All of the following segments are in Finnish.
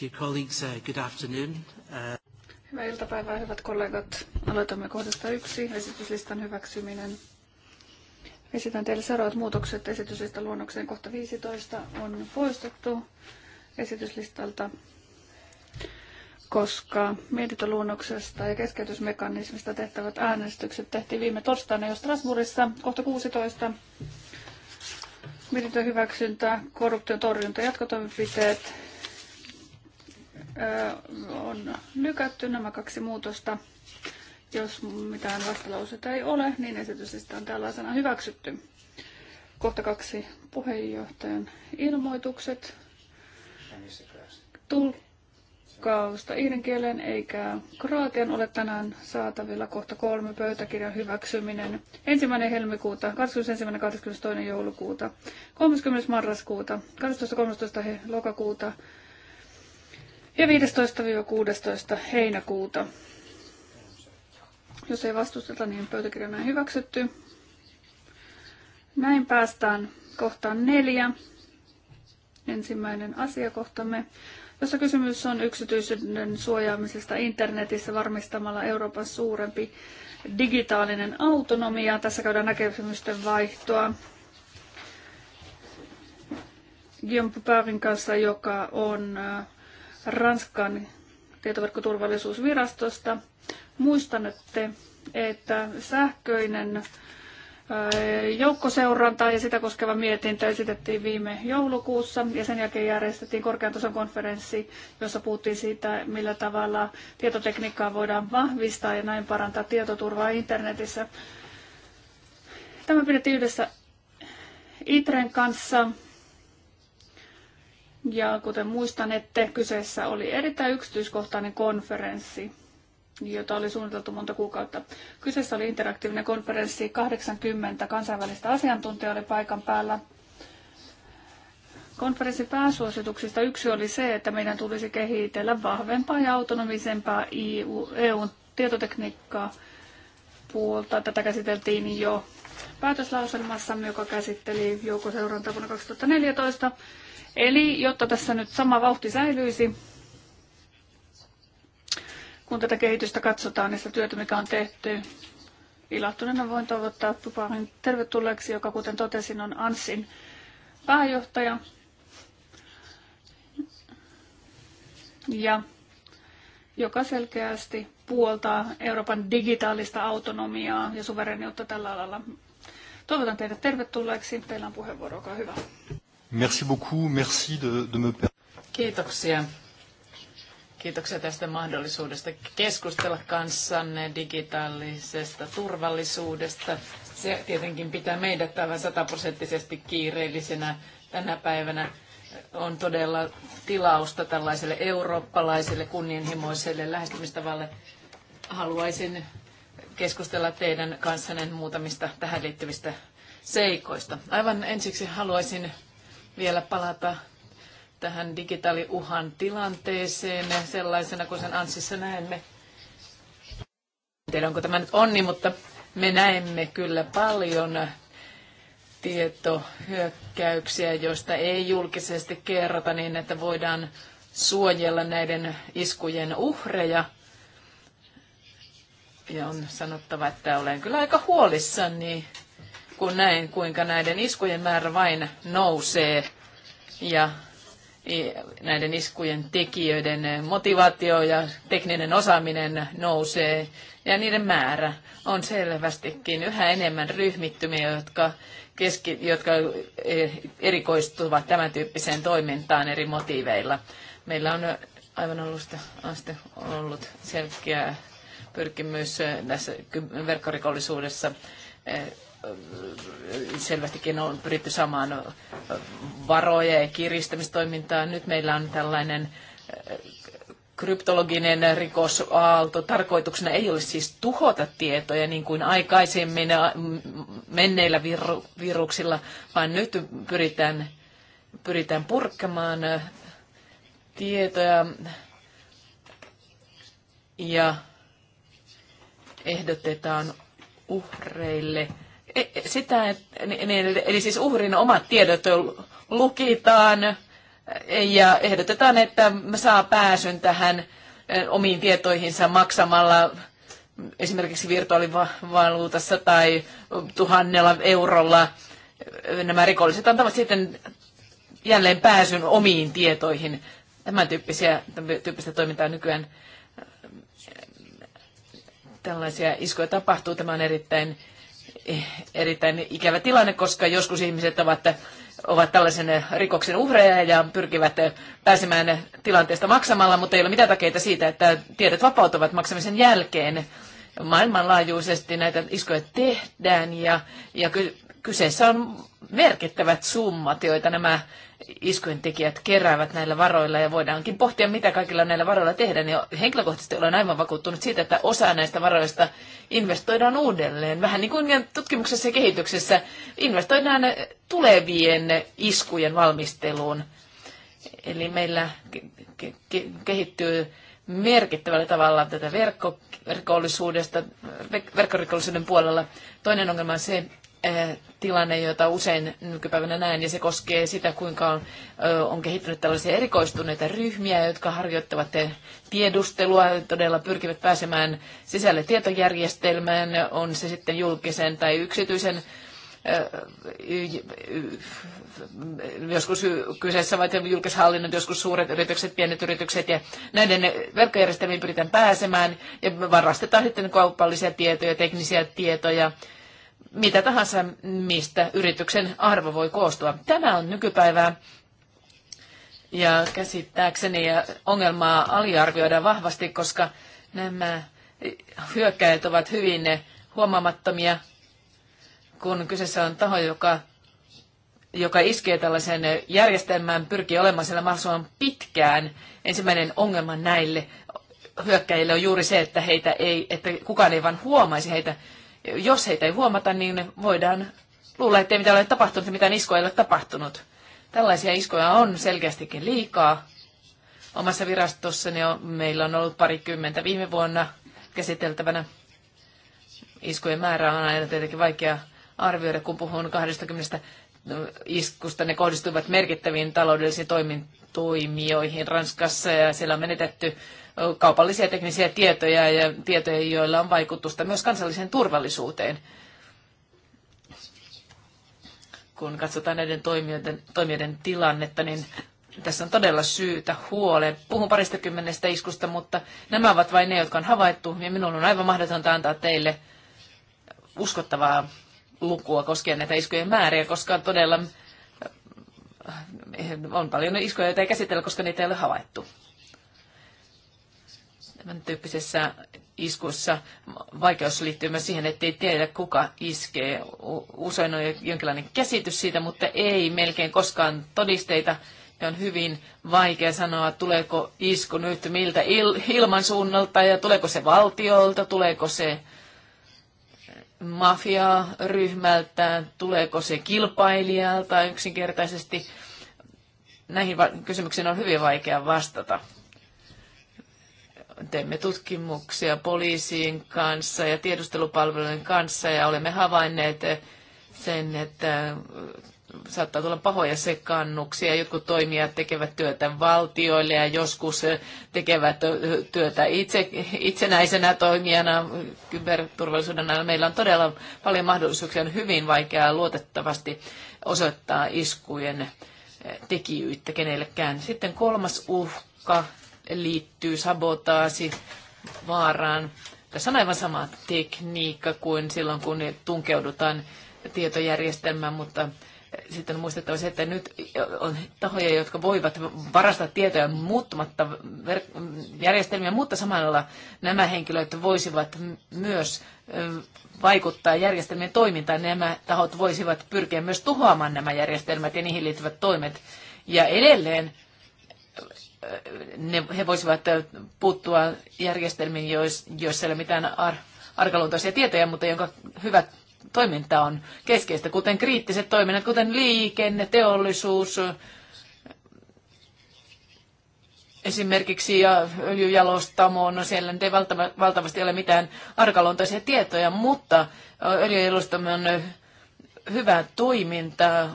Dear colleagues, uh, good afternoon. Uh... Hyvää iltapäivää, hyvät kollegat. Aloitamme kohdasta yksi, esityslistan hyväksyminen. Esitän teille seuraavat muutokset. Esityslistan luonnokseen kohta 15 on poistettu esityslistalta, koska mietintöluonnoksesta ja keskeytysmekanismista tehtävät äänestykset tehtiin viime torstaina jo Strasbourgissa. Kohta 16 Mietintöhyväksyntä, hyväksyntä, korruption torjunta, jatkotoimenpiteet on lykätty nämä kaksi muutosta. Jos mitään vastalauseita ei ole, niin esityksestä on tällaisena hyväksytty. Kohta kaksi puheenjohtajan ilmoitukset. Tulkkausta kielen eikä kroatian ole tänään saatavilla. Kohta kolme pöytäkirjan hyväksyminen. Ensimmäinen helmikuuta, 21.22. joulukuuta, 30. marraskuuta, 12.13. lokakuuta, ja 15-16 heinäkuuta. Jos ei vastusteta, niin pöytäkirja on hyväksytty. Näin päästään kohtaan neljä, ensimmäinen asiakohtamme, jossa kysymys on yksityisyyden suojaamisesta internetissä varmistamalla Euroopan suurempi digitaalinen autonomia. Tässä käydään näkemysten vaihtoa. Guillaume Puparin kanssa, joka on äh, Ranskan tietoverkkoturvallisuusvirastosta. Muistanette, että sähköinen joukkoseuranta ja sitä koskeva mietintä esitettiin viime joulukuussa ja sen jälkeen järjestettiin korkean tason konferenssi, jossa puhuttiin siitä, millä tavalla tietotekniikkaa voidaan vahvistaa ja näin parantaa tietoturvaa internetissä. Tämä pidettiin yhdessä ITREn kanssa ja kuten muistan, että kyseessä oli erittäin yksityiskohtainen konferenssi, jota oli suunniteltu monta kuukautta. Kyseessä oli interaktiivinen konferenssi, 80 kansainvälistä asiantuntijaa oli paikan päällä. Konferenssin pääsuosituksista yksi oli se, että meidän tulisi kehitellä vahvempaa ja autonomisempaa EU, e tietotekniikkaa puolta. Tätä käsiteltiin jo päätöslauselmassamme, joka käsitteli joukkoseurantaa vuonna 2014. Eli jotta tässä nyt sama vauhti säilyisi, kun tätä kehitystä katsotaan ja niin sitä työtä, mikä on tehty, ilahtuneena voin toivottaa Tupaarin tervetulleeksi, joka kuten totesin on Ansin pääjohtaja. Ja joka selkeästi puoltaa Euroopan digitaalista autonomiaa ja suvereniutta tällä alalla. Toivotan teidät tervetulleeksi. Teillä on puheenvuoro, olkaa hyvä. Merci beaucoup, merci de, de me... Kiitoksia. Kiitoksia tästä mahdollisuudesta keskustella kanssanne digitaalisesta turvallisuudesta. Se tietenkin pitää meidät aivan sataprosenttisesti kiireellisenä tänä päivänä. On todella tilausta tällaiselle eurooppalaiselle kunnianhimoiselle lähestymistavalle. Haluaisin keskustella teidän kanssanne muutamista tähän liittyvistä seikoista. Aivan ensiksi haluaisin vielä palata tähän digitaaliuhan tilanteeseen sellaisena kuin sen Ansissa näemme. En tiedä, onko tämä nyt onni, mutta me näemme kyllä paljon tietohyökkäyksiä, joista ei julkisesti kerrota niin, että voidaan suojella näiden iskujen uhreja. Ja on sanottava, että olen kyllä aika huolissani kun näen, kuinka näiden iskujen määrä vain nousee ja näiden iskujen tekijöiden motivaatio ja tekninen osaaminen nousee ja niiden määrä on selvästikin yhä enemmän ryhmittymiä, jotka, keski, jotka e, erikoistuvat tämän tyyppiseen toimintaan eri motiiveilla. Meillä on aivan alusta asti ollut selkeä pyrkimys tässä verkkorikollisuudessa e, selvästikin on pyritty samaan varoja ja kiristämistoimintaa. Nyt meillä on tällainen kryptologinen rikosaalto. Tarkoituksena ei ole siis tuhota tietoja niin kuin aikaisemmin menneillä viruksilla, vaan nyt pyritään, pyritään purkamaan tietoja ja ehdotetaan uhreille – E, sitä, että, niin, eli siis uhrin omat tiedot lukitaan e, ja ehdotetaan, että saa pääsyn tähän e, omiin tietoihinsa maksamalla esimerkiksi virtuaalivaluutassa tai tuhannella eurolla. Nämä rikolliset antavat sitten jälleen pääsyn omiin tietoihin. Tämän tyyppisiä, tämän tyyppistä toimintaa nykyään tällaisia iskuja tapahtuu. Tämä on erittäin erittäin ikävä tilanne, koska joskus ihmiset ovat, ovat tällaisen rikoksen uhreja ja pyrkivät pääsemään tilanteesta maksamalla, mutta ei ole mitään takeita siitä, että tiedot vapautuvat maksamisen jälkeen. Maailmanlaajuisesti näitä iskoja tehdään ja, ja ky- kyseessä on merkittävät summat, joita nämä iskujen tekijät keräävät näillä varoilla ja voidaankin pohtia, mitä kaikilla näillä varoilla tehdään. Ja henkilökohtaisesti olen aivan vakuuttunut siitä, että osa näistä varoista investoidaan uudelleen. Vähän niin kuin tutkimuksessa ja kehityksessä investoidaan tulevien iskujen valmisteluun. Eli meillä ke- ke- kehittyy merkittävällä tavalla tätä verkko- verkkorikollisuuden puolella. Toinen ongelma on se, tilanne, jota usein nykypäivänä näen, ja se koskee sitä, kuinka on, on kehittynyt tällaisia erikoistuneita ryhmiä, jotka harjoittavat tiedustelua, todella pyrkivät pääsemään sisälle tietojärjestelmään, on se sitten julkisen tai yksityisen joskus kyseessä ovat julkishallinnot, joskus suuret yritykset, pienet yritykset ja näiden verkkojärjestelmiin pyritään pääsemään ja varastetaan sitten kaupallisia tietoja, teknisiä tietoja, mitä tahansa, mistä yrityksen arvo voi koostua. Tämä on nykypäivää. Ja käsittääkseni ongelmaa aliarvioidaan vahvasti, koska nämä hyökkäjät ovat hyvin huomaamattomia, kun kyseessä on taho, joka, joka iskee tällaisen järjestelmään, pyrkii olemaan siellä mahdollisimman pitkään. Ensimmäinen ongelma näille hyökkäjille on juuri se, että, heitä ei, että kukaan ei vain huomaisi heitä jos heitä ei huomata, niin voidaan luulla, ettei mitään ole tapahtunut ja mitään iskoja ei ole tapahtunut. Tällaisia iskoja on selkeästikin liikaa. Omassa virastossani on, meillä on ollut parikymmentä viime vuonna käsiteltävänä. Iskujen määrää on aina tietenkin vaikea arvioida, kun puhun 20 iskusta. Ne kohdistuivat merkittäviin taloudellisiin toimintoihin Ranskassa ja siellä on menetetty kaupallisia teknisiä tietoja ja tietoja, joilla on vaikutusta myös kansalliseen turvallisuuteen. Kun katsotaan näiden toimijoiden, toimijoiden tilannetta, niin tässä on todella syytä huoleen. Puhun paristakymmenestä iskusta, mutta nämä ovat vain ne, jotka on havaittu, ja minun on aivan mahdotonta antaa teille uskottavaa lukua koskien näitä iskujen määriä, koska todella eh, on paljon iskuja, joita ei käsitellä, koska niitä ei ole havaittu tämän tyyppisessä iskussa vaikeus liittyy myös siihen, että ei tiedä kuka iskee. Usein on jonkinlainen käsitys siitä, mutta ei melkein koskaan todisteita. Ja on hyvin vaikea sanoa, tuleeko isku nyt miltä il- suunnalta ja tuleeko se valtiolta, tuleeko se mafiaryhmältä, tuleeko se kilpailijalta yksinkertaisesti. Näihin kysymyksiin on hyvin vaikea vastata teemme tutkimuksia poliisiin kanssa ja tiedustelupalvelujen kanssa ja olemme havainneet sen, että saattaa tulla pahoja sekannuksia. Jotkut toimijat tekevät työtä valtioille ja joskus tekevät työtä itse, itsenäisenä toimijana kyberturvallisuuden Meillä on todella paljon mahdollisuuksia. On hyvin vaikeaa luotettavasti osoittaa iskujen tekijyyttä kenellekään. Sitten kolmas uhka liittyy sabotaasi vaaraan. Tässä on aivan sama tekniikka kuin silloin, kun tunkeudutaan tietojärjestelmään, mutta sitten on muistettava se, että nyt on tahoja, jotka voivat varastaa tietoja muuttamatta ver- järjestelmiä, mutta samalla nämä henkilöt voisivat myös vaikuttaa järjestelmien toimintaan. Nämä tahot voisivat pyrkiä myös tuhoamaan nämä järjestelmät ja niihin liittyvät toimet. Ja edelleen ne, he voisivat puuttua järjestelmiin, joissa ei ole mitään ar- arkaluontoisia tietoja, mutta jonka hyvä toiminta on keskeistä, kuten kriittiset toiminnat, kuten liikenne, teollisuus, esimerkiksi ja öljyjalostamoon, no siellä ei valtava, valtavasti ole mitään arkaluontoisia tietoja, mutta on hyvä toiminta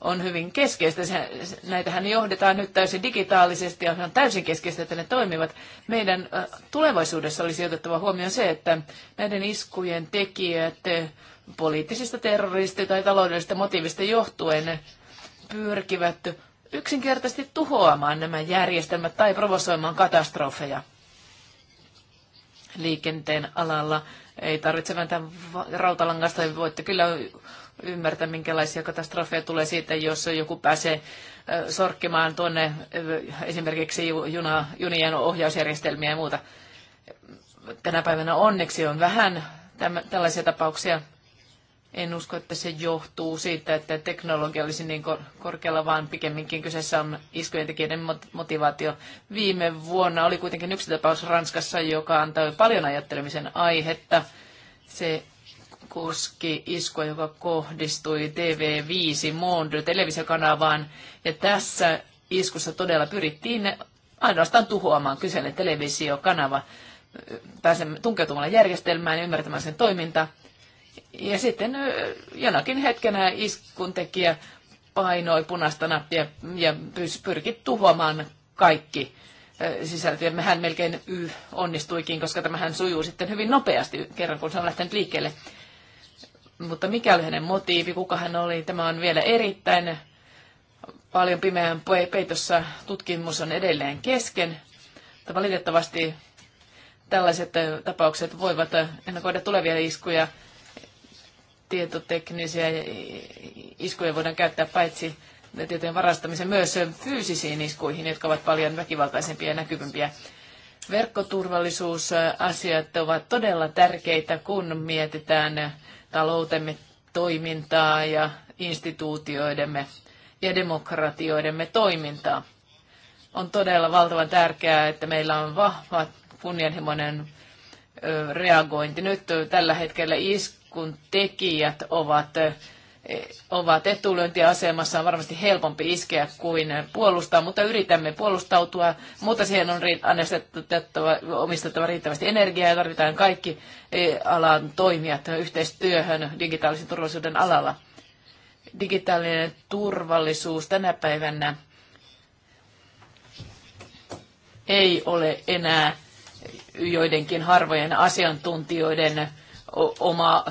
on hyvin keskeistä. Se, näitähän johdetaan nyt täysin digitaalisesti ja on täysin keskeistä, että ne toimivat. Meidän tulevaisuudessa olisi otettava huomioon se, että näiden iskujen tekijät poliittisista terroristi- tai taloudellisista motiivista johtuen pyrkivät yksinkertaisesti tuhoamaan nämä järjestelmät tai provosoimaan katastrofeja liikenteen alalla. Ei tarvitse vääntää rautalangasta, voitte kyllä ymmärtää, minkälaisia katastrofeja tulee siitä, jos joku pääsee sorkkimaan tuonne esimerkiksi juna, junien ohjausjärjestelmiä ja muuta. Tänä päivänä onneksi on vähän tämän, tällaisia tapauksia. En usko, että se johtuu siitä, että teknologia olisi niin korkealla, vaan pikemminkin kyseessä on iskujen tekijöiden motivaatio. Viime vuonna oli kuitenkin yksi tapaus Ranskassa, joka antoi paljon ajattelemisen aihetta. Se koski iskua, joka kohdistui TV5 Monde televisiokanavaan. Ja tässä iskussa todella pyrittiin ainoastaan tuhoamaan kyseinen televisiokanava pääsemme tunkeutumalla järjestelmään ja ymmärtämään sen toimintaa. Ja sitten jonakin hetkenä iskun tekijä painoi punaista nappia ja pyrki tuhoamaan kaikki sisältöjä. Mehän melkein y onnistuikin, koska tämähän sujuu sitten hyvin nopeasti kerran, kun se on lähtenyt liikkeelle mutta mikä oli hänen motiivi, kuka hän oli, tämä on vielä erittäin paljon pimeän peitossa. Tutkimus on edelleen kesken. Mutta valitettavasti tällaiset tapaukset voivat ennakoida tulevia iskuja. Tietoteknisiä iskuja voidaan käyttää paitsi tietojen varastamisen myös fyysisiin iskuihin, jotka ovat paljon väkivaltaisempia ja näkyvämpiä. Verkkoturvallisuusasiat ovat todella tärkeitä, kun mietitään taloutemme toimintaa ja instituutioidemme ja demokratioidemme toimintaa. On todella valtavan tärkeää, että meillä on vahva, kunnianhimoinen reagointi. Nyt tällä hetkellä iskun tekijät ovat ovat etulyöntiasemassa, on varmasti helpompi iskeä kuin puolustaa, mutta yritämme puolustautua, mutta siihen on omistettava riittävästi energiaa ja tarvitaan kaikki e, alan toimijat yhteistyöhön digitaalisen turvallisuuden alalla. Digitaalinen turvallisuus tänä päivänä ei ole enää joidenkin harvojen asiantuntijoiden oma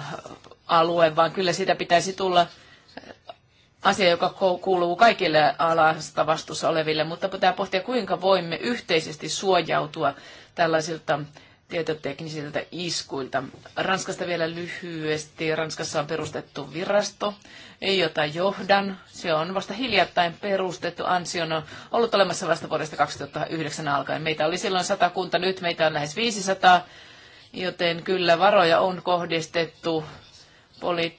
alue, vaan kyllä siitä pitäisi tulla asia, joka kuuluu kaikille alasta vastuussa oleville, mutta pitää pohtia, kuinka voimme yhteisesti suojautua tällaisilta tietoteknisiltä iskuilta. Ranskasta vielä lyhyesti. Ranskassa on perustettu virasto, ei jota johdan. Se on vasta hiljattain perustettu. Ansion on ollut olemassa vasta vuodesta 2009 alkaen. Meitä oli silloin sata kunta, nyt meitä on lähes 500, joten kyllä varoja on kohdistettu poli-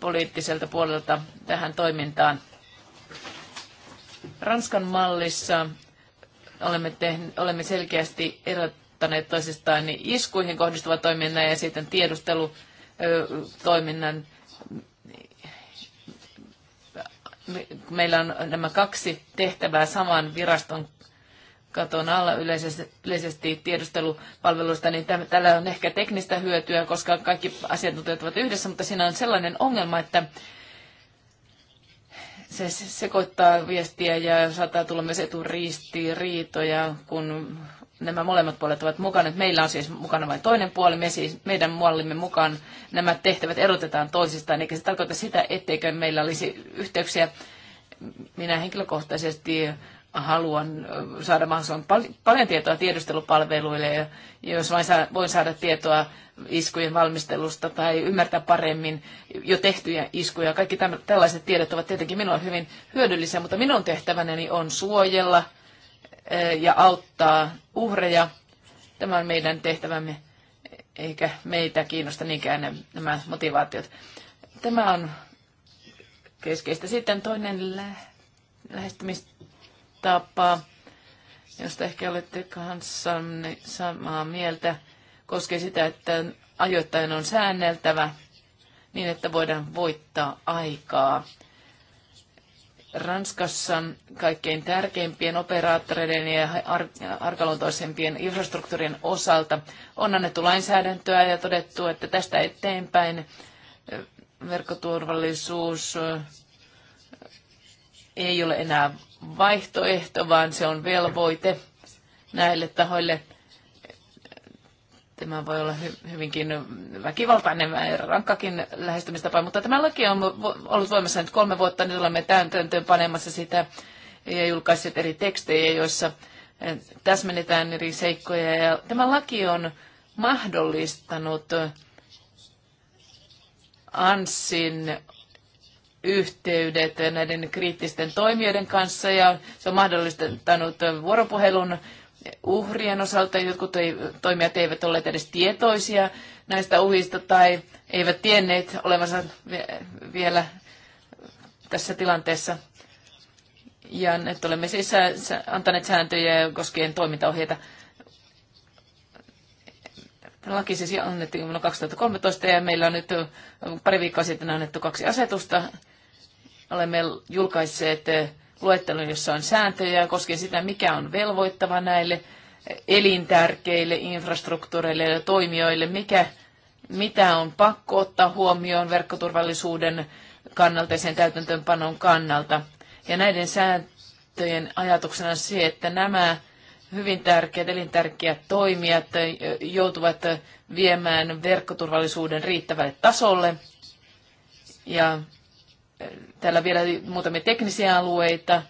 poliittiselta puolelta tähän toimintaan. Ranskan mallissa olemme, tehne, olemme selkeästi erottaneet toisistaan niin iskuihin kohdistuva toiminnan ja sitten tiedustelutoiminnan. Meillä on nämä kaksi tehtävää saman viraston katon alla yleisesti, yleisesti tiedustelupalveluista, niin tällä on ehkä teknistä hyötyä, koska kaikki asiantuntijat ovat yhdessä, mutta siinä on sellainen ongelma, että se sekoittaa viestiä ja saattaa tulla myös eturiistiriitoja, kun nämä molemmat puolet ovat mukana. Meillä on siis mukana vain toinen puoli, me siis, meidän mallimme mukaan nämä tehtävät erotetaan toisistaan, eikä se tarkoita sitä, etteikö meillä olisi yhteyksiä. Minä henkilökohtaisesti haluan saada mahdollisimman pal- paljon tietoa tiedustelupalveluille, ja jos vain saa, voin saada tietoa iskujen valmistelusta tai ymmärtää paremmin jo tehtyjä iskuja. Kaikki tämän, tällaiset tiedot ovat tietenkin minulle hyvin hyödyllisiä, mutta minun tehtäväni on suojella ja auttaa uhreja. Tämä on meidän tehtävämme, eikä meitä kiinnosta niinkään nämä motivaatiot. Tämä on keskeistä. Sitten toinen lä- lähestymistapa tapa, josta ehkä olette kanssanne samaa mieltä, koskee sitä, että ajoittain on säänneltävä niin, että voidaan voittaa aikaa. Ranskassa kaikkein tärkeimpien operaattoreiden ja arkaluontoisempien infrastruktuurien osalta on annettu lainsäädäntöä ja todettu, että tästä eteenpäin verkkoturvallisuus ei ole enää vaihtoehto, vaan se on velvoite näille tahoille. Tämä voi olla hy- hyvinkin väkivaltainen ja rankkakin lähestymistapa, mutta tämä laki on ollut voimassa nyt kolme vuotta, Nyt olemme täytäntöön panemassa sitä ja julkaisseet eri tekstejä, joissa eh, täsmennetään eri seikkoja. Ja tämä laki on mahdollistanut ansin yhteydet näiden kriittisten toimijoiden kanssa ja se on mahdollistanut vuoropuhelun uhrien osalta. Jotkut toimijat eivät olleet edes tietoisia näistä uhista tai eivät tienneet olevansa vielä tässä tilanteessa. Ja nyt olemme siis antaneet sääntöjä koskien toimintaohjeita. Laki siis annettiin vuonna 2013 ja meillä on nyt pari viikkoa sitten annettu kaksi asetusta Olemme julkaisseet eh, luettelon, jossa on sääntöjä koskien sitä, mikä on velvoittava näille elintärkeille infrastruktuureille ja toimijoille, mikä, mitä on pakko ottaa huomioon verkkoturvallisuuden kannalta ja sen täytäntöönpanon kannalta. Ja näiden sääntöjen ajatuksena on se, että nämä hyvin tärkeät, elintärkeät toimijat eh, joutuvat eh, viemään verkkoturvallisuuden riittävälle tasolle ja Täällä vielä muutamia teknisiä alueita,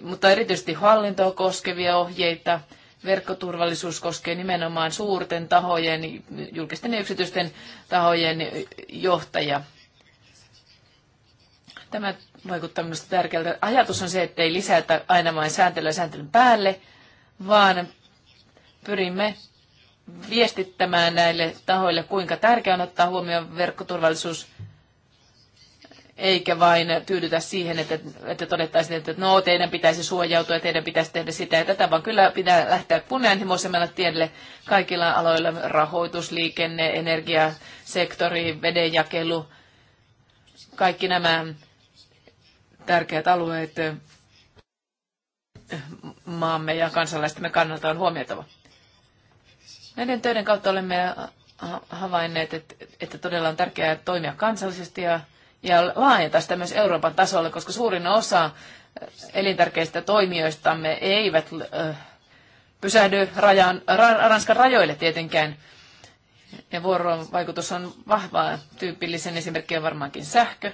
mutta erityisesti hallintoa koskevia ohjeita. Verkkoturvallisuus koskee nimenomaan suurten tahojen, julkisten ja yksityisten tahojen johtajia. Tämä vaikuttaa minusta tärkeältä. Ajatus on se, että ei lisätä aina vain sääntelyä sääntelyn päälle, vaan pyrimme viestittämään näille tahoille, kuinka tärkeää on ottaa huomioon verkkoturvallisuus eikä vain tyydytä siihen, että, että todettaisiin, että no teidän pitäisi suojautua, teidän pitäisi tehdä sitä ja tätä, vaan kyllä pitää lähteä kunnianhimoisemmalle tielle kaikilla aloilla, rahoitus, liikenne, energiasektori, sektori, vedenjakelu, kaikki nämä tärkeät alueet maamme ja kansalaistemme kannalta on huomioitava. Näiden töiden kautta olemme havainneet, että, että todella on tärkeää toimia kansallisesti ja ja laajentaa sitä myös Euroopan tasolle, koska suurin osa äh, elintärkeistä toimijoistamme eivät äh, pysähdy rajan, Ranskan rajoille tietenkään. Ja vuorovaikutus on vahvaa. Tyypillisen esimerkki on varmaankin sähkö.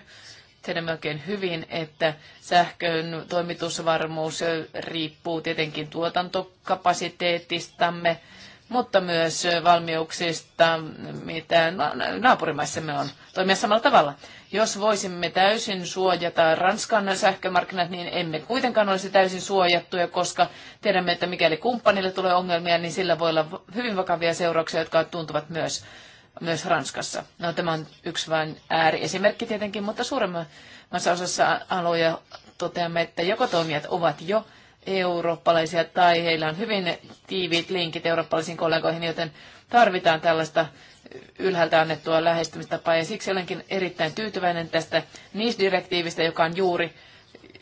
Tiedämme oikein hyvin, että sähkön toimitusvarmuus riippuu tietenkin tuotantokapasiteetistamme, mutta myös valmiuksista, mitä naapurimaissamme on toimia samalla tavalla. Jos voisimme täysin suojata Ranskan sähkömarkkinat, niin emme kuitenkaan olisi täysin suojattuja, koska tiedämme, että mikäli kumppanille tulee ongelmia, niin sillä voi olla hyvin vakavia seurauksia, jotka tuntuvat myös myös Ranskassa. No, tämä on yksi vain ääriesimerkki tietenkin, mutta suuremmassa osassa aloja toteamme, että joko toimijat ovat jo eurooppalaisia tai heillä on hyvin tiiviit linkit eurooppalaisiin kollegoihin, joten tarvitaan tällaista ylhäältä annettua lähestymistapaa ja siksi olenkin erittäin tyytyväinen tästä NIS-direktiivistä, joka on juuri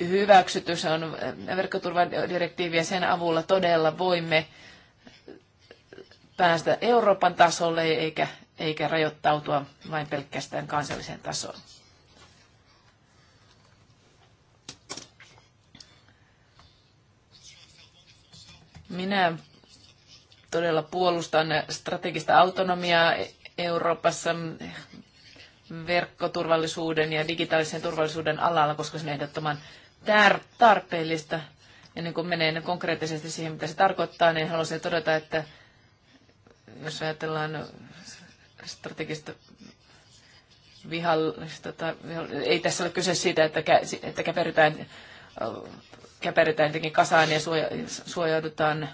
hyväksytty. Se on äh, verkkoturvadirektiivi ja sen avulla todella voimme päästä Euroopan tasolle eikä, eikä rajoittautua vain pelkästään kansalliseen tasoon. Minä todella puolustan strategista autonomiaa Euroopassa verkkoturvallisuuden ja digitaalisen turvallisuuden alalla, koska se on ehdottoman tarpeellista. Ennen niin kuin menee konkreettisesti siihen, mitä se tarkoittaa, niin haluaisin todeta, että jos ajatellaan strategista vihallista, tai ei tässä ole kyse siitä, että, kä, että käperytään, käperytään jotenkin kasaan ja suoja, suojaudutaan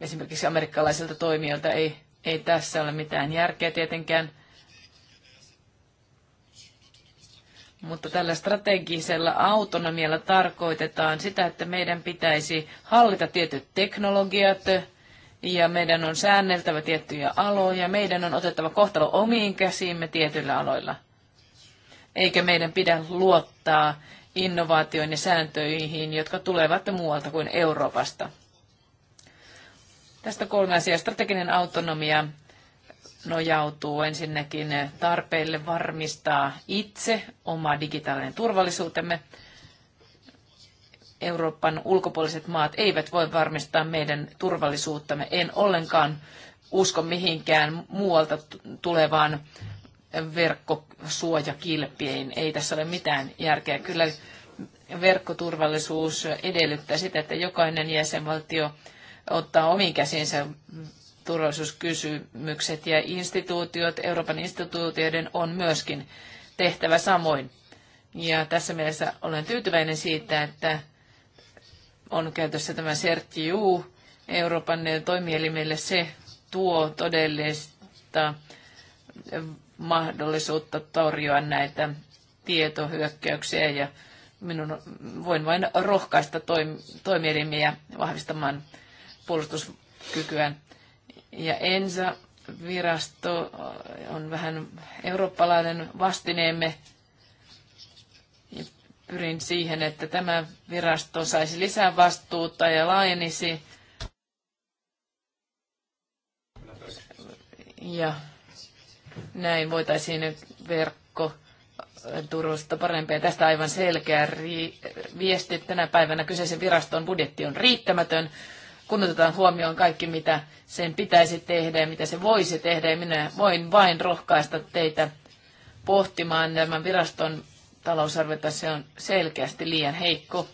esimerkiksi amerikkalaisilta toimijoilta ei, ei tässä ole mitään järkeä tietenkään. Mutta tällä strategisella autonomialla tarkoitetaan sitä, että meidän pitäisi hallita tietyt teknologiat ja meidän on säänneltävä tiettyjä aloja, meidän on otettava kohtalo omiin käsiimme tietyillä aloilla. Eikä meidän pidä luottaa innovaatioihin ja sääntöihin, jotka tulevat muualta kuin Euroopasta. Tästä kolme asiaa. Strateginen autonomia nojautuu ensinnäkin tarpeelle varmistaa itse oma digitaalinen turvallisuutemme. Euroopan ulkopuoliset maat eivät voi varmistaa meidän turvallisuuttamme. En ollenkaan usko mihinkään muualta tulevaan verkkosuojakilpiin. Ei tässä ole mitään järkeä. Kyllä verkkoturvallisuus edellyttää sitä, että jokainen jäsenvaltio ottaa omiin käsiinsä turvallisuuskysymykset ja instituutiot, Euroopan instituutioiden on myöskin tehtävä samoin. Ja tässä mielessä olen tyytyväinen siitä, että on käytössä tämä CERTIU Euroopan toimielimelle. Se tuo todellista mahdollisuutta torjua näitä tietohyökkäyksiä ja minun voin vain rohkaista toimielimiä vahvistamaan puolustuskykyään. Ja ENSA-virasto on vähän eurooppalainen vastineemme. Ja pyrin siihen, että tämä virasto saisi lisää vastuuta ja laajenisi. Ja näin voitaisiin verkko Turusta Ja Tästä aivan selkeä viesti. Tänä päivänä kyseisen viraston budjetti on riittämätön kun otetaan huomioon kaikki, mitä sen pitäisi tehdä ja mitä se voisi tehdä. Ja minä voin vain rohkaista teitä pohtimaan tämän viraston talousarvetta, Se on selkeästi liian heikko.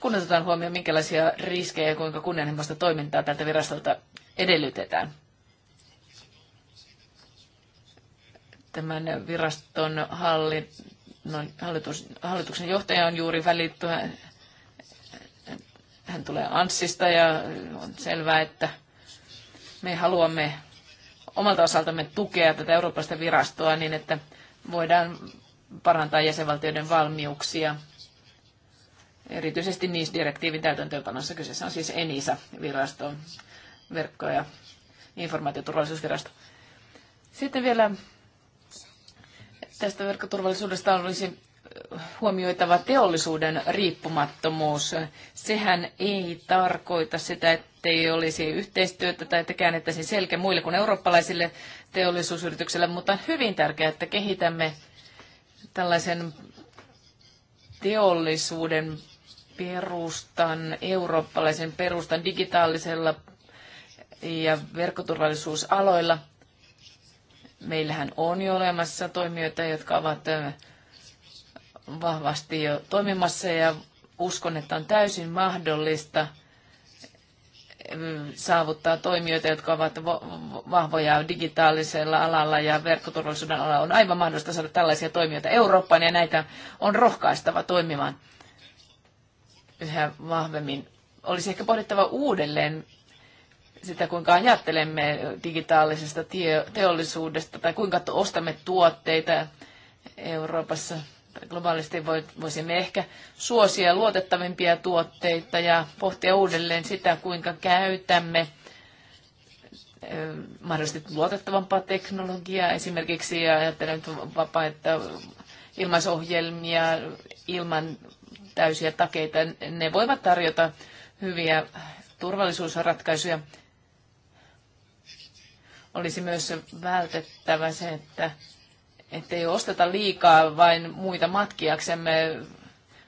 Kun otetaan huomioon, minkälaisia riskejä ja kuinka kunnianhimoista toimintaa tältä virastolta edellytetään. Tämän viraston hallinnon, hallitus, hallituksen johtaja on juuri välittynyt hän tulee Anssista ja on selvää, että me haluamme omalta osaltamme tukea tätä Euroopasta virastoa niin, että voidaan parantaa jäsenvaltioiden valmiuksia. Erityisesti niissä direktiivin täytäntöönpanossa kyseessä on siis ENISA-virasto, verkko- ja informaatioturvallisuusvirasto. Sitten vielä tästä verkkoturvallisuudesta olisin huomioitava teollisuuden riippumattomuus. Sehän ei tarkoita sitä, ettei olisi yhteistyötä tai että käännettäisiin selkeä muille kuin eurooppalaisille teollisuusyrityksille, mutta on hyvin tärkeää, että kehitämme tällaisen teollisuuden perustan, eurooppalaisen perustan digitaalisella ja verkkoturvallisuusaloilla. Meillähän on jo olemassa toimijoita, jotka ovat vahvasti jo toimimassa ja uskon, että on täysin mahdollista mm, saavuttaa toimijoita, jotka ovat vahvoja digitaalisella alalla ja verkkoturvallisuuden alalla. On aivan mahdollista saada tällaisia toimijoita Eurooppaan ja näitä on rohkaistava toimimaan yhä vahvemmin. Olisi ehkä pohdittava uudelleen sitä, kuinka ajattelemme digitaalisesta teollisuudesta tai kuinka ostamme tuotteita Euroopassa – globaalisti voisimme ehkä suosia luotettavimpia tuotteita ja pohtia uudelleen sitä, kuinka käytämme mahdollisesti luotettavampaa teknologiaa. Esimerkiksi ajattelen vapaita ilmaisohjelmia ilman täysiä takeita. Ne voivat tarjota hyviä turvallisuusratkaisuja. Olisi myös vältettävä se, että ettei osteta liikaa vain muita matkiaksemme.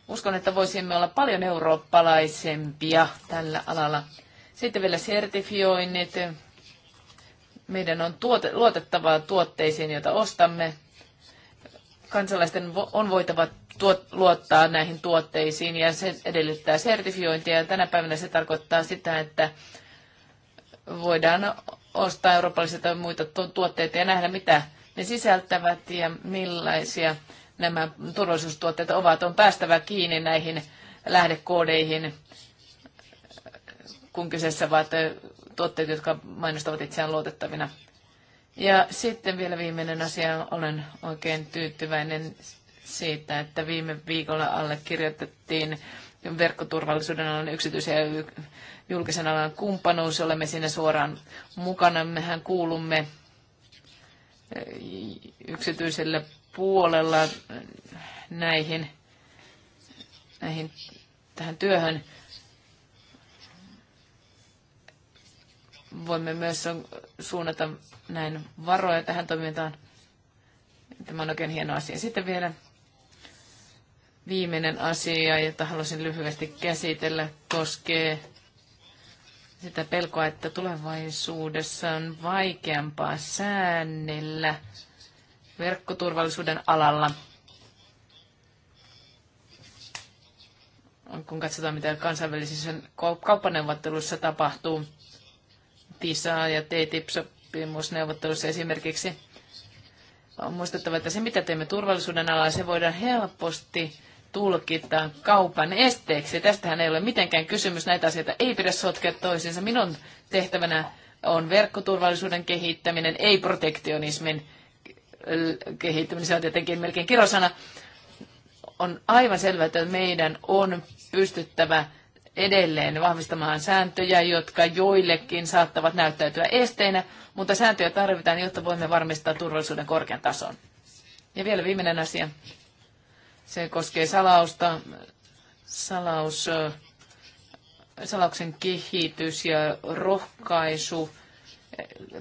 Uskon, että voisimme olla paljon eurooppalaisempia tällä alalla. Sitten vielä sertifioinnit. Meidän on tuote, luotettavaa tuotteisiin, joita ostamme. Kansalaisten on voitava tuot, luottaa näihin tuotteisiin ja se edellyttää sertifiointia. Tänä päivänä se tarkoittaa sitä, että voidaan ostaa eurooppalaisia tai muita tuotteita ja nähdä, mitä ne sisältävät ja millaisia nämä turvallisuustuotteet ovat. On päästävä kiinni näihin lähdekoodeihin, kun kyseessä ovat tuotteet, jotka mainostavat itseään luotettavina. Ja sitten vielä viimeinen asia. Olen oikein tyytyväinen siitä, että viime viikolla allekirjoitettiin verkkoturvallisuuden alan yksityisen ja julkisen alan kumppanuus. Olemme siinä suoraan mukana. Mehän kuulumme yksityisellä puolella näihin, näihin tähän työhön. Voimme myös suunnata näin varoja tähän toimintaan. Tämä on oikein hieno asia. Sitten vielä viimeinen asia, jota haluaisin lyhyesti käsitellä, koskee sitä pelkoa, että tulevaisuudessa on vaikeampaa säännellä verkkoturvallisuuden alalla. Kun katsotaan, mitä kansainvälisissä kauppaneuvotteluissa tapahtuu, TISA ja TTIP-sopimusneuvotteluissa esimerkiksi, on muistettava, että se mitä teemme turvallisuuden alalla, se voidaan helposti tulkita kaupan esteeksi. Tästähän ei ole mitenkään kysymys. Näitä asioita ei pidä sotkea toisiinsa. Minun tehtävänä on verkkoturvallisuuden kehittäminen, ei protektionismin kehittäminen. Se on tietenkin melkein kirosana. On aivan selvää, että meidän on pystyttävä edelleen vahvistamaan sääntöjä, jotka joillekin saattavat näyttäytyä esteinä, mutta sääntöjä tarvitaan, jotta voimme varmistaa turvallisuuden korkean tason. Ja vielä viimeinen asia. Se koskee salausta, salaus, salauksen kehitys ja rohkaisu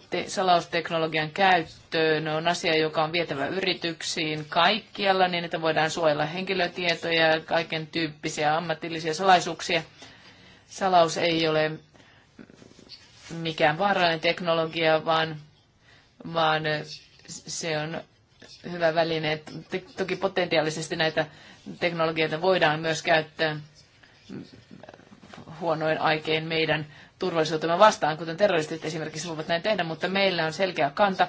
te, salausteknologian käyttöön on asia, joka on vietävä yrityksiin kaikkialla niin, että voidaan suojella henkilötietoja ja kaiken tyyppisiä ammatillisia salaisuuksia. Salaus ei ole mikään vaarallinen teknologia, vaan, vaan se on hyvä väline. Toki potentiaalisesti näitä teknologioita voidaan myös käyttää huonoin aikein meidän turvallisuutemme vastaan, kuten terroristit esimerkiksi voivat näin tehdä, mutta meillä on selkeä kanta,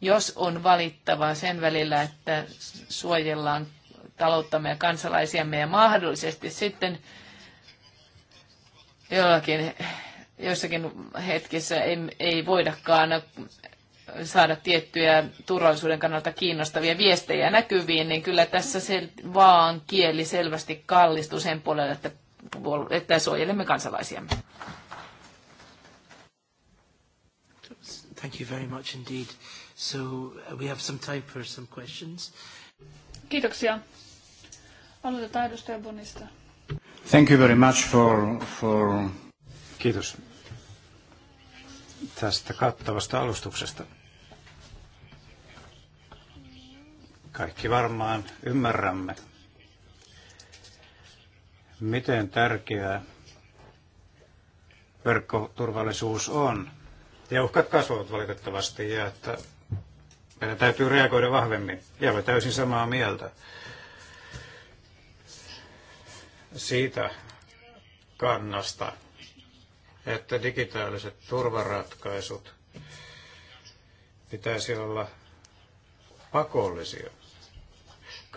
jos on valittava sen välillä, että suojellaan talouttamme ja kansalaisiamme ja mahdollisesti sitten jollakin, jossakin hetkessä ei, ei voidakaan saada tiettyjä turvallisuuden kannalta kiinnostavia viestejä näkyviin, niin kyllä tässä se vaan kieli selvästi kallistuu sen puolelle, että, että suojelemme kansalaisiamme. Thank you very much indeed. So uh, we have some time for some questions. Kiitoksia. Aloitetaan edustaja Bonista. Thank you very much for, for... Kiitos tästä kattavasta alustuksesta. Kaikki varmaan ymmärrämme, miten tärkeää verkkoturvallisuus on. Ja uhkat kasvavat valitettavasti ja että meidän täytyy reagoida vahvemmin. Ja olen täysin samaa mieltä siitä kannasta, että digitaaliset turvaratkaisut pitäisi olla pakollisia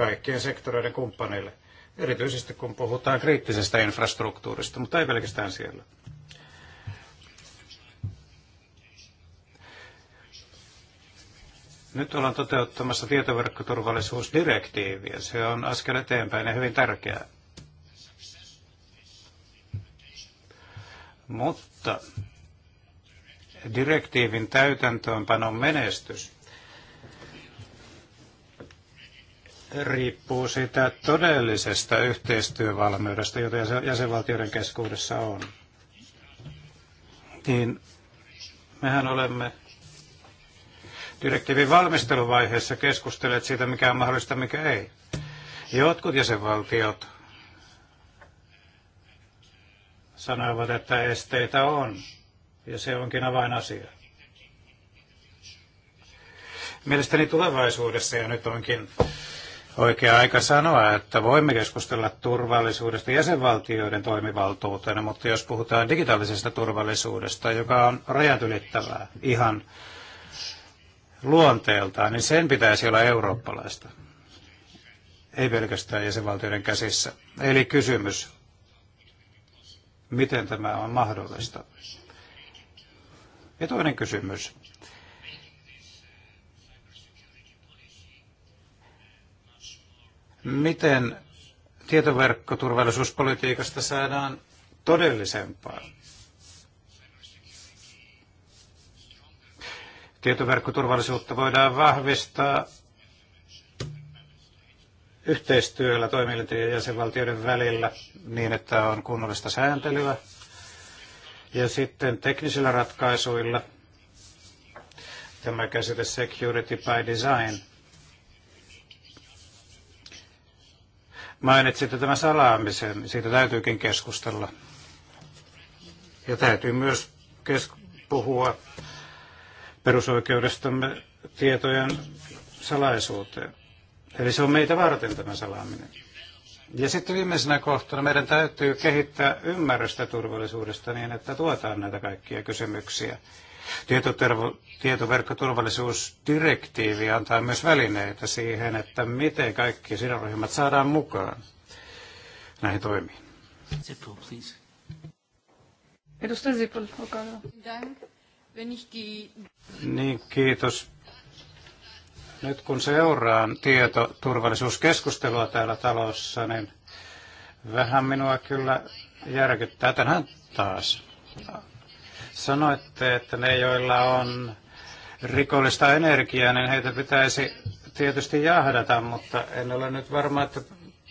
kaikkien sektoreiden kumppaneille, erityisesti kun puhutaan kriittisestä infrastruktuurista, mutta ei pelkästään siellä. Nyt ollaan toteuttamassa tietoverkkoturvallisuusdirektiiviä. Se on askel eteenpäin ja hyvin tärkeää. Mutta direktiivin täytäntöönpanon menestys riippuu siitä todellisesta yhteistyövalmiudesta, jota jäsenvaltioiden keskuudessa on. Niin mehän olemme direktiivin valmisteluvaiheessa keskustelleet siitä, mikä on mahdollista, mikä ei. Jotkut jäsenvaltiot sanovat, että esteitä on, ja se onkin avainasia. Mielestäni tulevaisuudessa, ja nyt onkin oikea aika sanoa, että voimme keskustella turvallisuudesta jäsenvaltioiden toimivaltuutena, mutta jos puhutaan digitaalisesta turvallisuudesta, joka on rajat ylittävää ihan luonteeltaan, niin sen pitäisi olla eurooppalaista, ei pelkästään jäsenvaltioiden käsissä. Eli kysymys, miten tämä on mahdollista? Ja toinen kysymys, Miten tietoverkkoturvallisuuspolitiikasta saadaan todellisempaa? Tietoverkkoturvallisuutta voidaan vahvistaa yhteistyöllä toimielinten ja jäsenvaltioiden välillä niin, että on kunnollista sääntelyä. Ja sitten teknisillä ratkaisuilla, tämä käsite security by design, Mainitsitte tämän salaamisen, siitä täytyykin keskustella. Ja täytyy myös kesk- puhua perusoikeudestamme tietojen salaisuuteen. Eli se on meitä varten tämä salaaminen. Ja sitten viimeisenä kohtana meidän täytyy kehittää ymmärrystä turvallisuudesta niin, että tuetaan näitä kaikkia kysymyksiä Tietoverkkoturvallisuusdirektiivi antaa myös välineitä siihen, että miten kaikki sidonryhmät saadaan mukaan näihin toimiin. Zippel, please. Edustaja Zippel, olkaa hyvä. Niin, kiitos. Nyt kun seuraan tietoturvallisuuskeskustelua täällä talossa, niin vähän minua kyllä järkyttää tänään taas Sanoitte, että ne, joilla on rikollista energiaa, niin heitä pitäisi tietysti jahdata, mutta en ole nyt varma, että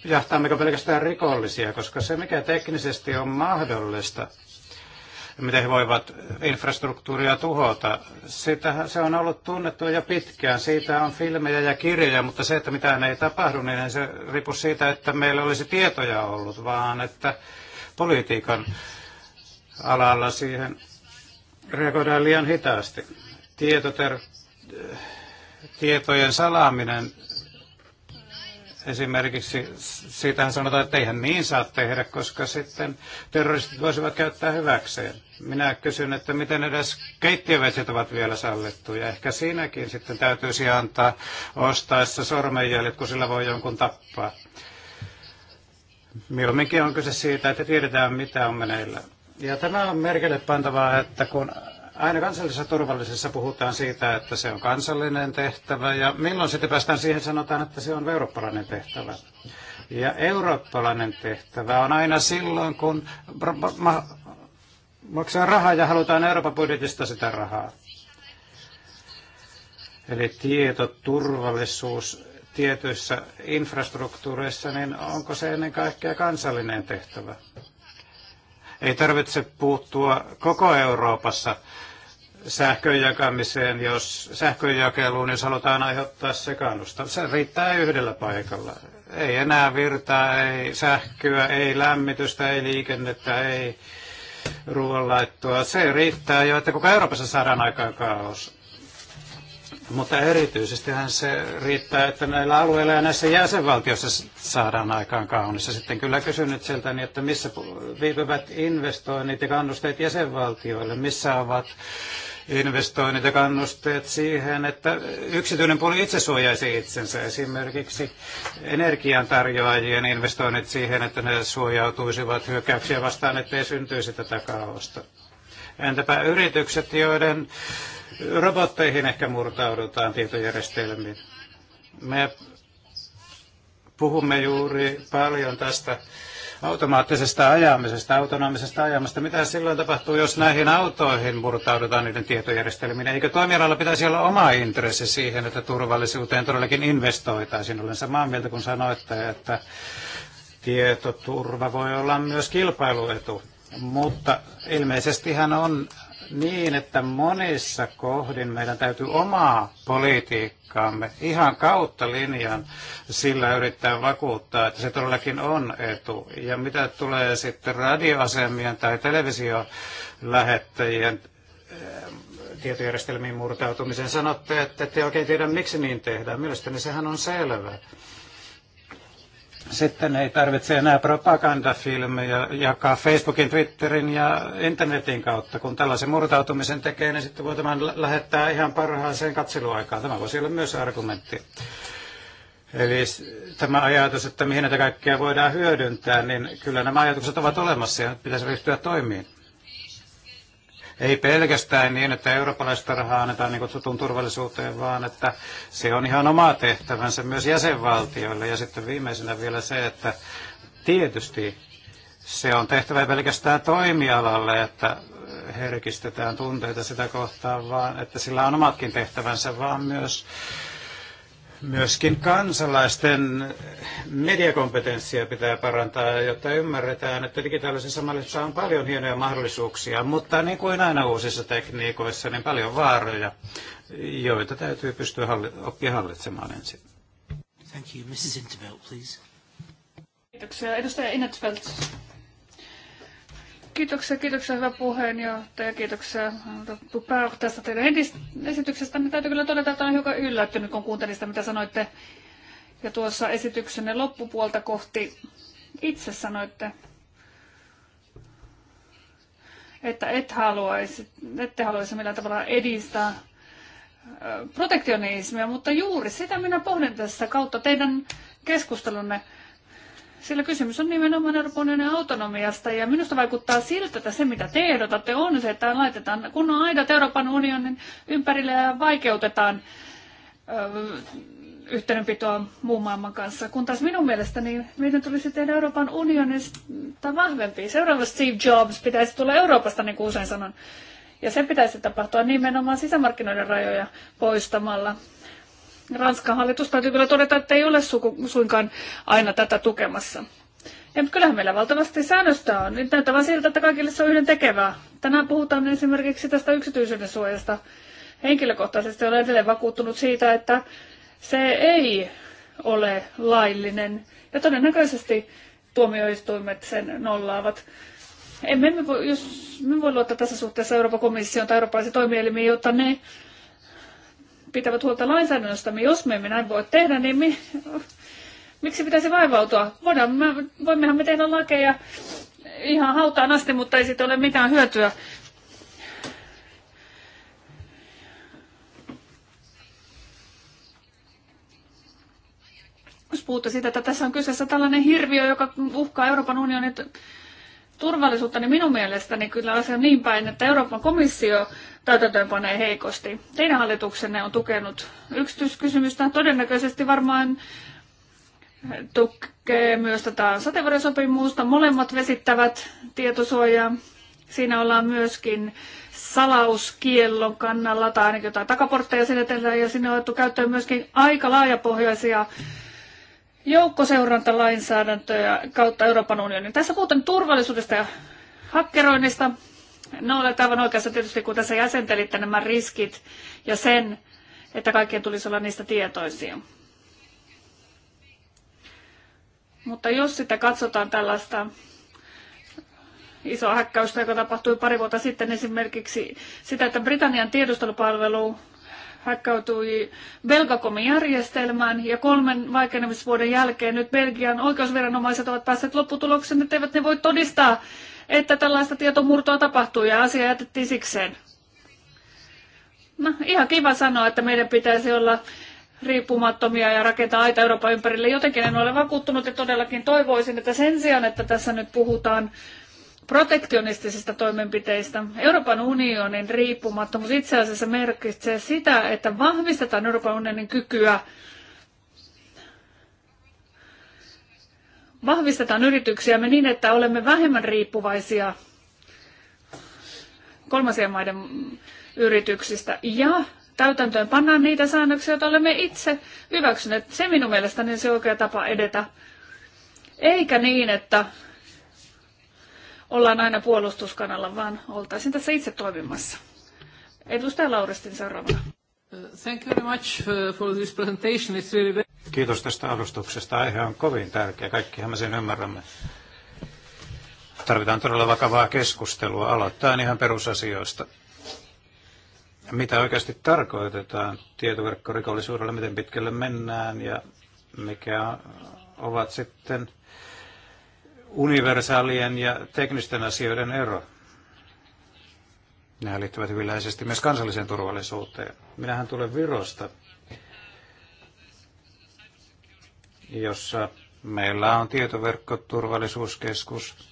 jahtaammeko pelkästään rikollisia, koska se, mikä teknisesti on mahdollista, miten he voivat infrastruktuuria tuhota. Sitä, se on ollut tunnettu jo pitkään. Siitä on filmejä ja kirjoja, mutta se, että mitään ei tapahdu, niin se riippu siitä, että meillä olisi tietoja ollut, vaan että politiikan alalla siihen reagoidaan liian hitaasti. Tietoter- tietojen salaaminen esimerkiksi, siitähän sanotaan, että eihän niin saa tehdä, koska sitten terroristit voisivat käyttää hyväkseen. Minä kysyn, että miten edes keittiövetsit ovat vielä ja Ehkä siinäkin sitten täytyisi antaa ostaessa sormenjäljet, kun sillä voi jonkun tappaa. Milloinkin on kyse siitä, että tiedetään mitä on meneillään. Ja tämä on merkille pantavaa, että kun aina kansallisessa turvallisessa puhutaan siitä, että se on kansallinen tehtävä, ja milloin sitten päästään siihen, sanotaan, että se on eurooppalainen tehtävä. Ja eurooppalainen tehtävä on aina silloin, kun maksaa rahaa ja halutaan Euroopan budjetista sitä rahaa. Eli tietoturvallisuus tietyissä infrastruktuureissa, niin onko se ennen kaikkea kansallinen tehtävä? Ei tarvitse puuttua koko Euroopassa sähkön jakamiseen, jos sähkön jakeluun, jos halutaan aiheuttaa sekaannusta. Se riittää yhdellä paikalla. Ei enää virtaa, ei sähköä, ei lämmitystä, ei liikennettä, ei ruoanlaittoa. Se riittää jo, että koko Euroopassa saadaan aikaan kaos. Mutta erityisesti se riittää, että näillä alueilla ja näissä jäsenvaltioissa saadaan aikaan kaunissa. Sitten kyllä kysyn nyt sieltä, niin että missä viipyvät investoinnit ja kannusteet jäsenvaltioille, missä ovat investoinnit ja kannusteet siihen, että yksityinen puoli itse suojaisi itsensä. Esimerkiksi energiantarjoajien investoinnit siihen, että ne suojautuisivat hyökkäyksiä vastaan, ettei syntyisi tätä kaaosta. Entäpä yritykset, joiden robotteihin ehkä murtaudutaan tietojärjestelmiin. Me puhumme juuri paljon tästä automaattisesta ajamisesta, autonomisesta ajamisesta. Mitä silloin tapahtuu, jos näihin autoihin murtaudutaan niiden tietojärjestelmiin? Eikö toimialalla pitäisi olla oma intressi siihen, että turvallisuuteen todellakin investoitaisiin? Olen samaa mieltä, kun sanoitte, että tietoturva voi olla myös kilpailuetu. Mutta ilmeisesti hän on niin, että monissa kohdin meidän täytyy omaa politiikkaamme ihan kautta linjan sillä yrittää vakuuttaa, että se todellakin on etu. Ja mitä tulee sitten radioasemien tai televisiolähettäjien eh, tietojärjestelmiin murtautumiseen, sanotte, että te oikein tiedä miksi niin tehdään. Mielestäni sehän on selvä. Sitten ei tarvitse enää propagandafilmejä jakaa Facebookin, Twitterin ja internetin kautta. Kun tällaisen murtautumisen tekee, niin sitten voi tämän lähettää ihan parhaaseen katseluaikaan. Tämä voisi olla myös argumentti. Eli tämä ajatus, että mihin näitä kaikkea voidaan hyödyntää, niin kyllä nämä ajatukset ovat olemassa ja pitäisi ryhtyä toimiin. Ei pelkästään niin, että eurooppalaista rahaa annetaan niin kutsutun turvallisuuteen, vaan että se on ihan oma tehtävänsä myös jäsenvaltioille. Ja sitten viimeisenä vielä se, että tietysti se on tehtävä pelkästään toimialalle, että herkistetään tunteita sitä kohtaan, vaan että sillä on omatkin tehtävänsä, vaan myös Myöskin kansalaisten mediakompetenssia pitää parantaa, jotta ymmärretään, että digitaalisessa maailmassa on paljon hienoja mahdollisuuksia, mutta niin kuin aina uusissa tekniikoissa, niin paljon vaaroja, joita täytyy pystyä halli- oppia hallitsemaan ensin. Thank you. Mrs. please. Kiitoksia. Edustaja Kiitoksia, kiitoksia hyvä puheenjohtaja, kiitoksia pääjohtajasta teidän esityksestä. Niin täytyy kyllä todeta, että olen hiukan yllättynyt, kun kuuntelin sitä, mitä sanoitte. Ja tuossa esityksenne loppupuolta kohti itse sanoitte, että et haluaisi, ette haluaisi millään tavalla edistää protektionismia, mutta juuri sitä minä pohdin tässä kautta teidän keskustelunne. Sillä kysymys on nimenomaan Euroopan unionin autonomiasta ja minusta vaikuttaa siltä, että se mitä te ehdotatte on se, että laitetaan kunnon aidat Euroopan unionin ympärille ja vaikeutetaan ö, yhteydenpitoa muun maailman kanssa. Kun taas minun mielestäni meidän tulisi tehdä Euroopan unionista vahvempi. Seuraava Steve Jobs pitäisi tulla Euroopasta, niin kuin usein sanon. Ja se pitäisi tapahtua nimenomaan sisämarkkinoiden rajoja poistamalla Ranskan hallitus täytyy kyllä todeta, että ei ole suku, suinkaan aina tätä tukemassa. Ja kyllähän meillä valtavasti säännöstä on. Nyt näyttää vaan siltä, että kaikille se on yhden tekevää. Tänään puhutaan esimerkiksi tästä yksityisyyden suojasta. Henkilökohtaisesti olen edelleen vakuuttunut siitä, että se ei ole laillinen. Ja todennäköisesti tuomioistuimet sen nollaavat. Emme me voi, jos me voi luottaa tässä suhteessa Euroopan komission tai eurooppalaisiin toimielimiin, jotta ne pitävät huolta lainsäädännöstämme. Jos me emme näin voi tehdä, niin me, miksi pitäisi vaivautua? Voidaan, me, voimmehan me tehdä lakeja ihan hautaan asti, mutta ei siitä ole mitään hyötyä. Jos puhutte siitä, että tässä on kyseessä tällainen hirviö, joka uhkaa Euroopan unionin turvallisuutta, niin minun mielestäni kyllä asia on niin päin, että Euroopan komissio täytäntöönpanee heikosti. Teidän hallituksenne on tukenut yksityiskysymystä. Todennäköisesti varmaan tukee myös tätä sateenvarjosopimusta. Molemmat vesittävät tietosuojaa. Siinä ollaan myöskin salauskiellon kannalla tai ainakin jotain takaportteja sinne tehdään ja sinne on otettu käyttöön myöskin aika laajapohjaisia joukkoseurantalainsäädäntöä kautta Euroopan unionin. Tässä puhutaan turvallisuudesta ja hakkeroinnista. No olet aivan oikeassa tietysti, kun tässä jäsentelitte nämä riskit ja sen, että kaikkien tulisi olla niistä tietoisia. Mutta jos sitä katsotaan tällaista isoa häkkäystä, joka tapahtui pari vuotta sitten esimerkiksi sitä, että Britannian tiedustelupalvelu hakkautui Belgacomin järjestelmään ja kolmen vaikenemisvuoden jälkeen nyt Belgian oikeusviranomaiset ovat päässeet lopputulokseen, että eivät ne voi todistaa, että tällaista tietomurtoa tapahtuu ja asia jätettiin sikseen. No, ihan kiva sanoa, että meidän pitäisi olla riippumattomia ja rakentaa aita Euroopan ympärille. Jotenkin en ole vakuuttunut ja todellakin toivoisin, että sen sijaan, että tässä nyt puhutaan protektionistisista toimenpiteistä. Euroopan unionin riippumattomuus itse asiassa merkitsee sitä, että vahvistetaan Euroopan unionin kykyä vahvistetaan yrityksiämme niin, että olemme vähemmän riippuvaisia kolmansien maiden yrityksistä ja täytäntöön pannaan niitä säännöksiä, joita olemme itse hyväksyneet. Se minun mielestäni se oikea tapa edetä. Eikä niin, että ollaan aina puolustuskanalla, vaan oltaisiin tässä itse toimimassa. Edustaja Lauristin seuraavana. Thank you very much uh, for this presentation. It's really... Kiitos tästä alustuksesta. Aihe on kovin tärkeä. Kaikkihan me sen ymmärrämme. Tarvitaan todella vakavaa keskustelua aloittain ihan perusasioista. Mitä oikeasti tarkoitetaan tietoverkkorikollisuudella, miten pitkälle mennään ja mikä ovat sitten universaalien ja teknisten asioiden ero. Nämä liittyvät hyvin läheisesti myös kansalliseen turvallisuuteen. Minähän tulen Virosta, jossa meillä on tietoverkkoturvallisuuskeskus.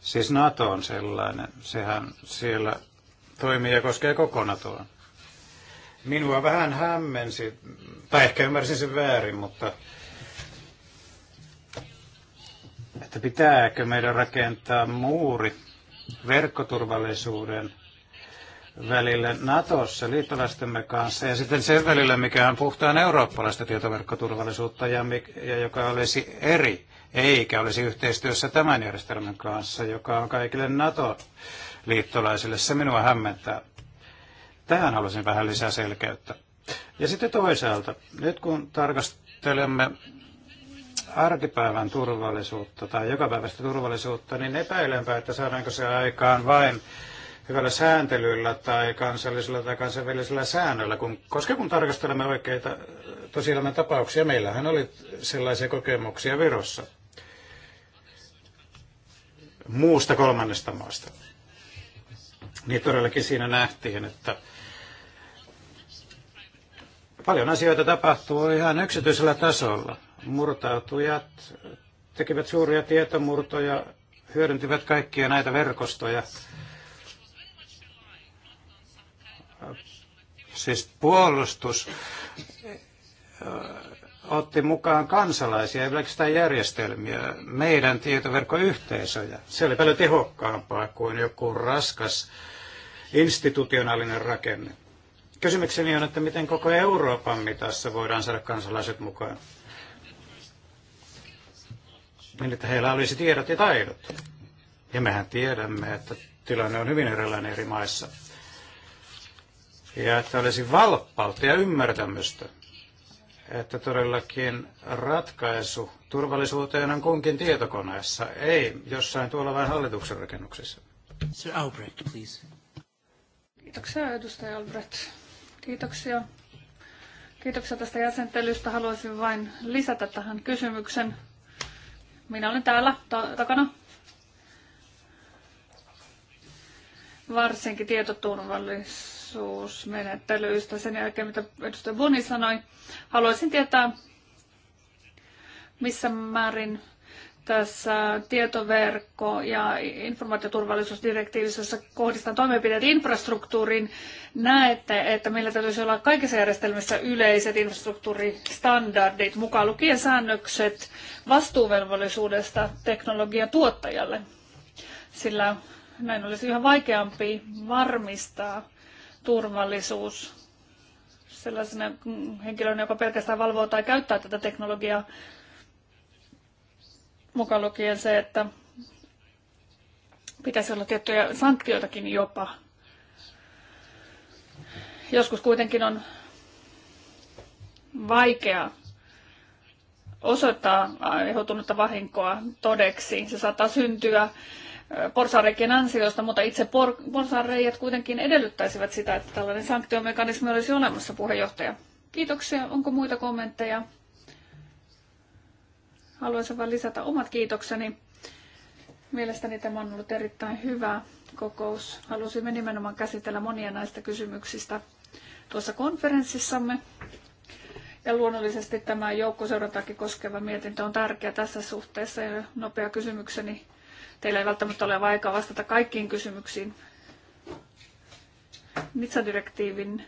Siis NATO on sellainen. Sehän siellä toimii ja koskee koko NATOa. Minua vähän hämmensi, tai ehkä ymmärsin sen väärin, mutta että pitääkö meidän rakentaa muuri verkkoturvallisuuden välille Natossa liittolaistemme kanssa ja sitten sen välillä, mikä on puhtaan eurooppalaista tietoverkkoturvallisuutta ja, ja joka olisi eri, eikä olisi yhteistyössä tämän järjestelmän kanssa, joka on kaikille NATO-liittolaisille. Se minua hämmentää. Tähän haluaisin vähän lisää selkeyttä. Ja sitten toisaalta, nyt kun tarkastelemme arkipäivän turvallisuutta tai jokapäiväistä turvallisuutta, niin epäilenpä, että saadaanko se aikaan vain hyvällä sääntelyllä tai kansallisella tai kansainvälisellä säännöllä. Kun, koska kun tarkastelemme oikeita tosielämän tapauksia, meillähän oli sellaisia kokemuksia Virossa muusta kolmannesta maasta. Niin todellakin siinä nähtiin, että paljon asioita tapahtuu ihan yksityisellä tasolla murtautujat tekivät suuria tietomurtoja, hyödyntivät kaikkia näitä verkostoja. Siis puolustus äh, otti mukaan kansalaisia, ei pelkästään järjestelmiä, meidän tietoverkkoyhteisöjä. Se oli paljon tehokkaampaa kuin joku raskas institutionaalinen rakenne. Kysymykseni on, että miten koko Euroopan mitassa voidaan saada kansalaiset mukaan niin että heillä olisi tiedot ja taidot. Ja mehän tiedämme, että tilanne on hyvin erilainen eri maissa. Ja että olisi valppautta ja ymmärtämystä, että todellakin ratkaisu turvallisuuteen on kunkin tietokoneessa, ei jossain tuolla vain hallituksen rakennuksessa. Sir Albrecht, please. Kiitoksia, edustaja Albrecht. Kiitoksia. Kiitoksia tästä jäsentelystä. Haluaisin vain lisätä tähän kysymyksen minä olen täällä ta- takana. Varsinkin tietoturvallisuusmenettelyistä sen jälkeen, mitä edustaja Boni sanoi. Haluaisin tietää, missä määrin tässä tietoverkko- ja informaatioturvallisuusdirektiivissä kohdistan toimenpiteet infrastruktuuriin, näette, että meillä täytyisi olla kaikissa järjestelmissä yleiset infrastruktuuristandardit, mukaan lukien säännökset vastuuvelvollisuudesta tuottajalle, Sillä näin olisi yhä vaikeampi varmistaa turvallisuus sellaisena henkilönä, joka pelkästään valvoo tai käyttää tätä teknologiaa, mukaan lukien se, että pitäisi olla tiettyjä sanktioitakin jopa. Joskus kuitenkin on vaikea osoittaa aiheutunutta vahinkoa todeksi. Se saattaa syntyä porsareikien ansiosta, mutta itse por- porsareijat kuitenkin edellyttäisivät sitä, että tällainen sanktiomekanismi olisi olemassa, puheenjohtaja. Kiitoksia. Onko muita kommentteja? Haluaisin vain lisätä omat kiitokseni. Mielestäni tämä on ollut erittäin hyvä kokous. Halusimme nimenomaan käsitellä monia näistä kysymyksistä tuossa konferenssissamme. Ja luonnollisesti tämä joukkoseurantaakin koskeva mietintö on tärkeä tässä suhteessa. Ja nopea kysymykseni. Teillä ei välttämättä ole aikaa vastata kaikkiin kysymyksiin. direktiivin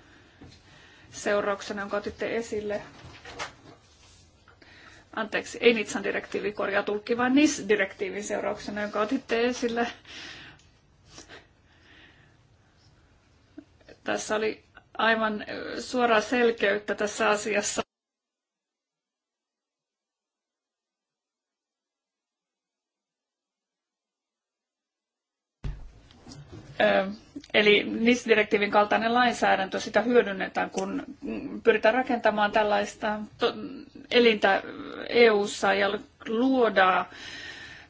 seurauksena, jonka otitte esille, anteeksi, ei Nitsan direktiivi korjaa tulkki, vaan NIS-direktiivin seurauksena, jonka otitte esille. Tässä oli aivan suoraa selkeyttä tässä asiassa. Eli NIS-direktiivin kaltainen lainsäädäntö, sitä hyödynnetään, kun pyritään rakentamaan tällaista elintä EU-ssa ja luodaan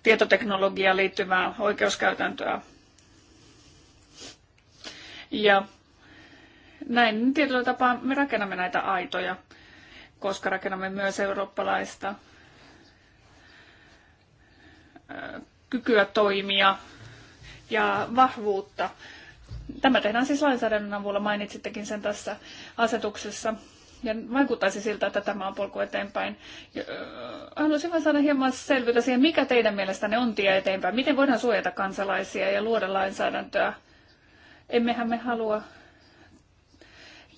tietoteknologiaan liittyvää oikeuskäytäntöä. Ja näin tietyllä tapaa me rakennamme näitä aitoja, koska rakennamme myös eurooppalaista kykyä toimia ja vahvuutta Tämä tehdään siis lainsäädännön avulla, mainitsittekin sen tässä asetuksessa. Ja vaikuttaisi siltä, että tämä on polku eteenpäin. Haluaisin vain saada hieman selvyyttä siihen, mikä teidän mielestänne on tie eteenpäin. Miten voidaan suojata kansalaisia ja luoda lainsäädäntöä? Emmehän me halua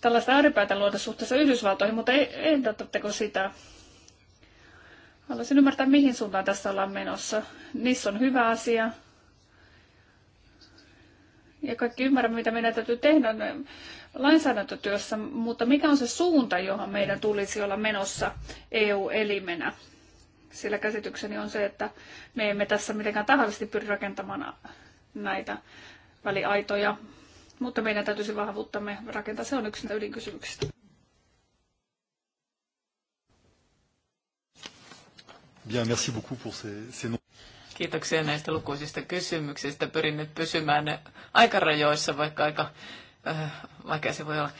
tällaista ääripäätä luoda suhteessa Yhdysvaltoihin, mutta e- ehdotatteko sitä? Haluaisin ymmärtää, mihin suuntaan tässä ollaan menossa. Niissä on hyvä asia, ja kaikki ymmärrämme, mitä meidän täytyy tehdä lainsäädäntötyössä, mutta mikä on se suunta, johon meidän tulisi olla menossa EU-elimenä? Sillä käsitykseni on se, että me emme tässä mitenkään tahallisesti pyri rakentamaan näitä väliaitoja, mutta meidän täytyisi vahvuuttamme rakentaa. Se on yksi ydinkysymyksistä. Bien, merci beaucoup pour ces, ces Kiitoksia näistä lukuisista kysymyksistä. Pyrin nyt pysymään aikarajoissa, vaikka aika äh, vaikea se voi olla.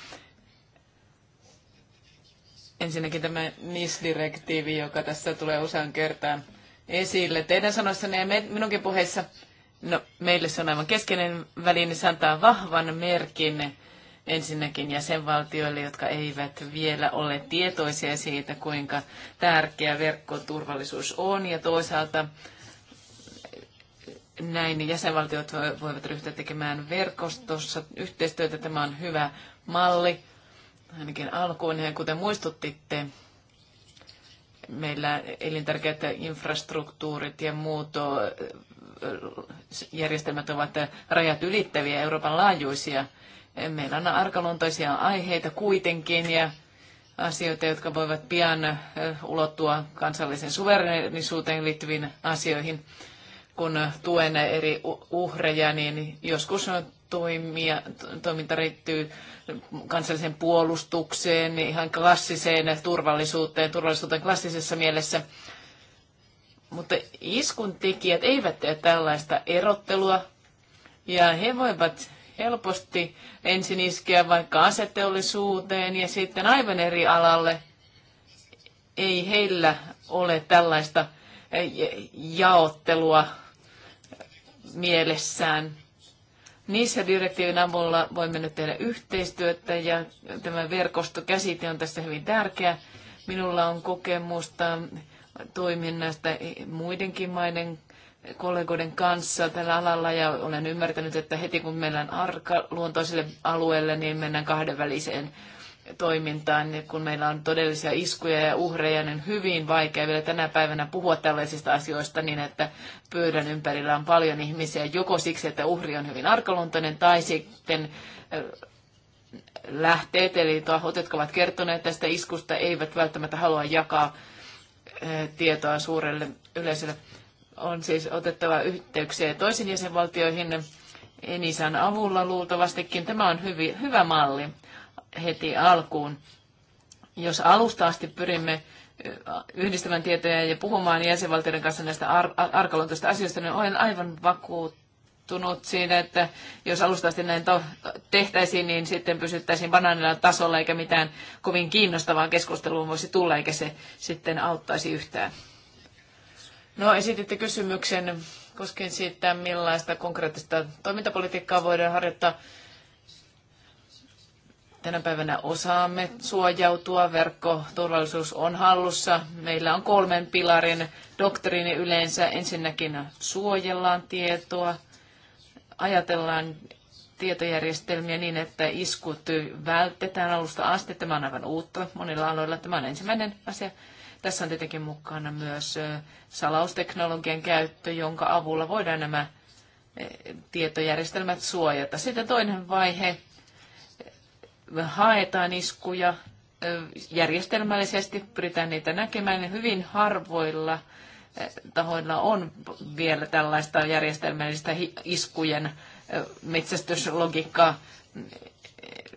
Ensinnäkin tämä NIS-direktiivi, joka tässä tulee usean kertaan esille. Teidän sanoissanne ja minunkin puheissa, no meille se on aivan keskeinen väline, se antaa vahvan merkin ensinnäkin jäsenvaltioille, jotka eivät vielä ole tietoisia siitä, kuinka tärkeä verkkoturvallisuus on, ja toisaalta näin niin jäsenvaltiot voivat ryhtyä tekemään verkostossa yhteistyötä. Tämä on hyvä malli, ainakin alkuun. Ja kuten muistuttitte, meillä elintärkeät infrastruktuurit ja muut järjestelmät ovat rajat ylittäviä Euroopan laajuisia. Meillä on arkaluontoisia aiheita kuitenkin ja asioita, jotka voivat pian ulottua kansallisen suverenisuuteen liittyviin asioihin kun tuen eri uhreja, niin joskus toimia, toiminta riittyy kansalliseen puolustukseen, ihan klassiseen turvallisuuteen, turvallisuuteen klassisessa mielessä. Mutta iskun tekijät eivät tee tällaista erottelua, ja he voivat helposti ensin iskeä vaikka aseteollisuuteen ja sitten aivan eri alalle. Ei heillä ole tällaista eh, jaottelua mielessään. Niissä direktiivin avulla voimme nyt tehdä yhteistyötä ja tämä verkostokäsite on tässä hyvin tärkeä. Minulla on kokemusta toiminnasta muidenkin maiden kollegoiden kanssa tällä alalla ja olen ymmärtänyt, että heti kun mennään luontoiselle alueelle, niin mennään kahdenväliseen toimintaan, niin kun meillä on todellisia iskuja ja uhreja, niin hyvin vaikea vielä tänä päivänä puhua tällaisista asioista niin, että pöydän ympärillä on paljon ihmisiä, joko siksi, että uhri on hyvin arkaluontoinen, tai sitten äh, lähteet, eli tahot, jotka ovat kertoneet tästä iskusta, eivät välttämättä halua jakaa äh, tietoa suurelle yleisölle. On siis otettava yhteyksiä toisiin jäsenvaltioihin Enisan avulla luultavastikin. Tämä on hyvi, hyvä malli heti alkuun. Jos alusta asti pyrimme yhdistämään tietoja ja puhumaan jäsenvaltioiden kanssa näistä ar- arkaluontoista asioista, niin olen aivan vakuuttunut siinä, että jos alusta asti näin to- tehtäisiin, niin sitten pysyttäisiin banaanilla tasolla, eikä mitään kovin kiinnostavaa keskustelua voisi tulla, eikä se sitten auttaisi yhtään. No, esititte kysymyksen koskien siitä, millaista konkreettista toimintapolitiikkaa voidaan harjoittaa Tänä päivänä osaamme suojautua, verkkoturvallisuus on hallussa. Meillä on kolmen pilarin doktriini yleensä. Ensinnäkin suojellaan tietoa, ajatellaan tietojärjestelmiä niin, että iskut vältetään alusta asti. Tämä on aivan uutta monilla aloilla. Tämä on ensimmäinen asia. Tässä on tietenkin mukana myös salausteknologian käyttö, jonka avulla voidaan nämä tietojärjestelmät suojata. Sitten toinen vaihe haetaan iskuja järjestelmällisesti, pyritään niitä näkemään, hyvin harvoilla tahoilla on vielä tällaista järjestelmällistä iskujen metsästyslogiikkaa.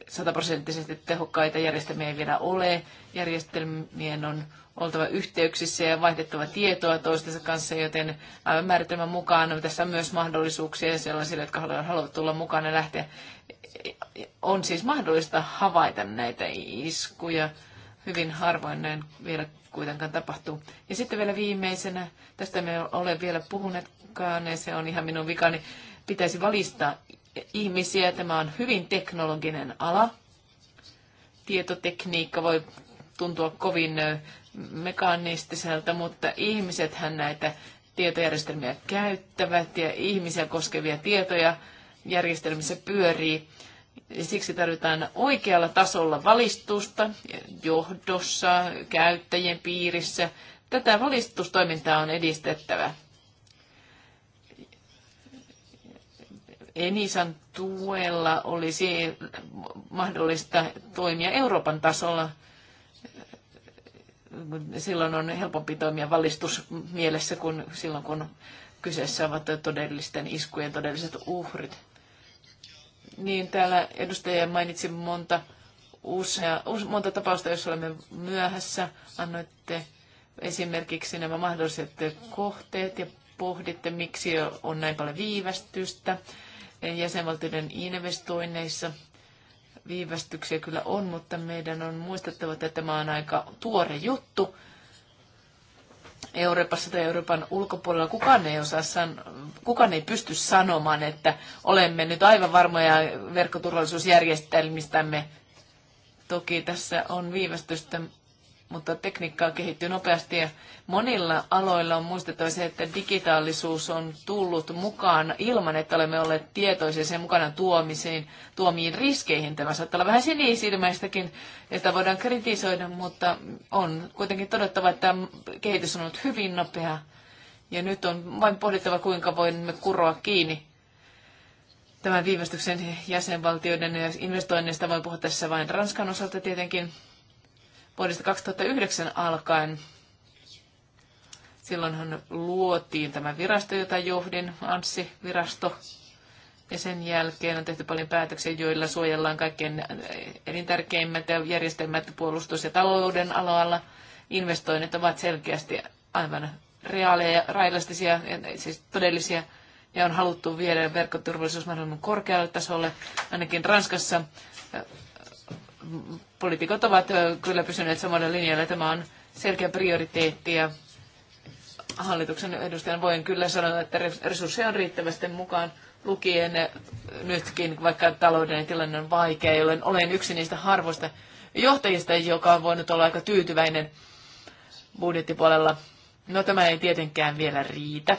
Sataprosenttisesti tehokkaita järjestelmiä ei vielä ole. Järjestelmien on oltava yhteyksissä ja vaihdettava tietoa toistensa kanssa, joten aivan määritelmän mukaan on tässä on myös mahdollisuuksia sellaisille, jotka haluavat tulla mukaan ja lähteä on siis mahdollista havaita näitä iskuja. Hyvin harvoin näin vielä kuitenkaan tapahtuu. Ja sitten vielä viimeisenä, tästä me ole vielä puhuneetkaan, ja se on ihan minun vikani, pitäisi valistaa ihmisiä. Tämä on hyvin teknologinen ala. Tietotekniikka voi tuntua kovin mekaanistiselta, mutta ihmisethän näitä tietojärjestelmiä käyttävät ja ihmisiä koskevia tietoja järjestelmissä pyörii. Siksi tarvitaan oikealla tasolla valistusta johdossa, käyttäjien piirissä. Tätä valistustoimintaa on edistettävä. Enisan tuella olisi mahdollista toimia Euroopan tasolla. Silloin on helpompi toimia valistusmielessä kuin silloin, kun kyseessä ovat todellisten iskujen todelliset uhrit. Niin, täällä edustaja mainitsi monta, usea, monta tapausta, jos olemme myöhässä. Annoitte esimerkiksi nämä mahdolliset kohteet ja pohditte, miksi on näin paljon viivästystä jäsenvaltioiden investoinneissa. Viivästyksiä kyllä on, mutta meidän on muistettava, että tämä on aika tuore juttu Euroopassa tai Euroopan ulkopuolella kukaan ei, osaa san- kukaan ei pysty sanomaan, että olemme nyt aivan varmoja verkkoturvallisuusjärjestelmistämme. Toki tässä on viivästystä, mutta tekniikkaa kehittyy nopeasti ja monilla aloilla on muistettava se, että digitaalisuus on tullut mukaan ilman, että olemme olleet tietoisia sen mukana tuomisiin, tuomiin riskeihin. Tämä saattaa olla vähän sinisilmäistäkin, että voidaan kritisoida, mutta on kuitenkin todettava, että kehitys on ollut hyvin nopea ja nyt on vain pohdittava, kuinka voimme kuroa kiinni tämän viivästyksen jäsenvaltioiden investoinneista voi puhua tässä vain Ranskan osalta tietenkin, vuodesta 2009 alkaen. Silloinhan luotiin tämä virasto, jota johdin, Anssi-virasto. Ja sen jälkeen on tehty paljon päätöksiä, joilla suojellaan kaikkein elintärkeimmät järjestelmät puolustus- ja talouden alalla. Investoinnit ovat selkeästi aivan reaaleja, realistisia, siis todellisia, ja on haluttu viedä verkkoturvallisuus mahdollisimman korkealle tasolle. Ainakin Ranskassa poliitikot ovat kyllä pysyneet samalla linjalla. Tämä on selkeä prioriteetti ja hallituksen edustajan voin kyllä sanoa, että resursseja on riittävästi mukaan lukien nytkin, vaikka taloudellinen tilanne on vaikea, jolloin olen yksi niistä harvoista johtajista, joka on voinut olla aika tyytyväinen budjettipuolella. No tämä ei tietenkään vielä riitä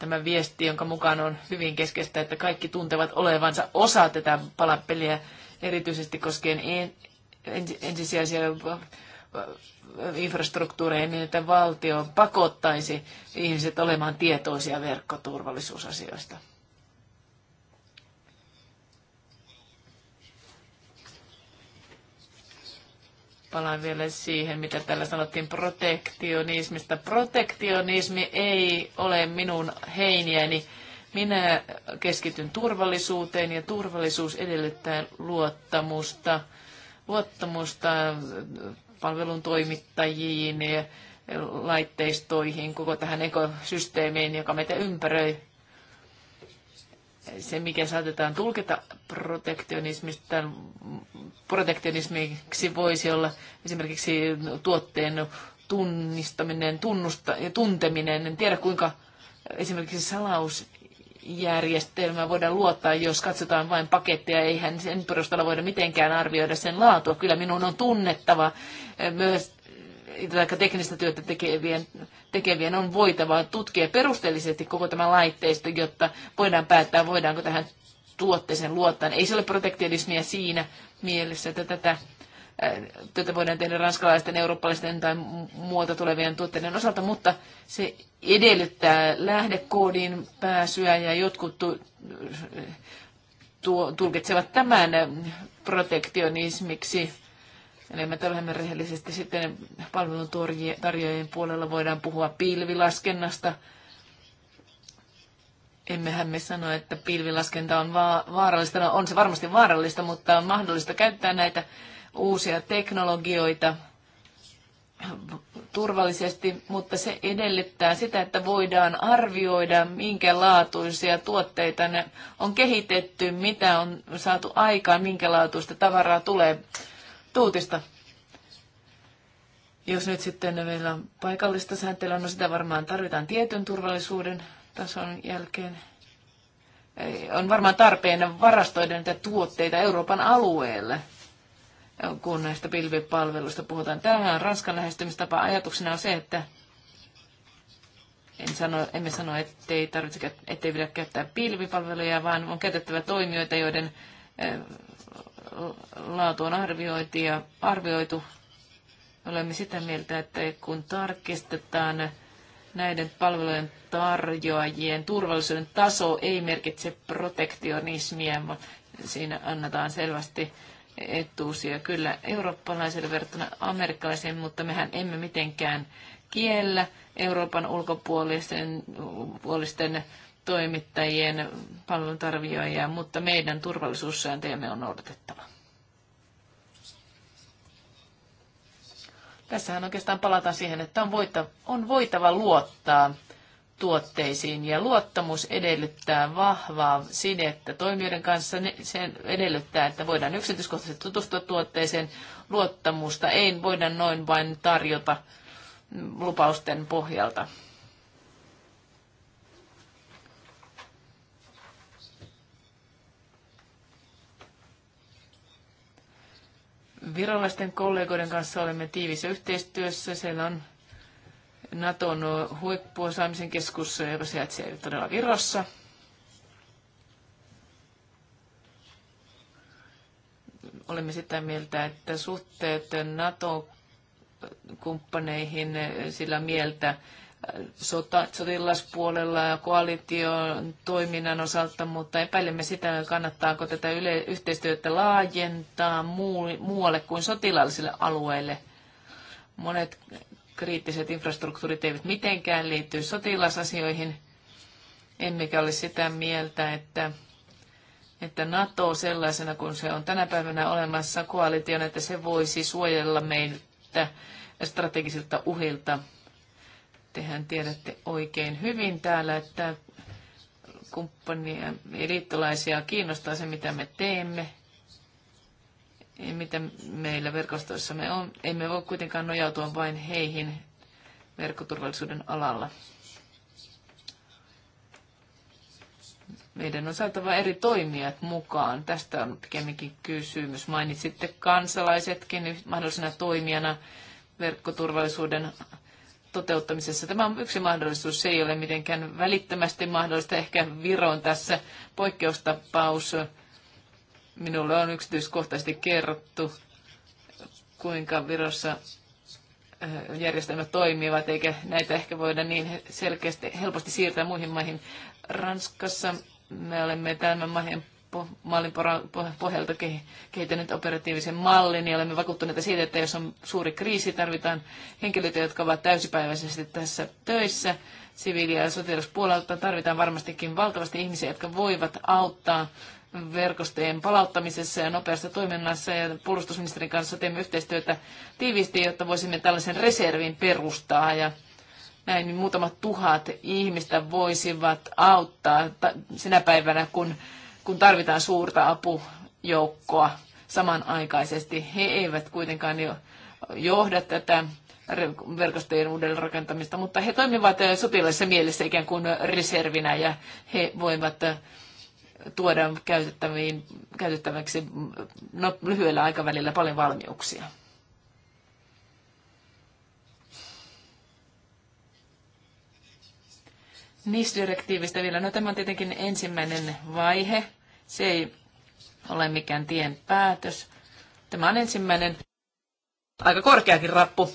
tämä viesti, jonka mukaan on hyvin keskeistä, että kaikki tuntevat olevansa osa tätä palapeliä, erityisesti koskien en, ensisijaisia äh, äh, infrastruktuureja niin, että valtio pakottaisi ihmiset olemaan tietoisia verkkoturvallisuusasioista. Palaan vielä siihen, mitä täällä sanottiin protektionismista. Protektionismi ei ole minun heiniäni. Minä keskityn turvallisuuteen ja turvallisuus edellyttää luottamusta. Luottamusta palvelun toimittajiin ja laitteistoihin, koko tähän ekosysteemiin, joka meitä ympäröi se, mikä saatetaan tulkita protektionismista, protektionismiksi voisi olla esimerkiksi tuotteen tunnistaminen tunnusta, ja tunteminen. En tiedä, kuinka esimerkiksi salausjärjestelmä voidaan luottaa, jos katsotaan vain pakettia. Eihän sen perusteella voida mitenkään arvioida sen laatua. Kyllä minun on tunnettava myös tai teknistä työtä tekevien, tekevien on voitava tutkia perusteellisesti koko tämä laitteisto, jotta voidaan päättää, voidaanko tähän tuotteeseen luottaa. Ei se ole protektionismia siinä mielessä, että tätä äh, tätä voidaan tehdä ranskalaisten, eurooppalaisten tai muualta tulevien tuotteiden osalta, mutta se edellyttää lähdekoodin pääsyä ja jotkut tu- äh, tu- tulkitsevat tämän protektionismiksi Eli me olemme rehellisesti sitten palveluntarjoajien puolella voidaan puhua pilvilaskennasta. Emmehän me sano, että pilvilaskenta on vaarallista. No, on se varmasti vaarallista, mutta on mahdollista käyttää näitä uusia teknologioita turvallisesti, mutta se edellyttää sitä, että voidaan arvioida, minkä laatuisia tuotteita ne on kehitetty, mitä on saatu aikaan, minkä laatuista tavaraa tulee tuutista. Jos nyt sitten meillä on paikallista sääntelyä, no sitä varmaan tarvitaan tietyn turvallisuuden tason jälkeen. On varmaan tarpeen varastoida niitä tuotteita Euroopan alueelle, kun näistä pilvipalveluista puhutaan. Tähän Ranskan lähestymistapa ajatuksena on se, että en sano, emme sano, ettei, tarvitse, ettei pidä käyttää pilvipalveluja, vaan on käytettävä toimijoita, joiden eh, laatu on arvioitu ja arvioitu. Olemme sitä mieltä, että kun tarkistetaan näiden palvelujen tarjoajien turvallisuuden taso ei merkitse protektionismia, vaan siinä annetaan selvästi etuusia kyllä eurooppalaiselle verrattuna Amerikkalaisen, mutta mehän emme mitenkään kiellä Euroopan ulkopuolisten puolisten toimittajien palveluntarvioijia, mutta meidän turvallisuussääntöjämme on noudatettava. Tässähän oikeastaan palataan siihen, että on, voitava, on voitava luottaa tuotteisiin ja luottamus edellyttää vahvaa sidettä toimijoiden kanssa. sen edellyttää, että voidaan yksityiskohtaisesti tutustua tuotteeseen. Luottamusta ei voida noin vain tarjota lupausten pohjalta. Virolaisten kollegoiden kanssa olemme tiivissä yhteistyössä. Siellä on Naton huippuosaamisen keskus, joka sijaitsee todella Virossa. Olemme sitä mieltä, että suhteet NATO-kumppaneihin sillä mieltä, sotilaspuolella ja koalition toiminnan osalta, mutta epäilemme sitä, kannattaako tätä yle, yhteistyötä laajentaa muu, muualle kuin sotilaallisille alueille. Monet kriittiset infrastruktuurit eivät mitenkään liity sotilasasioihin, emmekä ole sitä mieltä, että että NATO sellaisena kuin se on tänä päivänä olemassa koalition, että se voisi suojella meitä strategisilta uhilta. Tehän tiedätte oikein hyvin täällä, että kumppania ja liittolaisia kiinnostaa se, mitä me teemme ja mitä meillä verkostoissamme on. Emme voi kuitenkaan nojautua vain heihin verkkoturvallisuuden alalla. Meidän on saatava eri toimijat mukaan. Tästä on pikemminkin kysymys. Mainitsitte kansalaisetkin mahdollisena toimijana verkkoturvallisuuden toteuttamisessa. Tämä on yksi mahdollisuus, se ei ole mitenkään välittömästi mahdollista, ehkä Viron tässä poikkeustapaus. Minulle on yksityiskohtaisesti kerrottu, kuinka Virossa järjestelmät toimivat, eikä näitä ehkä voida niin selkeästi helposti siirtää muihin maihin. Ranskassa me olemme tämän maihin mallin pohjalta kehittänyt operatiivisen mallin ja olemme vakuuttuneita siitä, että jos on suuri kriisi, tarvitaan henkilöitä, jotka ovat täysipäiväisesti tässä töissä. Siviili- ja sotilaspuolelta tarvitaan varmastikin valtavasti ihmisiä, jotka voivat auttaa verkostojen palauttamisessa ja nopeassa toiminnassa ja puolustusministerin kanssa teemme yhteistyötä tiiviisti, jotta voisimme tällaisen reservin perustaa ja näin niin muutamat tuhat ihmistä voisivat auttaa sinä päivänä, kun kun tarvitaan suurta apujoukkoa samanaikaisesti. He eivät kuitenkaan jo johda tätä verkostojen uudelleenrakentamista, mutta he toimivat sotilaissa mielessä ikään kuin reservinä ja he voivat tuoda käytettäväksi no, lyhyellä aikavälillä paljon valmiuksia. NIS-direktiivistä vielä. No tämä on tietenkin ensimmäinen vaihe. Se ei ole mikään tien päätös. Tämä on ensimmäinen aika korkeakin rappu.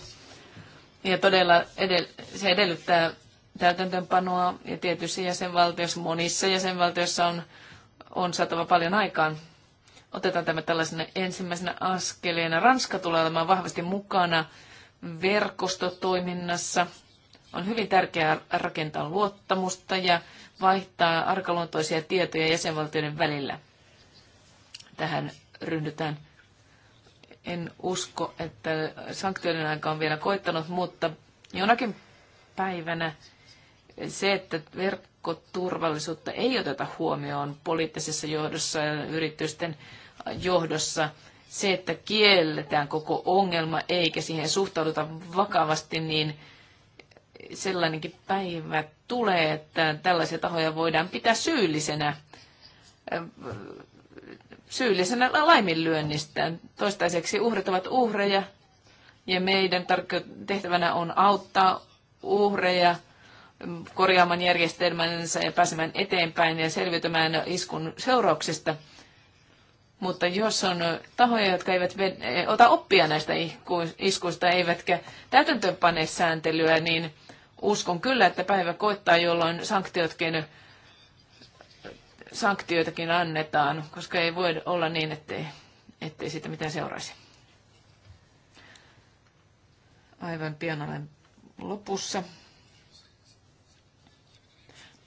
Ja todella edell- se edellyttää täytäntöönpanoa ja tietyissä jäsenvaltioissa, monissa jäsenvaltioissa on, on saatava paljon aikaan. Otetaan tämä tällaisena ensimmäisenä askeleena. Ranska tulee olemaan vahvasti mukana verkostotoiminnassa – on hyvin tärkeää rakentaa luottamusta ja vaihtaa arkaluontoisia tietoja jäsenvaltioiden välillä. Tähän ryhdytään. En usko, että sanktioiden aika on vielä koittanut, mutta jonakin päivänä se, että verkkoturvallisuutta ei oteta huomioon poliittisessa johdossa ja yritysten johdossa, se, että kielletään koko ongelma eikä siihen suhtauduta vakavasti, niin sellainenkin päivä tulee, että tällaisia tahoja voidaan pitää syyllisenä syyllisenä laiminlyönnistään. Toistaiseksi uhrit ovat uhreja ja meidän tehtävänä on auttaa uhreja korjaamaan järjestelmänsä ja pääsemään eteenpäin ja selviytymään iskun seurauksista. Mutta jos on tahoja, jotka eivät ota oppia näistä iskuista, eivätkä täytäntöönpane sääntelyä, niin Uskon kyllä, että päivä koittaa, jolloin sanktiotkin, sanktioitakin annetaan, koska ei voi olla niin, ettei, ettei siitä mitään seuraisi. Aivan pian olen lopussa.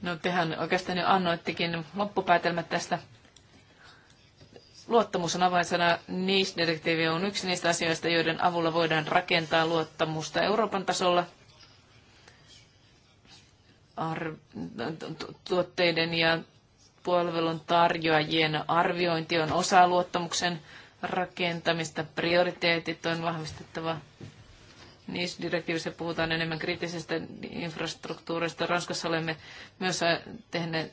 No tehän oikeastaan jo annoittekin loppupäätelmät tästä. Luottamus on avainsana. NIS-direktiivi on yksi niistä asioista, joiden avulla voidaan rakentaa luottamusta Euroopan tasolla – tuotteiden ja palvelun tarjoajien arviointi on osa luottamuksen rakentamista. Prioriteetit on vahvistettava. Niissä direktiivissä puhutaan enemmän kriittisestä infrastruktuurista. Ranskassa olemme myös tehneet,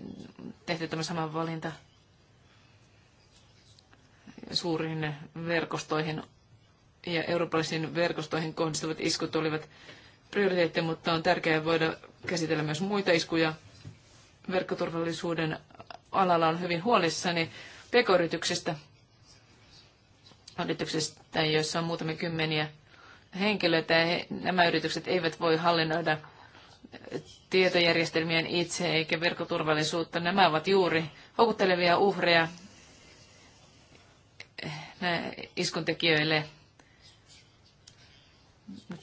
tehneet tämän saman valinta suuriin verkostoihin ja eurooppalaisiin verkostoihin kohdistuvat iskut olivat prioriteetti, mutta on tärkeää voida käsitellä myös muita iskuja. Verkkoturvallisuuden alalla on hyvin huolissani pekoyrityksistä, yrityksistä joissa on muutamia kymmeniä henkilöitä. Ja he, nämä yritykset eivät voi hallinnoida tietojärjestelmien itse eikä verkkoturvallisuutta. Nämä ovat juuri houkuttelevia uhreja eh, iskun tekijöille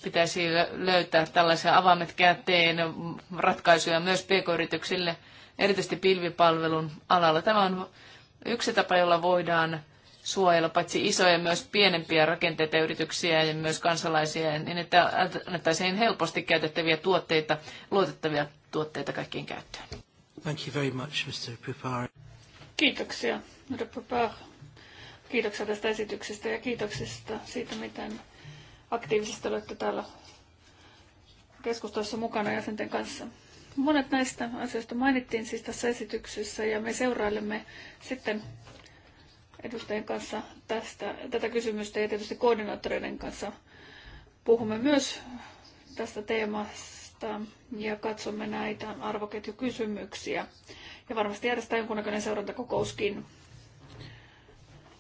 pitäisi löytää tällaisia avaimet käteen ratkaisuja myös pk-yrityksille, erityisesti pilvipalvelun alalla. Tämä on yksi tapa, jolla voidaan suojella paitsi isoja myös pienempiä rakenteita yrityksiä ja myös kansalaisia, niin että annettaisiin helposti käytettäviä tuotteita, luotettavia tuotteita kaikkien käyttöön. Thank you very much, Mr. Pupar. Kiitoksia, Mr. Pupar. Kiitoksia tästä esityksestä ja kiitoksista siitä, miten aktiivisesti olette täällä keskustelussa mukana jäsenten kanssa. Monet näistä asioista mainittiin siis tässä esityksessä ja me seurailemme sitten edustajien kanssa tästä, tätä kysymystä ja tietysti koordinaattoreiden kanssa puhumme myös tästä teemasta ja katsomme näitä arvoketjukysymyksiä. Ja varmasti järjestetään jonkunnäköinen seurantakokouskin.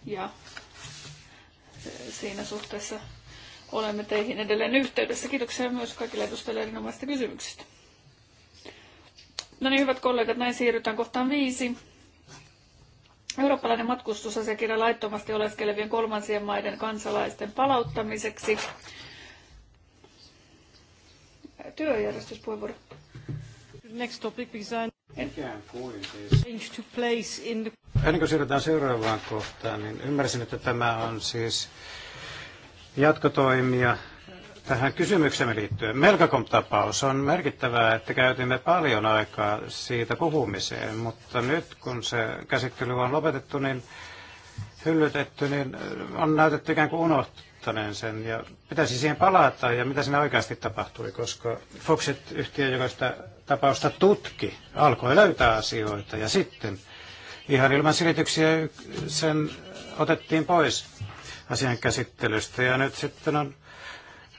Ja siinä suhteessa olemme teihin edelleen yhteydessä. Kiitoksia myös kaikille edustajille erinomaisista kysymyksistä. No niin, hyvät kollegat, näin siirrytään kohtaan viisi. Eurooppalainen matkustusasiakirja laittomasti oleskelevien kolmansien maiden kansalaisten palauttamiseksi. Työjärjestyspuheenvuoro. Next topic, because Ikään kuin siis. Ennen kuin siirrytään seuraavaan kohtaan, niin ymmärsin, että tämä on siis jatkotoimia tähän kysymykseen liittyen. Melkakom-tapaus on merkittävää, että käytimme paljon aikaa siitä puhumiseen, mutta nyt kun se käsittely on lopetettu, niin hyllytetty, niin on näytetty ikään kuin unohtaneen sen ja pitäisi siihen palata ja mitä siinä oikeasti tapahtui, koska Foxit-yhtiö, joka sitä tapausta tutki, alkoi löytää asioita ja sitten ihan ilman silityksiä sen otettiin pois asian käsittelystä. Ja nyt sitten on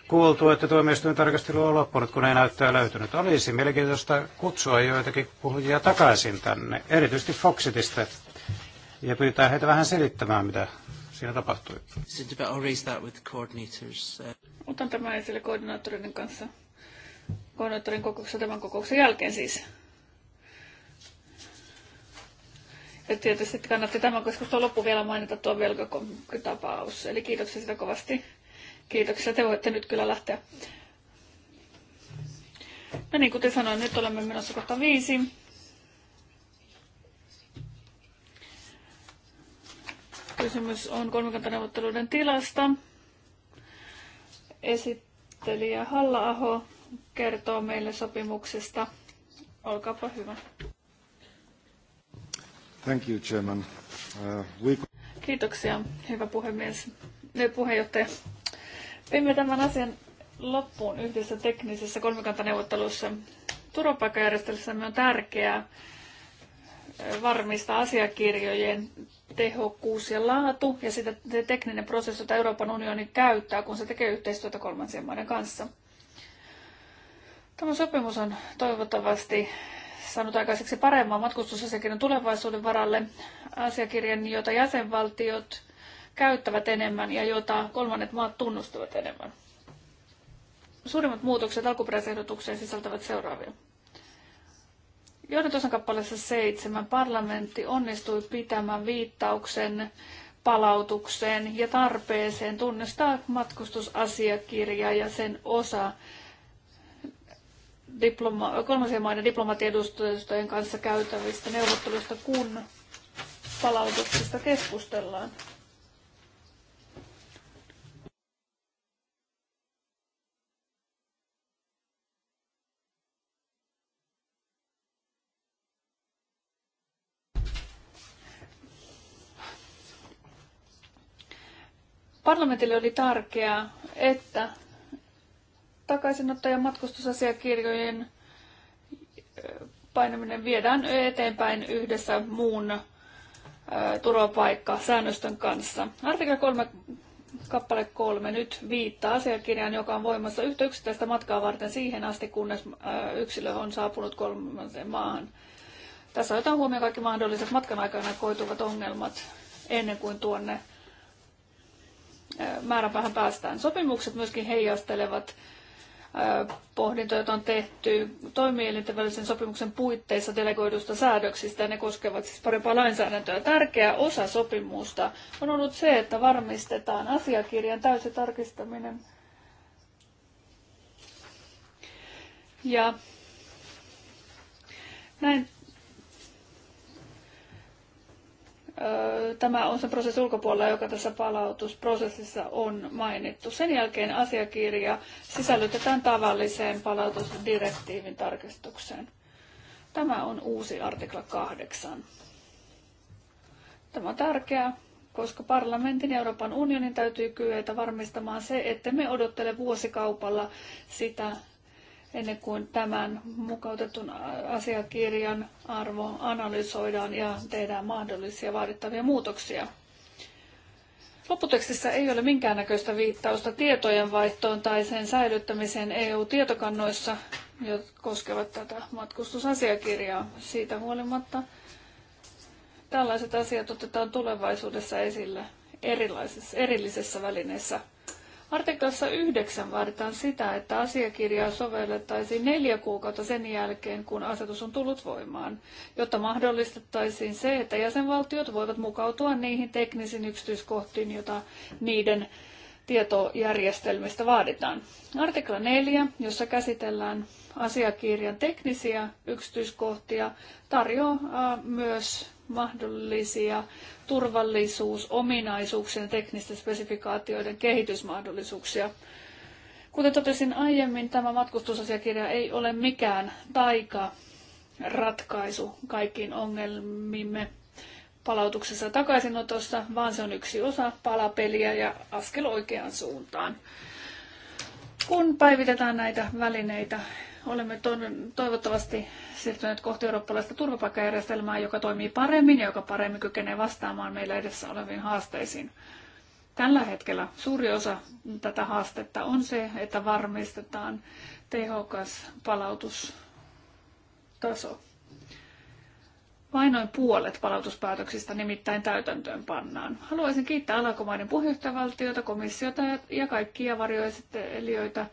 kuultu, että tuomioistuin tarkastelu on loppunut, kun ei näyttää löytynyt. Olisi mielenkiintoista kutsua joitakin puhujia takaisin tänne, erityisesti Foxitista, ja pyytää heitä vähän selittämään, mitä siinä tapahtui. Otan tämän esille koordinaattoreiden kanssa, koordinaattorin kokouksen, tämän kokouksen jälkeen siis. Ja tietysti kannatti tämän keskustelun loppu vielä mainita tuo velkatapaus. Eli kiitoksia sitä kovasti. Kiitoksia. Te voitte nyt kyllä lähteä. No niin, kuten sanoin, nyt olemme menossa kohta viisi. Kysymys on kolmikantaneuvotteluiden tilasta. Esittelijä Halla-aho kertoo meille sopimuksesta. Olkaapa hyvä. Thank you, Chairman. Uh, we... Kiitoksia, hyvä puhemies. Ne eh, puheenjohtaja. Vimme tämän asian loppuun yhdessä teknisessä kolmikantaneuvottelussa. Turvapaikkajärjestelmässämme on tärkeää eh, varmistaa asiakirjojen tehokkuus ja laatu ja sitä se tekninen prosessi, jota Euroopan unioni käyttää, kun se tekee yhteistyötä kolmansien maiden kanssa. Tämä sopimus on toivottavasti saanut aikaiseksi paremman matkustusasiakirjan tulevaisuuden varalle, asiakirjan, jota jäsenvaltiot käyttävät enemmän ja jota kolmannet maat tunnustavat enemmän. Suurimmat muutokset alkuperäisehdotukseen sisältävät seuraavia. Johdatuksen kappaleessa seitsemän parlamentti onnistui pitämään viittauksen palautukseen ja tarpeeseen tunnistaa matkustusasiakirja ja sen osa diploma- kolmansien maiden diplomatiedustajien kanssa käytävistä neuvotteluista, kun palautuksista keskustellaan. Parlamentille oli tärkeää, että takaisinottojen matkustusasiakirjojen eh, painaminen viedään eteenpäin yhdessä muun eh, turvapaikkasäännöstön kanssa. Artikla 3 kappale 3 nyt viittaa asiakirjaan, joka on voimassa yhtä yksittäistä matkaa varten siihen asti, kunnes eh, yksilö on saapunut kolmanteen maahan. Tässä otetaan huomioon kaikki mahdolliset matkan aikana koituvat ongelmat ennen kuin tuonne määränpäähän päästään. Sopimukset myöskin heijastelevat pohdintoja, joita on tehty toimielinten välisen sopimuksen puitteissa delegoidusta säädöksistä. Ne koskevat siis parempaa lainsäädäntöä. Tärkeä osa sopimusta on ollut se, että varmistetaan asiakirjan täysi tarkistaminen. Ja näin tämä on se prosessi ulkopuolella, joka tässä palautusprosessissa on mainittu. Sen jälkeen asiakirja sisällytetään tavalliseen palautusdirektiivin tarkistukseen. Tämä on uusi artikla 8. Tämä on tärkeää, koska parlamentin ja Euroopan unionin täytyy kyetä varmistamaan se, että me odottele vuosikaupalla sitä, ennen kuin tämän mukautetun asiakirjan arvo analysoidaan ja tehdään mahdollisia vaadittavia muutoksia. Lopputekstissä ei ole minkäännäköistä viittausta tietojenvaihtoon tai sen säilyttämiseen EU-tietokannoissa, jotka koskevat tätä matkustusasiakirjaa. Siitä huolimatta tällaiset asiat otetaan tulevaisuudessa esille erilaisessa, erillisessä välineessä – Artiklassa 9 vaaditaan sitä, että asiakirjaa sovellettaisiin neljä kuukautta sen jälkeen, kun asetus on tullut voimaan, jotta mahdollistettaisiin se, että jäsenvaltiot voivat mukautua niihin teknisiin yksityiskohtiin, joita niiden tietojärjestelmistä vaaditaan. Artikla 4, jossa käsitellään asiakirjan teknisiä yksityiskohtia, tarjoaa myös mahdollisia turvallisuusominaisuuksien ja teknisten spesifikaatioiden kehitysmahdollisuuksia. Kuten totesin aiemmin, tämä matkustusasiakirja ei ole mikään taika ratkaisu kaikkiin ongelmimme palautuksessa takaisinotossa, vaan se on yksi osa palapeliä ja askel oikeaan suuntaan. Kun päivitetään näitä välineitä, olemme toivottavasti siirtyneet kohti eurooppalaista turvapaikkajärjestelmää, joka toimii paremmin ja joka paremmin kykenee vastaamaan meillä edessä oleviin haasteisiin. Tällä hetkellä suuri osa tätä haastetta on se, että varmistetaan tehokas palautustaso. Vain noin puolet palautuspäätöksistä nimittäin täytäntöön pannaan. Haluaisin kiittää Alankomaiden puheenjohtajavaltiota, komissiota ja kaikkia varjoesittelijöitä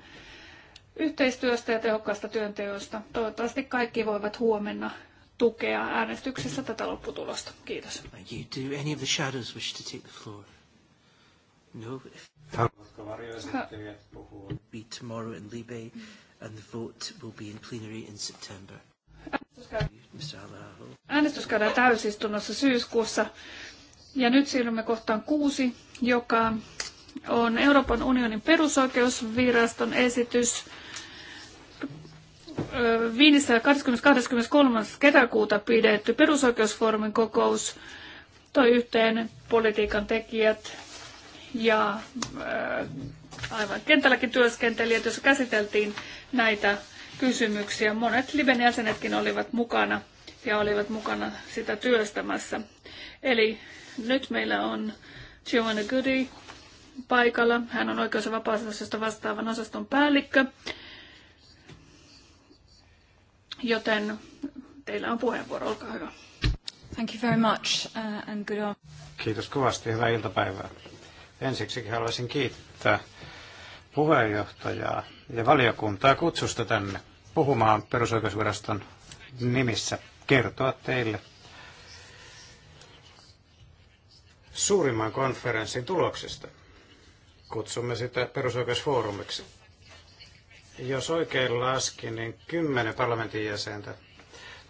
yhteistyöstä ja tehokkaasta työnteosta. Toivottavasti kaikki voivat huomenna tukea äänestyksessä tätä lopputulosta. Kiitos. No. Be tomorrow in Libe and the vote will be in plenary in September. Äänestys käydään täysistunnossa syyskuussa. Ja nyt siirrymme kohtaan kuusi, joka on Euroopan unionin perusoikeusviraston esitys. Viinissä 20.23. kesäkuuta pidetty perusoikeusfoorumin kokous toi yhteen politiikan tekijät ja aivan kentälläkin työskentelijät, jossa käsiteltiin näitä kysymyksiä. Monet Liben jäsenetkin olivat mukana ja olivat mukana sitä työstämässä. Eli nyt meillä on Giovanna Goody, paikalla. Hän on oikeus- ja vapausasioista vastaavan osaston päällikkö. Joten teillä on puheenvuoro, olkaa hyvä. Thank you very much uh, and good on. Kiitos kovasti, hyvää iltapäivää. Ensiksi haluaisin kiittää puheenjohtajaa ja valiokuntaa kutsusta tänne puhumaan perusoikeusviraston nimissä, kertoa teille suurimman konferenssin tuloksista. Kutsumme sitä perusoikeusfoorumiksi. Jos oikein laskin, niin kymmenen parlamentin jäsentä.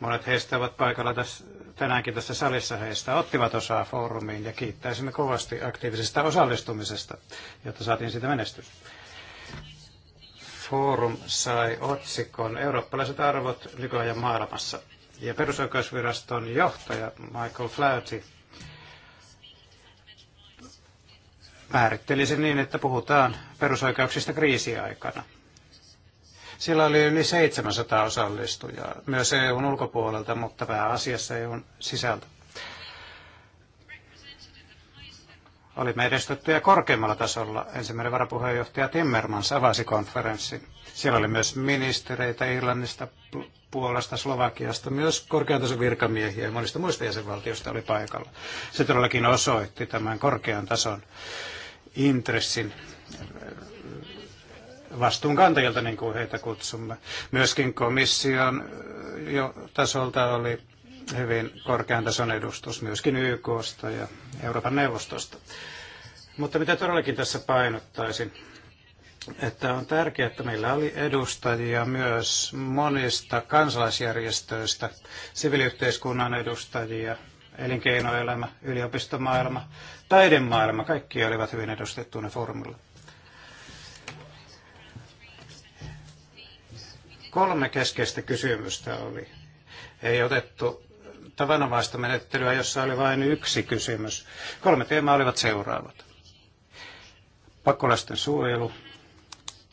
Monet heistä ovat paikalla tässä, tänäänkin tässä salissa. Heistä ottivat osaa foorumiin ja kiittäisimme kovasti aktiivisesta osallistumisesta, jotta saatiin siitä menestys. Foorum sai otsikon Eurooppalaiset arvot nykyajan maailmassa. Ja perusoikeusviraston johtaja Michael Flaherty määrittelisin niin, että puhutaan perusoikeuksista kriisiaikana. Sillä oli yli 700 osallistujaa, myös EUn ulkopuolelta, mutta pääasiassa EUn sisältä. Olimme edustettuja korkeimmalla tasolla. Ensimmäinen varapuheenjohtaja Timmermans avasi konferenssin. Siellä oli myös ministereitä Irlannista, Puolasta, Slovakiasta, myös korkean tason virkamiehiä ja monista muista jäsenvaltioista oli paikalla. Se todellakin osoitti tämän korkean tason intressin äh, vastuunkantajilta, niin kuin heitä kutsumme. Myöskin komission äh, jo tasolta oli hyvin korkean tason edustus myöskin YKsta ja Euroopan neuvostosta. Mutta mitä todellakin tässä painottaisin, että on tärkeää, että meillä oli edustajia myös monista kansalaisjärjestöistä, siviiliyhteiskunnan edustajia, elinkeinoelämä, yliopistomaailma, taidemaailma, kaikki olivat hyvin edustettuina foorumilla. Kolme keskeistä kysymystä oli. Ei otettu tavanomaista menettelyä, jossa oli vain yksi kysymys. Kolme teemaa olivat seuraavat. Pakolaisten suojelu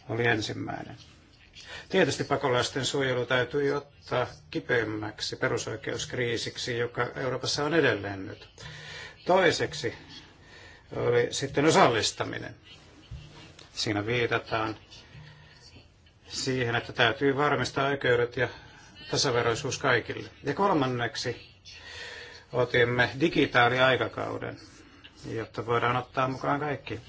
oli ensimmäinen. Tietysti pakolaisten suojelu täytyy ottaa kipeimmäksi perusoikeuskriisiksi, joka Euroopassa on edelleen nyt. Toiseksi oli sitten osallistaminen. Siinä viitataan siihen, että täytyy varmistaa oikeudet ja tasaveroisuus kaikille. Ja kolmanneksi otimme digitaaliaikakauden, jotta voidaan ottaa mukaan kaikki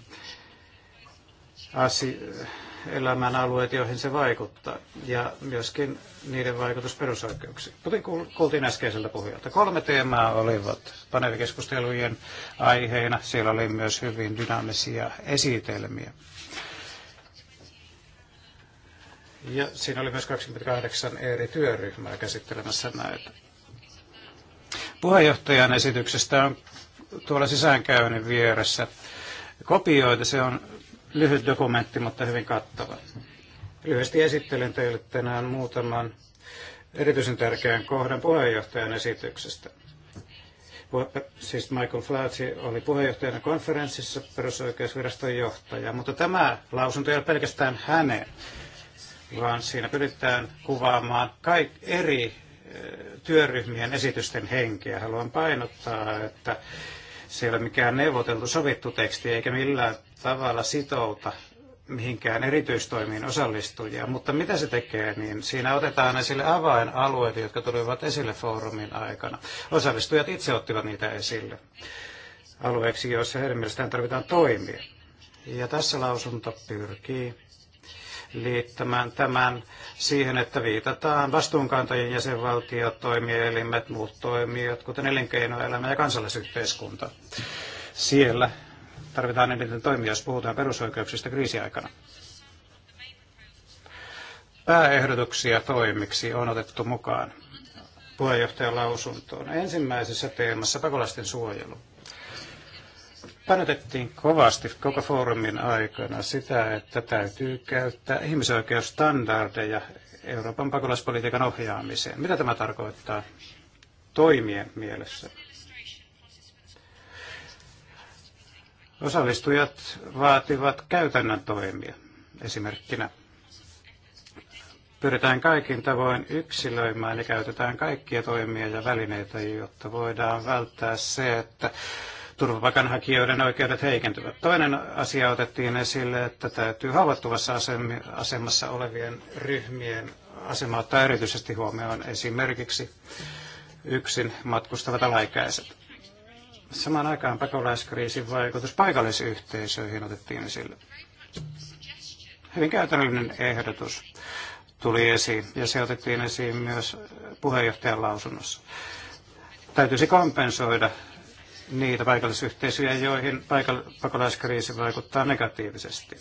asio- elämän alueet, joihin se vaikuttaa, ja myöskin niiden vaikutus perusoikeuksiin. Kuten kuultiin äskeiseltä pohjalta, kolme teemaa olivat paneelikeskustelujen aiheena. Siellä oli myös hyvin dynaamisia esitelmiä. Ja siinä oli myös 28 eri työryhmää käsittelemässä näitä. Puheenjohtajan esityksestä on tuolla sisäänkäynnin vieressä kopioita. Se on lyhyt dokumentti, mutta hyvin kattava. Lyhyesti esittelen teille tänään muutaman erityisen tärkeän kohdan puheenjohtajan esityksestä. Siis Michael Flautsi oli puheenjohtajana konferenssissa perusoikeusviraston johtaja, mutta tämä lausunto ei ole pelkästään hänen, vaan siinä pyritään kuvaamaan kaik eri työryhmien esitysten henkeä. Haluan painottaa, että se ei ole mikään neuvoteltu sovittu teksti eikä millään tavalla sitouta mihinkään erityistoimiin osallistujia, mutta mitä se tekee, niin siinä otetaan esille avainalueet, jotka tulivat esille foorumin aikana. Osallistujat itse ottivat niitä esille alueeksi, joissa heidän mielestään tarvitaan toimia. Ja tässä lausunto pyrkii liittämään tämän siihen, että viitataan vastuunkantajien jäsenvaltiot, toimielimet, muut toimijat, kuten elinkeinoelämä ja kansallisyhteiskunta. Siellä tarvitaan eniten toimia, jos puhutaan perusoikeuksista kriisiaikana. Pääehdotuksia toimiksi on otettu mukaan puheenjohtajan lausuntoon. Ensimmäisessä teemassa pakolaisten suojelu painotettiin kovasti koko foorumin aikana sitä, että täytyy käyttää ihmisoikeusstandardeja Euroopan pakolaispolitiikan ohjaamiseen. Mitä tämä tarkoittaa toimien mielessä? Osallistujat vaativat käytännön toimia. Esimerkkinä pyritään kaikin tavoin yksilöimään ja käytetään kaikkia toimia ja välineitä, jotta voidaan välttää se, että turvapaikanhakijoiden oikeudet heikentyvät. Toinen asia otettiin esille, että täytyy haavoittuvassa asemassa olevien ryhmien asema ottaa erityisesti huomioon esimerkiksi yksin matkustavat alaikäiset. Samaan aikaan pakolaiskriisin vaikutus paikallisyhteisöihin otettiin esille. Hyvin käytännöllinen ehdotus tuli esiin ja se otettiin esiin myös puheenjohtajan lausunnossa täytyisi kompensoida niitä paikallisyhteisöjä, joihin pakolaiskriisi vaikuttaa negatiivisesti.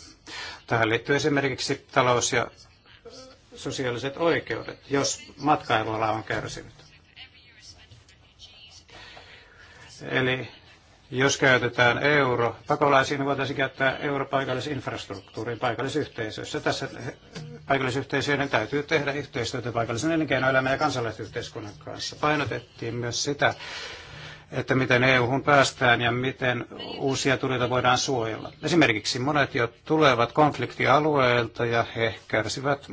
Tähän liittyy esimerkiksi talous- ja sosiaaliset oikeudet, jos matkailuala on kärsinyt. Eli jos käytetään euro pakolaisiin, niin voitaisiin käyttää euro paikallisinfrastruktuuriin paikallisyhteisöissä. Tässä paikallisyhteisöiden täytyy tehdä yhteistyötä paikallisen elinkeinoelämän ja kansalaisyhteiskunnan kanssa. Painotettiin myös sitä, että miten EU-hun päästään ja miten uusia tulijoita voidaan suojella. Esimerkiksi monet jo tulevat konfliktialueelta ja he kärsivät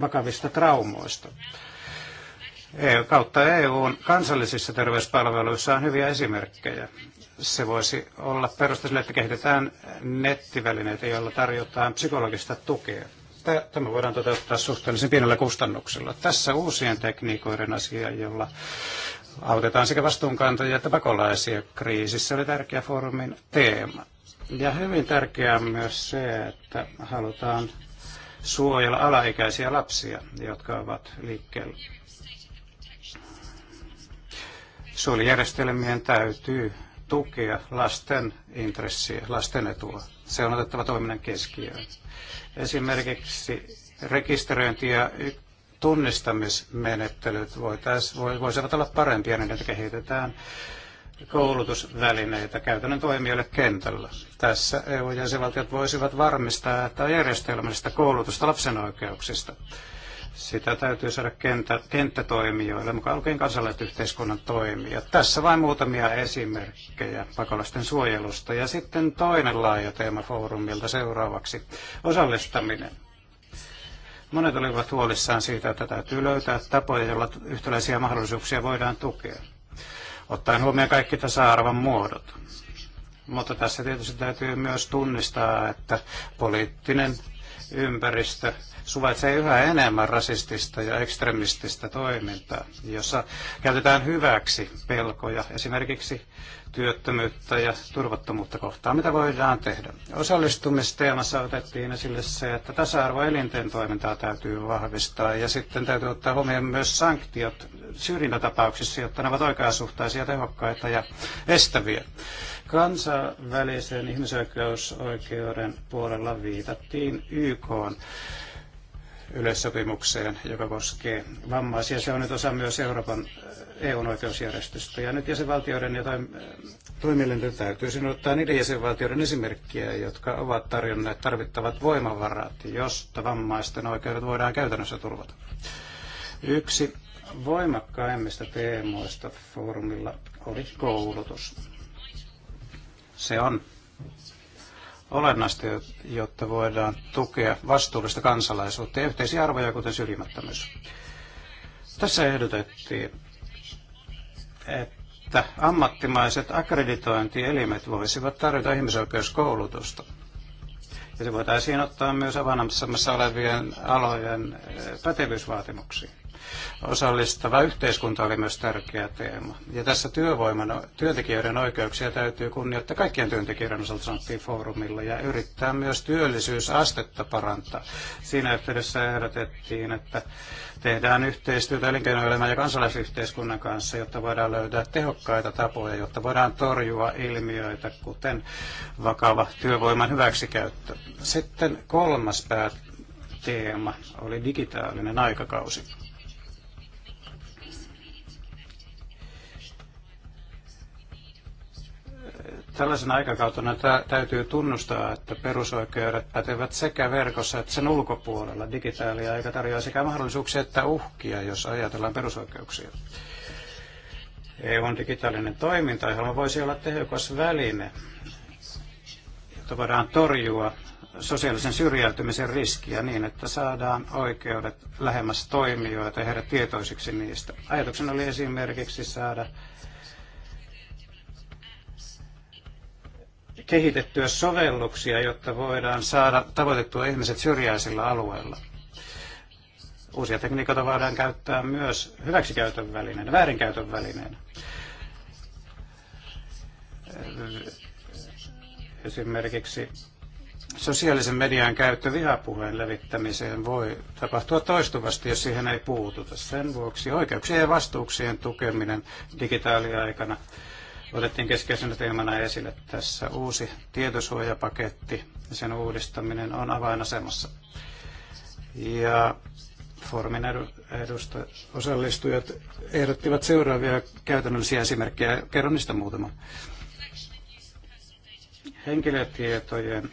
vakavista traumoista. EU, kautta EUn kansallisissa terveyspalveluissa on hyviä esimerkkejä. Se voisi olla perusta sille, että kehitetään nettivälineitä, joilla tarjotaan psykologista tukea. Tämä voidaan toteuttaa suhteellisen pienellä kustannuksella. Tässä uusien tekniikoiden asia, jolla Autetaan sekä vastuunkantajia että pakolaisia kriisissä. Oli tärkeä foorumin teema. Ja hyvin tärkeää on myös se, että halutaan suojella alaikäisiä lapsia, jotka ovat liikkeellä. Suojelijärjestelmien täytyy tukea lasten intressiä, lasten etua. Se on otettava toiminnan keskiöön. Esimerkiksi rekisteröinti ja tunnistamismenettelyt voitais, voisivat olla parempia, niin että kehitetään koulutusvälineitä käytännön toimijoille kentällä. Tässä EU-jäsenvaltiot voisivat varmistaa, että on järjestelmällistä koulutusta lapsen oikeuksista. Sitä täytyy saada kenttä, kenttätoimijoille, mukaan lukien kansalaiset yhteiskunnan toimijat. Tässä vain muutamia esimerkkejä pakolaisten suojelusta. Ja sitten toinen laaja teema foorumilta seuraavaksi, osallistaminen. Monet olivat huolissaan siitä, että täytyy löytää tapoja, joilla yhtäläisiä mahdollisuuksia voidaan tukea, ottaen huomioon kaikki tasa-arvon muodot. Mutta tässä tietysti täytyy myös tunnistaa, että poliittinen ympäristö suvaitsee yhä enemmän rasistista ja ekstremististä toimintaa, jossa käytetään hyväksi pelkoja esimerkiksi työttömyyttä ja turvattomuutta kohtaan, mitä voidaan tehdä. Osallistumisteemassa otettiin esille se, että tasa elinten toimintaa täytyy vahvistaa ja sitten täytyy ottaa huomioon myös sanktiot syrjintätapauksissa, jotta ne ovat oikeasuhtaisia, tehokkaita ja estäviä. Kansainvälisen ihmisoikeusoikeuden puolella viitattiin YK yleissopimukseen, joka koskee vammaisia. Se on nyt osa myös Euroopan EUn eh, e oikeusjärjestystä. Ja nyt jäsenvaltioiden jotain eh, toimielinten täytyy ottaa niiden jäsenvaltioiden esimerkkiä, jotka ovat tarjonneet tarvittavat voimavarat, josta vammaisten oikeudet voidaan käytännössä turvata. Yksi voimakkaimmista teemoista foorumilla oli koulutus. Se on olennaista, jotta voidaan tukea vastuullista kansalaisuutta ja yhteisiä arvoja, kuten syrjimättömyys. Tässä ehdotettiin, että ammattimaiset akkreditointielimet voisivat tarjota ihmisoikeuskoulutusta. Ja se voitaisiin ottaa myös avanamassa olevien alojen pätevyysvaatimuksiin. Osallistava yhteiskunta oli myös tärkeä teema. Ja tässä työvoiman, työntekijöiden oikeuksia täytyy kunnioittaa kaikkien työntekijöiden osalta sanottiin foorumilla ja yrittää myös työllisyysastetta parantaa. Siinä yhteydessä ehdotettiin, että tehdään yhteistyötä elinkeinoelämän ja kansalaisyhteiskunnan kanssa, jotta voidaan löytää tehokkaita tapoja, jotta voidaan torjua ilmiöitä, kuten vakava työvoiman hyväksikäyttö. Sitten kolmas päät teema oli digitaalinen aikakausi. Tällaisena aikakautena täytyy tunnustaa, että perusoikeudet pätevät sekä verkossa että sen ulkopuolella. Digitaalia aika tarjoaa sekä mahdollisuuksia että uhkia, jos ajatellaan perusoikeuksia. EUn digitaalinen toiminta johon voisi olla tehokas väline, jotta voidaan torjua sosiaalisen syrjäytymisen riskiä niin, että saadaan oikeudet lähemmäs toimijoita ja tehdä tietoisiksi niistä. Ajatuksena oli esimerkiksi saada kehitettyä sovelluksia, jotta voidaan saada tavoitettua ihmiset syrjäisillä alueilla. Uusia tekniikoita voidaan käyttää myös hyväksikäytön välineenä, väärinkäytön välineenä. Esimerkiksi sosiaalisen median käyttö vihapuheen levittämiseen voi tapahtua toistuvasti, jos siihen ei puututa. Sen vuoksi oikeuksien ja vastuuksien tukeminen digitaaliaikana aikana otettiin keskeisenä teemana esille tässä uusi tietosuojapaketti ja sen uudistaminen on avainasemassa. Ja foorumin edusta osallistujat ehdottivat seuraavia käytännöllisiä esimerkkejä. Kerron niistä muutama. Henkilötietojen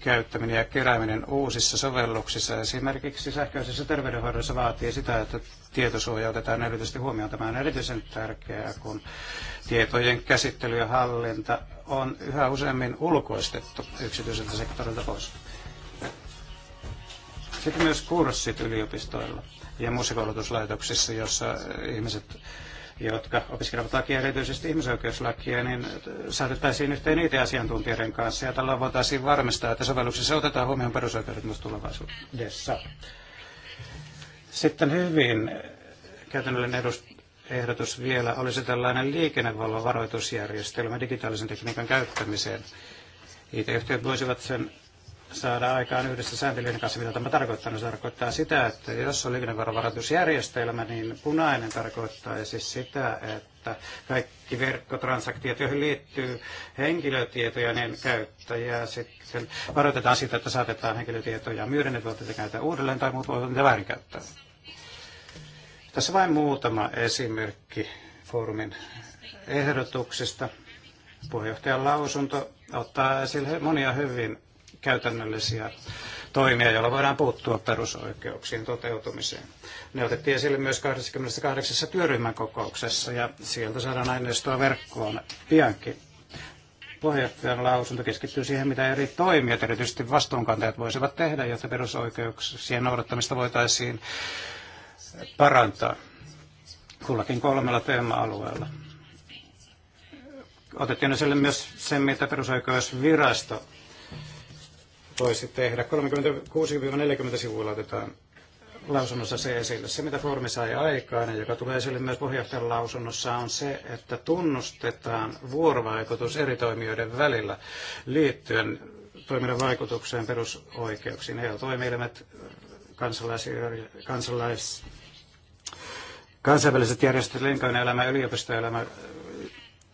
käyttäminen ja kerääminen uusissa sovelluksissa, esimerkiksi sähköisessä terveydenhoidossa, vaatii sitä, että tietosuoja otetaan erityisesti huomioon. Tämä on erityisen tärkeää, kun tietojen käsittely ja hallinta on yhä useammin ulkoistettu yksityiseltä sektorilta pois. Sitten myös kurssit yliopistoilla ja muissa koulutuslaitoksissa, jossa ihmiset jotka opiskelevat lakia, erityisesti ihmisoikeuslakia, niin saatettaisiin yhteen niitä asiantuntijoiden kanssa ja tällä voitaisiin varmistaa, että sovelluksessa otetaan huomioon perusoikeudet myös tulevaisuudessa. Sitten hyvin käytännöllinen edust- ehdotus vielä olisi tällainen varoitusjärjestelmä digitaalisen tekniikan käyttämiseen. IT-yhtiöt voisivat sen saada aikaan yhdessä sääntelyjen kanssa, mitä tämä tarkoittaa. No, se tarkoittaa sitä, että jos on liikennevarovaroitusjärjestelmä, niin punainen tarkoittaa, siis sitä, että kaikki verkkotransaktiot, joihin liittyy henkilötietoja, niin käyttäjää sitten varoitetaan siitä, että saatetaan henkilötietoja myydä, ne voivat käyttää uudelleen tai muut voivat niitä väärinkäyttää. Tässä vain muutama esimerkki foorumin ehdotuksista. Puheenjohtajan lausunto ottaa esille monia hyvin käytännöllisiä toimia, joilla voidaan puuttua perusoikeuksien toteutumiseen. Ne otettiin esille myös 28. työryhmän kokouksessa ja sieltä saadaan aineistoa verkkoon piankin. Puheenjohtajan lausunto keskittyy siihen, mitä eri toimijat, erityisesti vastuunkantajat, voisivat tehdä, jotta perusoikeuksien noudattamista voitaisiin parantaa kullakin kolmella teema-alueella. Otettiin esille myös sen, mitä perusoikeusvirasto voisi tehdä. 36-40 sivuilla otetaan lausunnossa se esille. Se, mitä foorumi sai aikaan ja joka tulee esille myös puheenjohtajan lausunnossa, on se, että tunnustetaan vuorovaikutus eri toimijoiden välillä liittyen toiminnan vaikutukseen perusoikeuksiin. EU-toimielimet, kansalais, kansalais kansainväliset järjestöt, elinkeinoelämä, yliopistoelämä,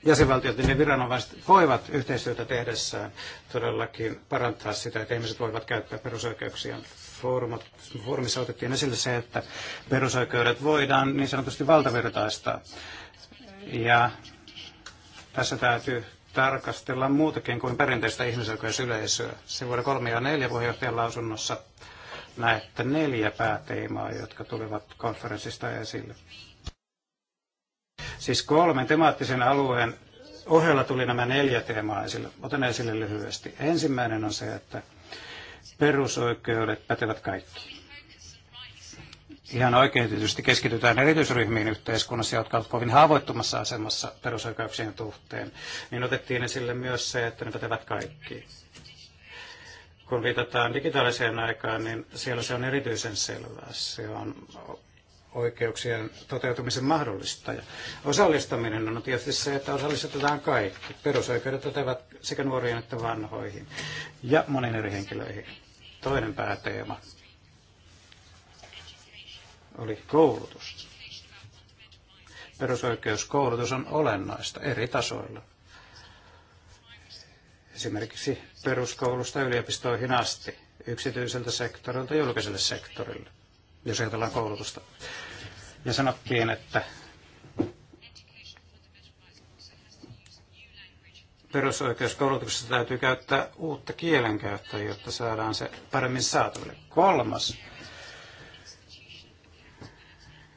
jäsenvaltiot ja niin ne viranomaiset voivat yhteistyötä tehdessään todellakin parantaa sitä, että ihmiset voivat käyttää perusoikeuksiaan. Foorumot, foorumissa otettiin esille se, että perusoikeudet voidaan niin sanotusti valtavirtaistaa. Ja tässä täytyy tarkastella muutakin kuin perinteistä ihmisoikeusyleisöä. Se vuoden 3 ja 4 puheenjohtajan lausunnossa näette neljä pääteemaa, jotka tulevat konferenssista esille. Siis kolmen temaattisen alueen ohella tuli nämä neljä teemaa esille. Otan esille lyhyesti. Ensimmäinen on se, että perusoikeudet pätevät kaikki. Ihan oikein tietysti keskitytään erityisryhmiin yhteiskunnassa, jotka ovat kovin haavoittumassa asemassa perusoikeuksien suhteen, niin otettiin esille myös se, että ne pätevät kaikki kun viitataan digitaaliseen aikaan, niin siellä se on erityisen selvää. Se on oikeuksien toteutumisen mahdollistaja. Osallistaminen on tietysti se, että osallistetaan kaikki. Perusoikeudet otevat sekä nuoriin että vanhoihin ja monen eri henkilöihin. Toinen pääteema oli koulutus. Perusoikeuskoulutus on olennaista eri tasoilla esimerkiksi peruskoulusta yliopistoihin asti, yksityiseltä sektorilta julkiselle sektorille, jos ajatellaan koulutusta. Ja sanottiin, että perusoikeuskoulutuksessa täytyy käyttää uutta kielenkäyttöä, jotta saadaan se paremmin saataville. Kolmas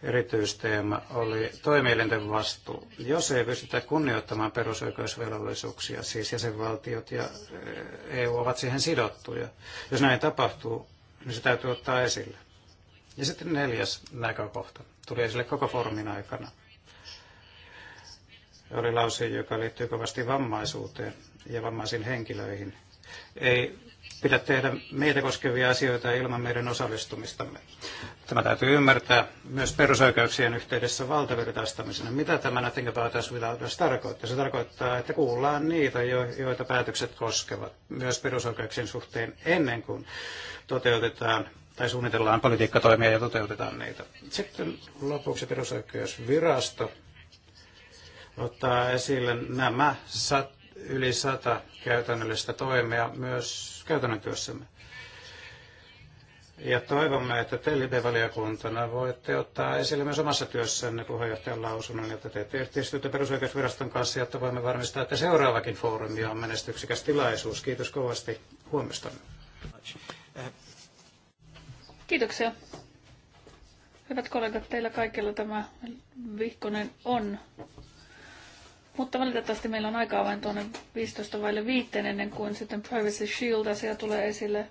erityisteema oli toimielinten vastuu. Jos ei pystytä kunnioittamaan perusoikeusvelvollisuuksia, siis jäsenvaltiot ja EU eh, e ovat siihen sidottuja, jos näin tapahtuu, niin se täytyy ottaa esille. Ja sitten neljäs näkökohta tuli esille koko foorumin aikana. Oli lause, joka liittyy kovasti vammaisuuteen ja vammaisiin henkilöihin. Ei pidä tehdä meitä koskevia asioita ilman meidän osallistumistamme. Tämä täytyy ymmärtää myös perusoikeuksien yhteydessä valtavirtaistamisena. Mitä tämä Nothing About Us Without Us tarkoittaa? Se tarkoittaa, että kuullaan niitä, joita päätökset koskevat myös perusoikeuksien suhteen ennen kuin toteutetaan tai suunnitellaan politiikkatoimia ja toteutetaan niitä. Sitten lopuksi perusoikeusvirasto ottaa esille nämä sat, yli sata käytännöllistä toimea myös käytännön työssämme. Ja toivomme, että te LIBE-valiokuntana voitte ottaa esille myös omassa työssänne puheenjohtajan lausunnon, että teette yhteistyötä perusoikeusviraston kanssa, jotta voimme varmistaa, että seuraavakin foorumi on menestyksikäs tilaisuus. Kiitos kovasti huomiostanne. Kiitoksia. Hyvät kollegat, teillä kaikilla tämä vihkonen on mutta valitettavasti meillä on aikaa vain tuonne 15 vaille viitteen ennen kuin sitten Privacy Shield-asia tulee esille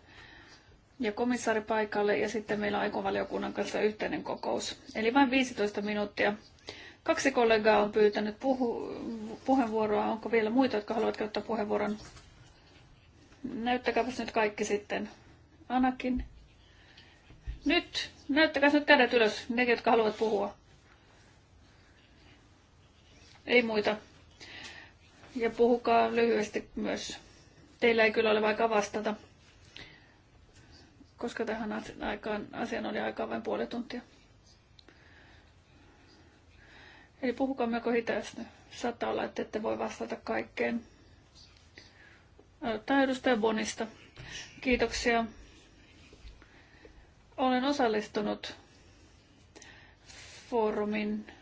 ja komissaari paikalle ja sitten meillä on aikovaliokunnan kanssa yhteinen kokous. Eli vain 15 minuuttia. Kaksi kollegaa on pyytänyt puhu- puheenvuoroa. Onko vielä muita, jotka haluavat käyttää puheenvuoron? Näyttäkääpä nyt kaikki sitten. Anakin. Nyt! Näyttäkää nyt kädet ylös, ne jotka haluavat puhua. Ei muita ja puhukaa lyhyesti myös. Teillä ei kyllä ole vaikka vastata, koska tähän aikaan asian oli aikaa vain puoli tuntia. Eli puhukaa melko hitaasti. Saattaa olla, että ette voi vastata kaikkeen. Aloittaa edustaja Bonista. Kiitoksia. Olen osallistunut foorumin,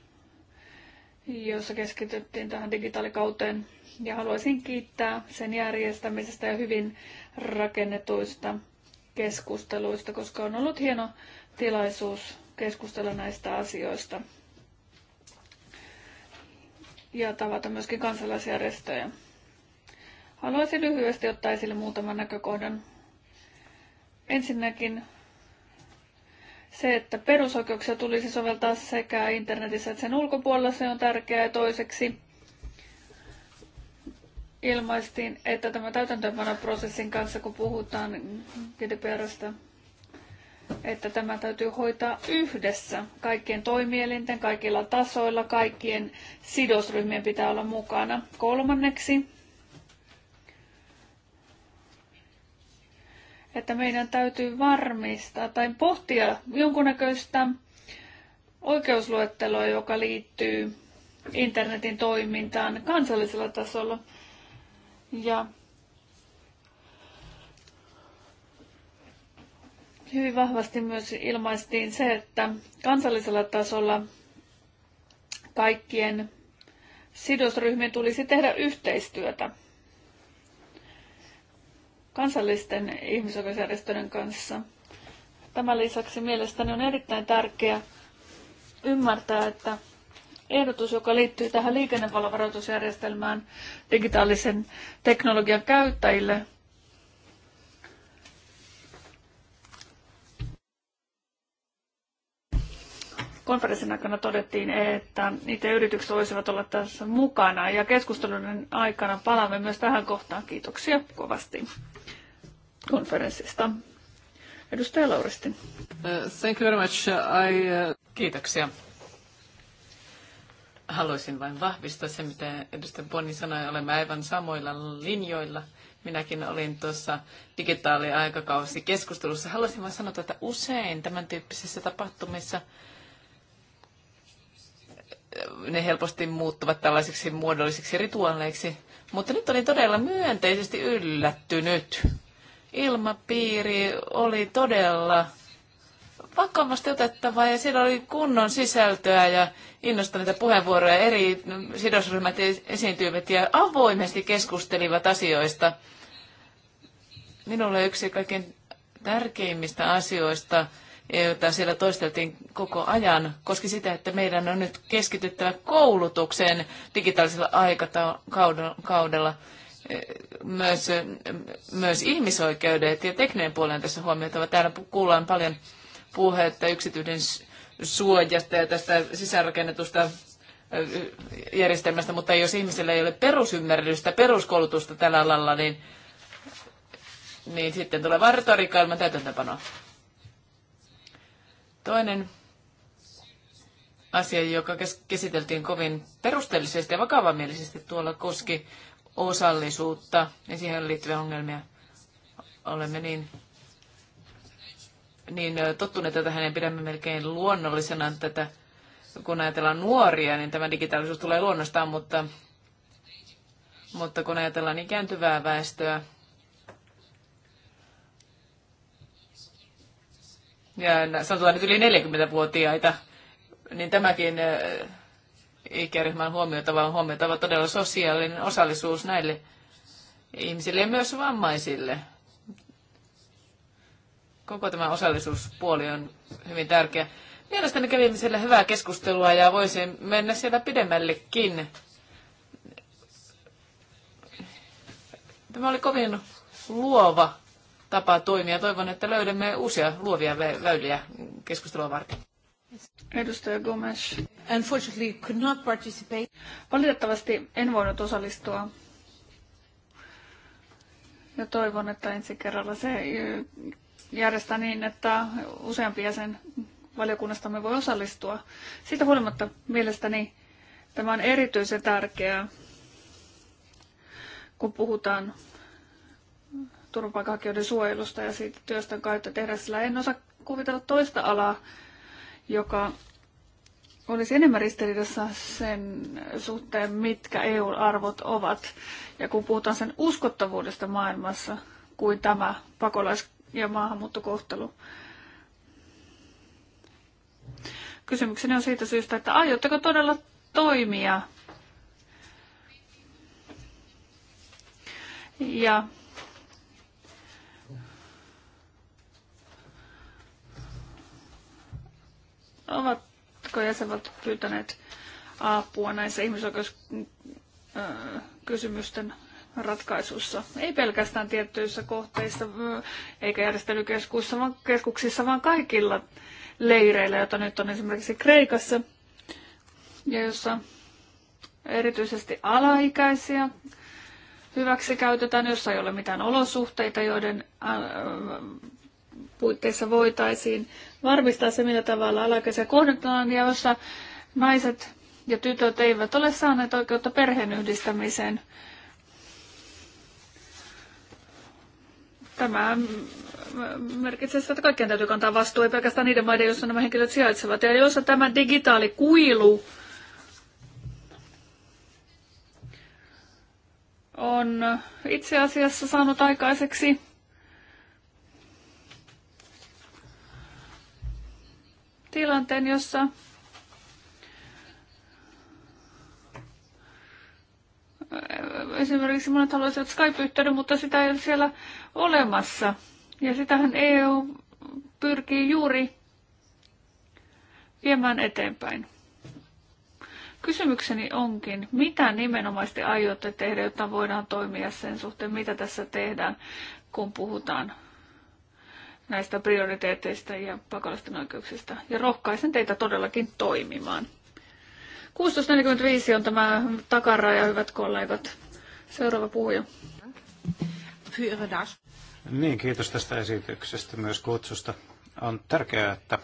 jossa keskityttiin tähän digitaalikauteen ja haluaisin kiittää sen järjestämisestä ja hyvin rakennetuista keskusteluista, koska on ollut hieno tilaisuus keskustella näistä asioista ja tavata myöskin kansalaisjärjestöjä. Haluaisin lyhyesti ottaa esille muutaman näkökohdan. Ensinnäkin se, että perusoikeuksia tulisi soveltaa sekä internetissä että sen ulkopuolella, se on tärkeää. Ja toiseksi ilmaistiin, että tämä täytäntöönpanoprosessin kanssa, kun puhutaan GDPRstä, että tämä täytyy hoitaa yhdessä. Kaikkien toimielinten, kaikilla tasoilla, kaikkien sidosryhmien pitää olla mukana. Kolmanneksi, että meidän täytyy varmistaa tai pohtia jonkunnäköistä oikeusluetteloa, joka liittyy internetin toimintaan kansallisella tasolla – ja hyvin vahvasti myös ilmaistiin se, että kansallisella tasolla kaikkien sidosryhmien tulisi tehdä yhteistyötä kansallisten ihmisoikeusjärjestöjen kanssa. Tämän lisäksi mielestäni on erittäin tärkeää ymmärtää, että ehdotus, joka liittyy tähän liikennevalovaroitusjärjestelmään digitaalisen teknologian käyttäjille. Konferenssin aikana todettiin, että niitä yritykset voisivat olla tässä mukana ja keskustelun aikana palaamme myös tähän kohtaan. Kiitoksia kovasti konferenssista. Edustaja Lauristi. Uh, thank you very much. I, uh, Kiitoksia. Haluaisin vain vahvistaa se, mitä edustaja Boni sanoi. Olemme aivan samoilla linjoilla. Minäkin olin tuossa digitaaliaikakausi keskustelussa. Haluaisin vain sanoa, että usein tämän tyyppisissä tapahtumissa ne helposti muuttuvat tällaisiksi muodollisiksi rituaaleiksi. Mutta nyt olin todella myönteisesti yllättynyt. Ilmapiiri oli todella vakavasti otettavaa ja siellä oli kunnon sisältöä ja innostuneita puheenvuoroja. Eri sidosryhmät esiintyivät ja avoimesti keskustelivat asioista. Minulle yksi kaikkein tärkeimmistä asioista, joita siellä toisteltiin koko ajan, koski sitä, että meidän on nyt keskityttävä koulutukseen digitaalisella aikakaudella myös, myös ihmisoikeudet ja tekninen puoli on tässä huomioitava. Täällä kuullaan paljon että yksityisen suojasta ja tästä sisäänrakennetusta järjestelmästä, mutta jos ihmisellä ei ole perusymmärrystä, peruskoulutusta tällä alalla, niin, niin sitten tulee vain retoriikka ilman täytäntöpanoa. Toinen asia, joka käsiteltiin kovin perusteellisesti ja vakavamielisesti tuolla koski osallisuutta ja siihen liittyviä ongelmia. Olemme niin niin tottuneita tähän ja pidämme melkein luonnollisena tätä, kun ajatellaan nuoria, niin tämä digitaalisuus tulee luonnostaan, mutta, mutta kun ajatellaan ikääntyvää väestöä, ja sanotaan nyt yli 40-vuotiaita, niin tämäkin ikäryhmän huomioitava on huomioitava todella sosiaalinen osallisuus näille ihmisille ja myös vammaisille koko tämä osallisuuspuoli on hyvin tärkeä. Mielestäni kävimme siellä hyvää keskustelua ja voisin mennä siellä pidemmällekin. Tämä oli kovin luova tapa toimia. Toivon, että löydämme uusia luovia väyliä keskustelua varten. Edustaja Gomes. Unfortunately could not participate. Valitettavasti en voinut osallistua. Ja toivon, että ensi kerralla se järjestää niin, että useampi jäsen valiokunnastamme voi osallistua. Siitä huolimatta mielestäni tämä on erityisen tärkeää, kun puhutaan turvapaikanhakijoiden suojelusta ja siitä työstä, kautta tehdä, sillä en osaa kuvitella toista alaa, joka olisi enemmän ristiriidassa sen suhteen, mitkä EU-arvot ovat. Ja kun puhutaan sen uskottavuudesta maailmassa, kuin tämä pakolais- ja maahanmuuttokohtelu. Kysymykseni on siitä syystä, että aiotteko todella toimia ja ovatko jäsenvaltiot pyytäneet apua näissä ihmisoikeuskysymysten ratkaisussa. Ei pelkästään tiettyissä kohteissa eikä järjestelykeskuksissa, vaan keskuksissa, vaan kaikilla leireillä, joita nyt on esimerkiksi Kreikassa, ja jossa erityisesti alaikäisiä hyväksi käytetään, jossa ei ole mitään olosuhteita, joiden puitteissa voitaisiin varmistaa se, millä tavalla alaikäisiä kohdataan, ja jossa naiset ja tytöt eivät ole saaneet oikeutta perheen yhdistämiseen Tämä merkitsee sitä, että kaikkien täytyy kantaa vastuu, ei pelkästään niiden maiden, joissa nämä henkilöt sijaitsevat. Ja on tämä digitaali kuilu on itse asiassa saanut aikaiseksi tilanteen, jossa esimerkiksi monet haluaisivat Skype-yhteyden, mutta sitä ei siellä olemassa. Ja sitähän EU pyrkii juuri viemään eteenpäin. Kysymykseni onkin, mitä nimenomaisesti aiotte tehdä, jotta voidaan toimia sen suhteen, mitä tässä tehdään, kun puhutaan näistä prioriteeteista ja pakolaisten oikeuksista. Ja rohkaisen teitä todellakin toimimaan. 16.45 on tämä takaraja, hyvät kollegat. Seuraava puhuja. Niin, kiitos tästä esityksestä, myös kutsusta. On tärkeää, että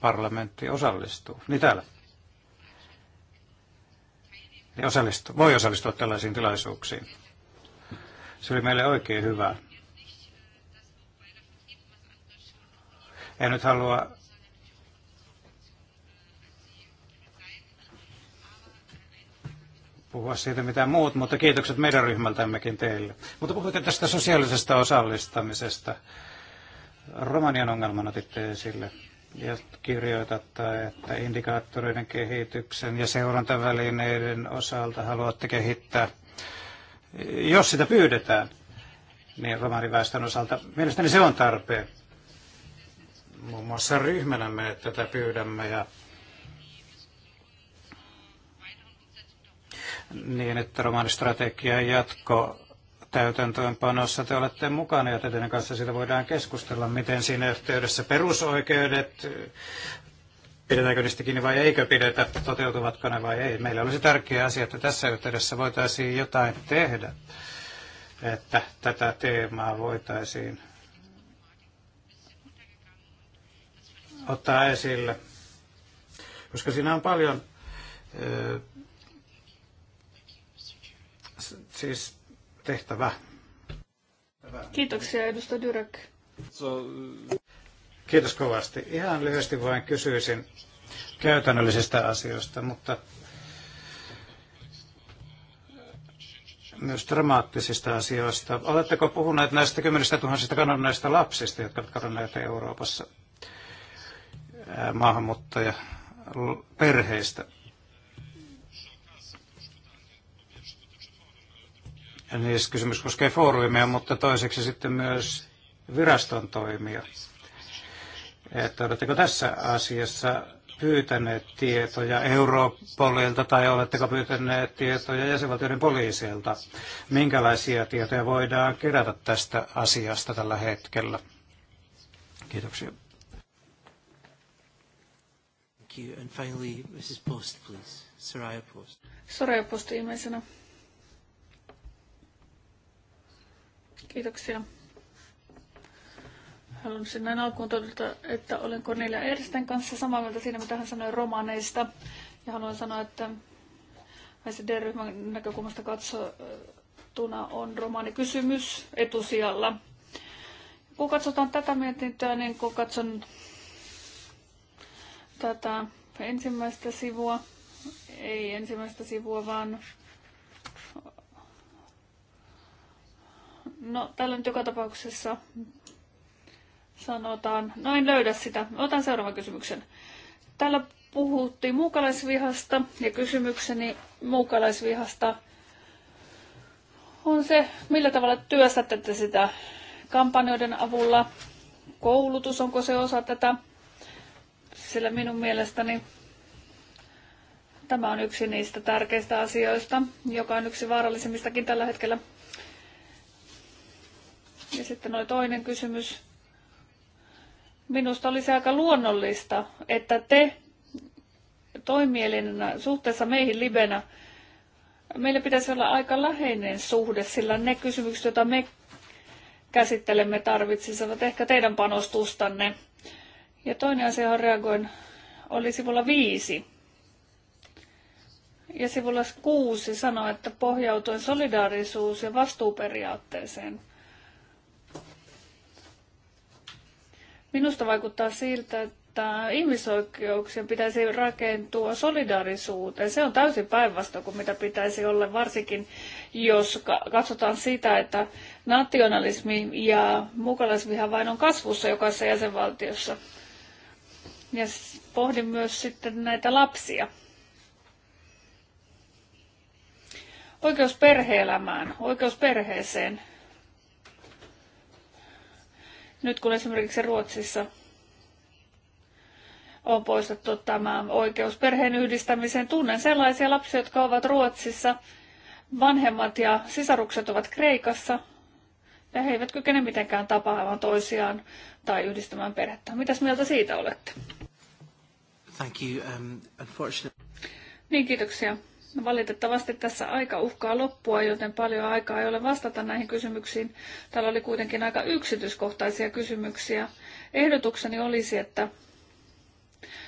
parlamentti osallistuu. Niin täällä. Niin osallistu, voi osallistua tällaisiin tilaisuuksiin. Se oli meille oikein hyvää. En nyt halua puhua siitä mitä muut, mutta kiitokset meidän ryhmältämmekin teille. Mutta puhuitte tästä sosiaalisesta osallistamisesta. Romanian ongelman otitte esille ja kirjoitatte, että indikaattoreiden kehityksen ja seurantavälineiden osalta haluatte kehittää, jos sitä pyydetään, niin romaniväestön osalta. Mielestäni se on tarpeen. Muun muassa ryhmänä me tätä pyydämme ja niin, että romaanistrategian jatko täytäntöönpanossa te olette mukana ja teidän kanssa siitä voidaan keskustella, miten siinä yhteydessä perusoikeudet, pidetäänkö niistä kiinni vai eikö pidetä, toteutuvatko ne vai ei. Meillä olisi tärkeä asia, että tässä yhteydessä voitaisiin jotain tehdä, että tätä teemaa voitaisiin ottaa esille, koska siinä on paljon siis tehtävä. Kiitoksia edustaja Dyrek. So, Kiitos kovasti. Ihan lyhyesti vain kysyisin käytännöllisistä asioista, mutta myös dramaattisista asioista. Oletteko puhuneet näistä kymmenistä tuhansista kadonneista lapsista, jotka ovat kadonneet Euroopassa maahanmuuttajaperheistä? perheistä? Niin kysymys koskee foorumia, mutta toiseksi sitten myös viraston toimia. Että oletteko tässä asiassa pyytäneet tietoja Europolilta tai oletteko pyytäneet tietoja jäsenvaltioiden poliisilta? Minkälaisia tietoja voidaan kerätä tästä asiasta tällä hetkellä? Kiitoksia. Thank you. And finally, Mrs. Post, please. Soraya Post. Soraya Post ilmeisenä. Kiitoksia. Haluaisin näin alkuun todeta, että olen Cornelia Ersten kanssa samaa mieltä siinä, mitä hän sanoi romaneista. Ja haluan sanoa, että d ryhmän näkökulmasta katsotuna on romaanikysymys etusijalla. Kun katsotaan tätä mietintöä, niin kun katson tätä ensimmäistä sivua, ei ensimmäistä sivua, vaan No, täällä nyt joka tapauksessa sanotaan, no en löydä sitä. Otan seuraavan kysymyksen. Täällä puhuttiin muukalaisvihasta ja kysymykseni muukalaisvihasta on se, millä tavalla työstätte sitä kampanjoiden avulla. Koulutus, onko se osa tätä? Sillä minun mielestäni tämä on yksi niistä tärkeistä asioista, joka on yksi vaarallisimmistakin tällä hetkellä. Ja sitten oli toinen kysymys. Minusta olisi aika luonnollista, että te toimielinenä suhteessa meihin libenä, meillä pitäisi olla aika läheinen suhde, sillä ne kysymykset, joita me käsittelemme, tarvitsisivat ehkä teidän panostustanne. Ja toinen asia, johon reagoin, oli sivulla viisi. Ja sivulla kuusi sanoi, että pohjautuen solidaarisuus- ja vastuuperiaatteeseen – Minusta vaikuttaa siltä, että ihmisoikeuksien pitäisi rakentua solidaarisuuteen. Se on täysin päinvastoin kuin mitä pitäisi olla, varsinkin jos katsotaan sitä, että nationalismi ja mukalaisviha vain on kasvussa jokaisessa jäsenvaltiossa. Ja pohdin myös sitten näitä lapsia. Oikeus perheelämään, oikeus perheeseen, nyt kun esimerkiksi Ruotsissa on poistettu tämä oikeus perheen yhdistämiseen, tunnen sellaisia lapsia, jotka ovat Ruotsissa, vanhemmat ja sisarukset ovat Kreikassa, ja he eivät kykene mitenkään tapaamaan toisiaan tai yhdistämään perhettä. Mitäs mieltä siitä olette? Thank you. Um, unfortunately... Niin, kiitoksia. Valitettavasti tässä aika uhkaa loppua, joten paljon aikaa ei ole vastata näihin kysymyksiin. Täällä oli kuitenkin aika yksityiskohtaisia kysymyksiä. Ehdotukseni olisi, että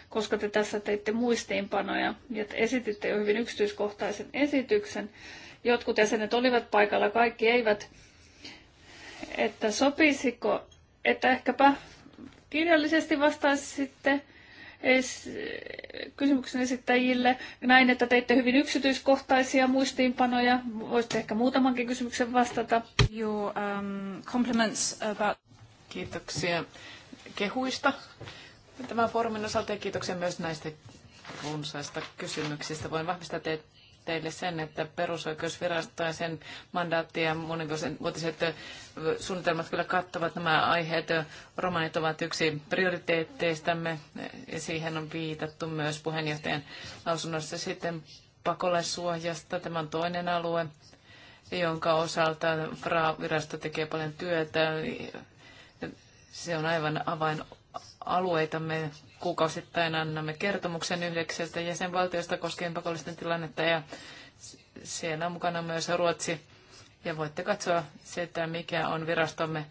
koska te tässä teitte muistiinpanoja ja te esititte jo hyvin yksityiskohtaisen esityksen, jotkut jäsenet olivat paikalla, kaikki eivät, että sopisiko, että ehkäpä kirjallisesti vastaisitte sitten kysymyksen esittäjille näin, että teitte hyvin yksityiskohtaisia muistiinpanoja. Voisitte ehkä muutamankin kysymyksen vastata. Your, um, compliments about... Kiitoksia kehuista tämän foorumin osalta ja kiitoksia myös näistä runsaista kysymyksistä. Voin vahvistaa, että teille sen, että perusoikeusvirasto ja sen mandaatti ja monivuotiset suunnitelmat kyllä kattavat nämä aiheet. Romanit ovat yksi prioriteetteistämme ja siihen on viitattu myös puheenjohtajan lausunnossa sitten pakolaissuojasta. Tämä on toinen alue, jonka osalta virasto tekee paljon työtä. Se on aivan avainalueitamme kuukausittain annamme kertomuksen yhdeksästä jäsenvaltiosta koskien pakollisten tilannetta ja siellä on mukana myös Ruotsi. Ja voitte katsoa sitä, mikä on virastomme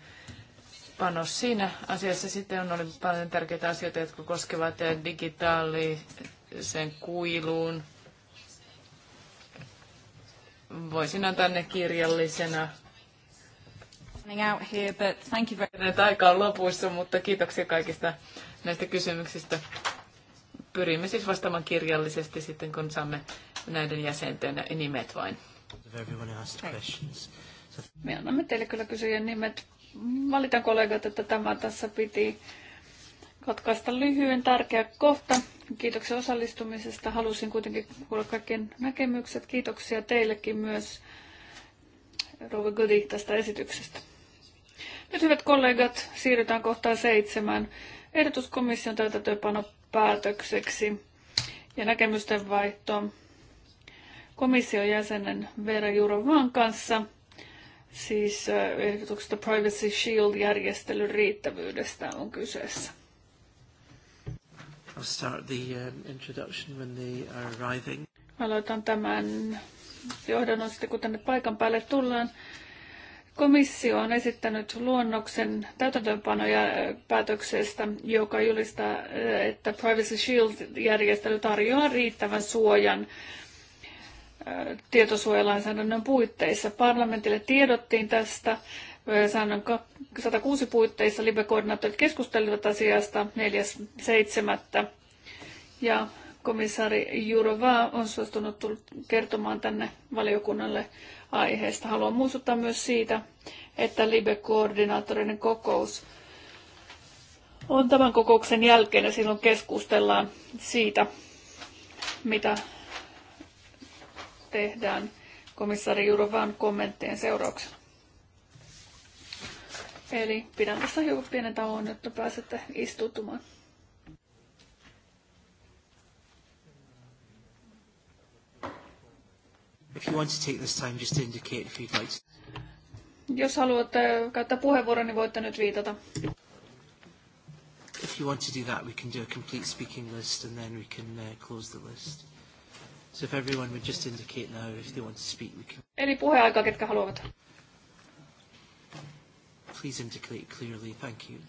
panos siinä asiassa. Sitten on ollut paljon tärkeitä asioita, jotka koskevat digitaalisen kuiluun. Voisin antaa ne kirjallisena out here, but thank you very Aika on lopussa, mutta kiitoksia kaikista näistä kysymyksistä. Pyrimme siis vastaamaan kirjallisesti sitten, kun saamme näiden jäsenten nimet vain. Me annamme teille kyllä kysyjän nimet. Valitan kollegat, että tämä tässä piti katkaista lyhyen tärkeä kohta. Kiitoksia osallistumisesta. Halusin kuitenkin kuulla kaikkien näkemykset. Kiitoksia teillekin myös, Rouva Goody, tästä esityksestä. Nyt hyvät kollegat, siirrytään kohtaan seitsemän ehdotus komission täytäntöönpanopäätökseksi ja näkemysten vaihto komission jäsenen Vera Jurovan kanssa, siis ehdotuksesta Privacy Shield-järjestelyn riittävyydestä on kyseessä. I'll start the um, introduction when they are arriving. Aloitan tämän johdannon sitten, kun tänne paikan päälle tullaan. Komissio on esittänyt luonnoksen täytäntöönpanoja päätöksestä, joka julistaa, että Privacy Shield-järjestely tarjoaa riittävän suojan tietosuojalainsäädännön puitteissa. Parlamentille tiedottiin tästä säännön 106 puitteissa. Libe-koordinaattorit keskustelivat asiasta 4.7. Ja komissaari Jurova on suostunut kertomaan tänne valiokunnalle aiheesta. Haluan muistuttaa myös siitä, että LIBE-koordinaattorinen kokous on tämän kokouksen jälkeen ja silloin keskustellaan siitä, mitä tehdään komissaari Jurovan kommenttien seurauksena. Eli pidän tässä hiukan pienen tauon, jotta pääsette istutumaan. if you want to take this time just to indicate if you'd like to. Jos haluatte käyttää puheenvuoron, niin voitte nyt viitata. If you want to do that, we can do a complete speaking list and then we can uh, close the list. So if everyone would just indicate now if they want to speak, we can... Eli puheaika, ketkä haluavat. Please indicate clearly. Thank you.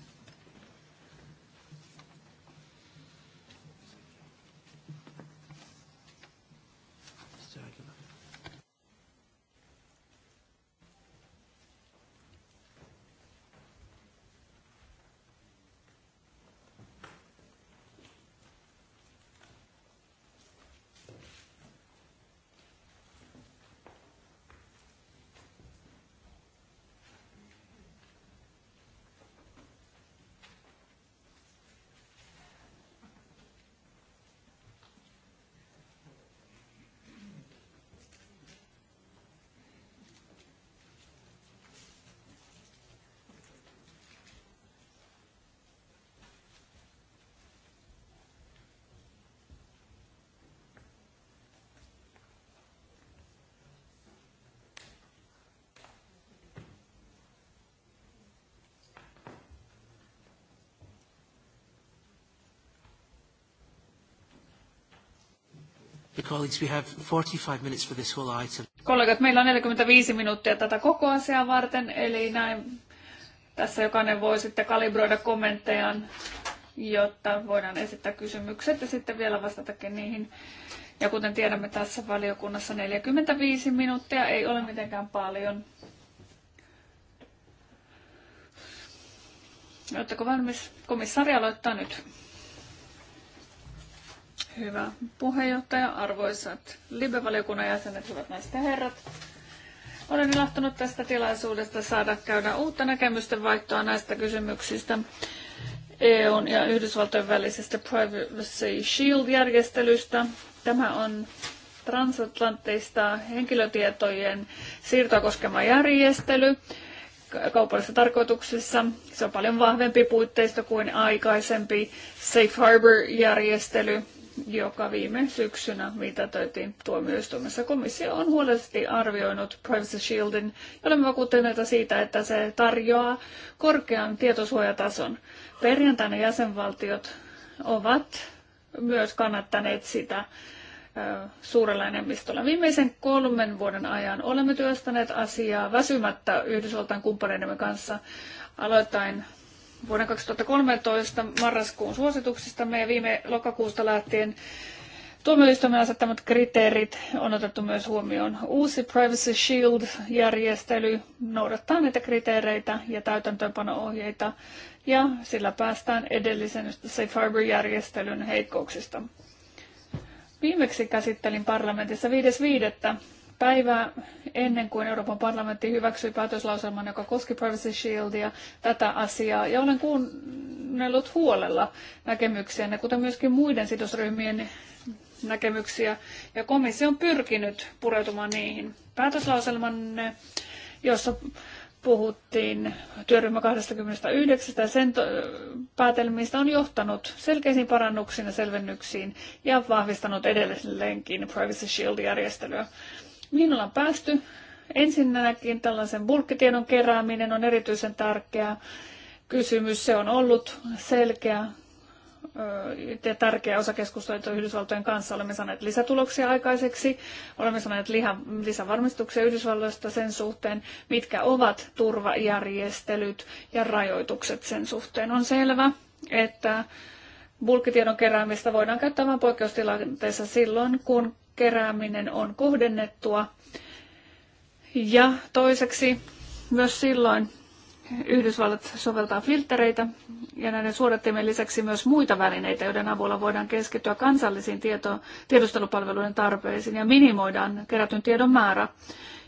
Kollegat, meillä on 45 minuuttia tätä koko asiaa varten, eli näin tässä jokainen voi sitten kalibroida kommenttejaan, jotta voidaan esittää kysymykset ja sitten vielä vastatakin niihin. Ja kuten tiedämme tässä valiokunnassa 45 minuuttia ei ole mitenkään paljon. Oletteko valmis? Komissaari aloittaa nyt. Hyvä puheenjohtaja, arvoisat Libe-valiokunnan jäsenet, hyvät naiset ja herrat. Olen ilahtunut tästä tilaisuudesta saada käydä uutta näkemysten vaihtoa näistä kysymyksistä. EUn ja Yhdysvaltojen välisestä Privacy Shield-järjestelystä. Tämä on transatlanttista henkilötietojen siirtoa koskema järjestely kaupallisissa tarkoituksissa. Se on paljon vahvempi puitteisto kuin aikaisempi Safe Harbor-järjestely, joka viime syksynä mitätöitiin tuomioistuimessa. Komissio on huolellisesti arvioinut Privacy Shieldin ja olemme vakuuttuneita siitä, että se tarjoaa korkean tietosuojatason. Perjantaina jäsenvaltiot ovat myös kannattaneet sitä suurella enemmistöllä. Viimeisen kolmen vuoden ajan olemme työstäneet asiaa väsymättä Yhdysvaltain kumppaneidemme kanssa aloittain vuonna 2013 marraskuun suosituksista ja viime lokakuusta lähtien Tuomioistuimen asettamat kriteerit on otettu myös huomioon. Uusi Privacy Shield-järjestely noudattaa näitä kriteereitä ja täytäntöönpano-ohjeita, ja sillä päästään edellisen Safe Harbor-järjestelyn heikkouksista. Viimeksi käsittelin parlamentissa 5.5 päivää ennen kuin Euroopan parlamentti hyväksyi päätöslauselman, joka koski Privacy Shieldia, tätä asiaa. Ja olen kuunnellut huolella näkemyksiänne, kuten myöskin muiden sidosryhmien näkemyksiä, ja komissio on pyrkinyt pureutumaan niihin. Päätöslauselmanne, jossa puhuttiin työryhmä 29 ja sen päätelmistä on johtanut selkeisiin parannuksiin ja selvennyksiin ja vahvistanut edelleenkin Privacy Shield-järjestelyä. Mihin ollaan päästy? Ensinnäkin tällaisen bulkkitiedon kerääminen on erityisen tärkeä kysymys. Se on ollut selkeä ja tärkeä osa keskustelua Yhdysvaltojen kanssa. Olemme saaneet lisätuloksia aikaiseksi, olemme saaneet lisävarmistuksia Yhdysvalloista sen suhteen, mitkä ovat turvajärjestelyt ja rajoitukset sen suhteen. On selvä, että bulkkitiedon keräämistä voidaan käyttää vain poikkeustilanteessa silloin, kun kerääminen on kohdennettua. Ja toiseksi myös silloin Yhdysvallat soveltaa filtreitä ja näiden suodattimien lisäksi myös muita välineitä, joiden avulla voidaan keskittyä kansallisiin tieto- tiedustelupalveluiden tarpeisiin ja minimoidaan kerätyn tiedon määrä.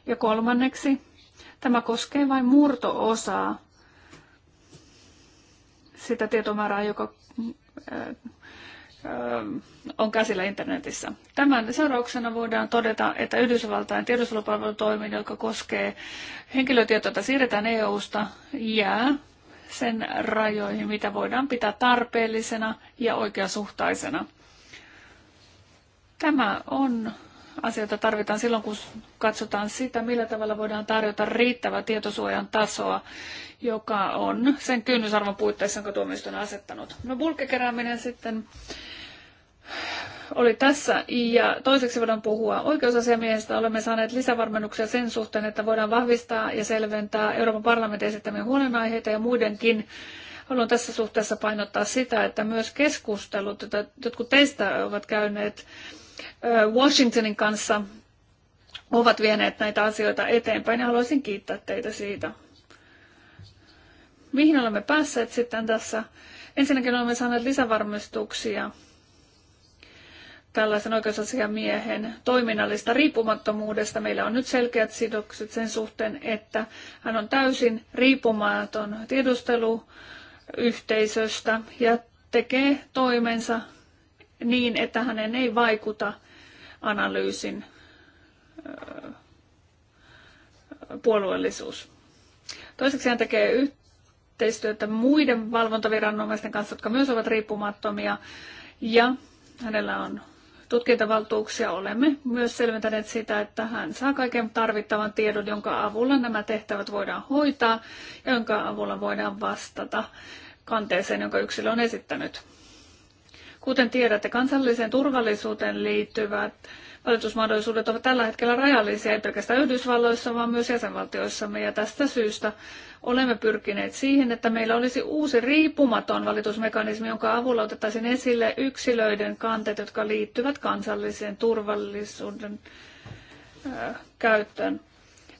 Ja kolmanneksi, tämä koskee vain murto-osaa sitä tietomäärää, joka on käsillä internetissä. Tämän seurauksena voidaan todeta, että Yhdysvaltain tiedustelupalvelutoiminta, joka koskee henkilötietoja, joita siirretään EU-sta, jää sen rajoihin, mitä voidaan pitää tarpeellisena ja oikeasuhtaisena. Tämä on asioita tarvitaan silloin, kun katsotaan sitä, millä tavalla voidaan tarjota riittävää tietosuojan tasoa, joka on sen kynnysarvon puitteissa, jonka tuomioistuin on asettanut. No bulkkikerääminen sitten oli tässä. Ja toiseksi voidaan puhua oikeusasiamiehestä. Olemme saaneet lisävarmennuksia sen suhteen, että voidaan vahvistaa ja selventää Euroopan parlamentin esittämiä huolenaiheita ja muidenkin. Haluan tässä suhteessa painottaa sitä, että myös keskustelut, joita jotkut teistä ovat käyneet Washingtonin kanssa ovat vieneet näitä asioita eteenpäin ja haluaisin kiittää teitä siitä. Mihin olemme päässeet sitten tässä? Ensinnäkin olemme saaneet lisävarmistuksia tällaisen oikeusasiamiehen toiminnallista riippumattomuudesta. Meillä on nyt selkeät sidokset sen suhteen, että hän on täysin riippumaton tiedusteluyhteisöstä ja tekee toimensa niin, että hänen ei vaikuta analyysin puolueellisuus. Toiseksi hän tekee yhteistyötä muiden valvontaviranomaisten kanssa, jotka myös ovat riippumattomia, ja hänellä on tutkintavaltuuksia. Olemme myös selventäneet sitä, että hän saa kaiken tarvittavan tiedon, jonka avulla nämä tehtävät voidaan hoitaa ja jonka avulla voidaan vastata kanteeseen, jonka yksilö on esittänyt. Kuten tiedätte, kansalliseen turvallisuuteen liittyvät valitusmahdollisuudet ovat tällä hetkellä rajallisia, ei pelkästään Yhdysvalloissa, vaan myös jäsenvaltioissamme. Ja tästä syystä olemme pyrkineet siihen, että meillä olisi uusi riippumaton valitusmekanismi, jonka avulla otettaisiin esille yksilöiden kanteet, jotka liittyvät kansalliseen turvallisuuden käyttöön.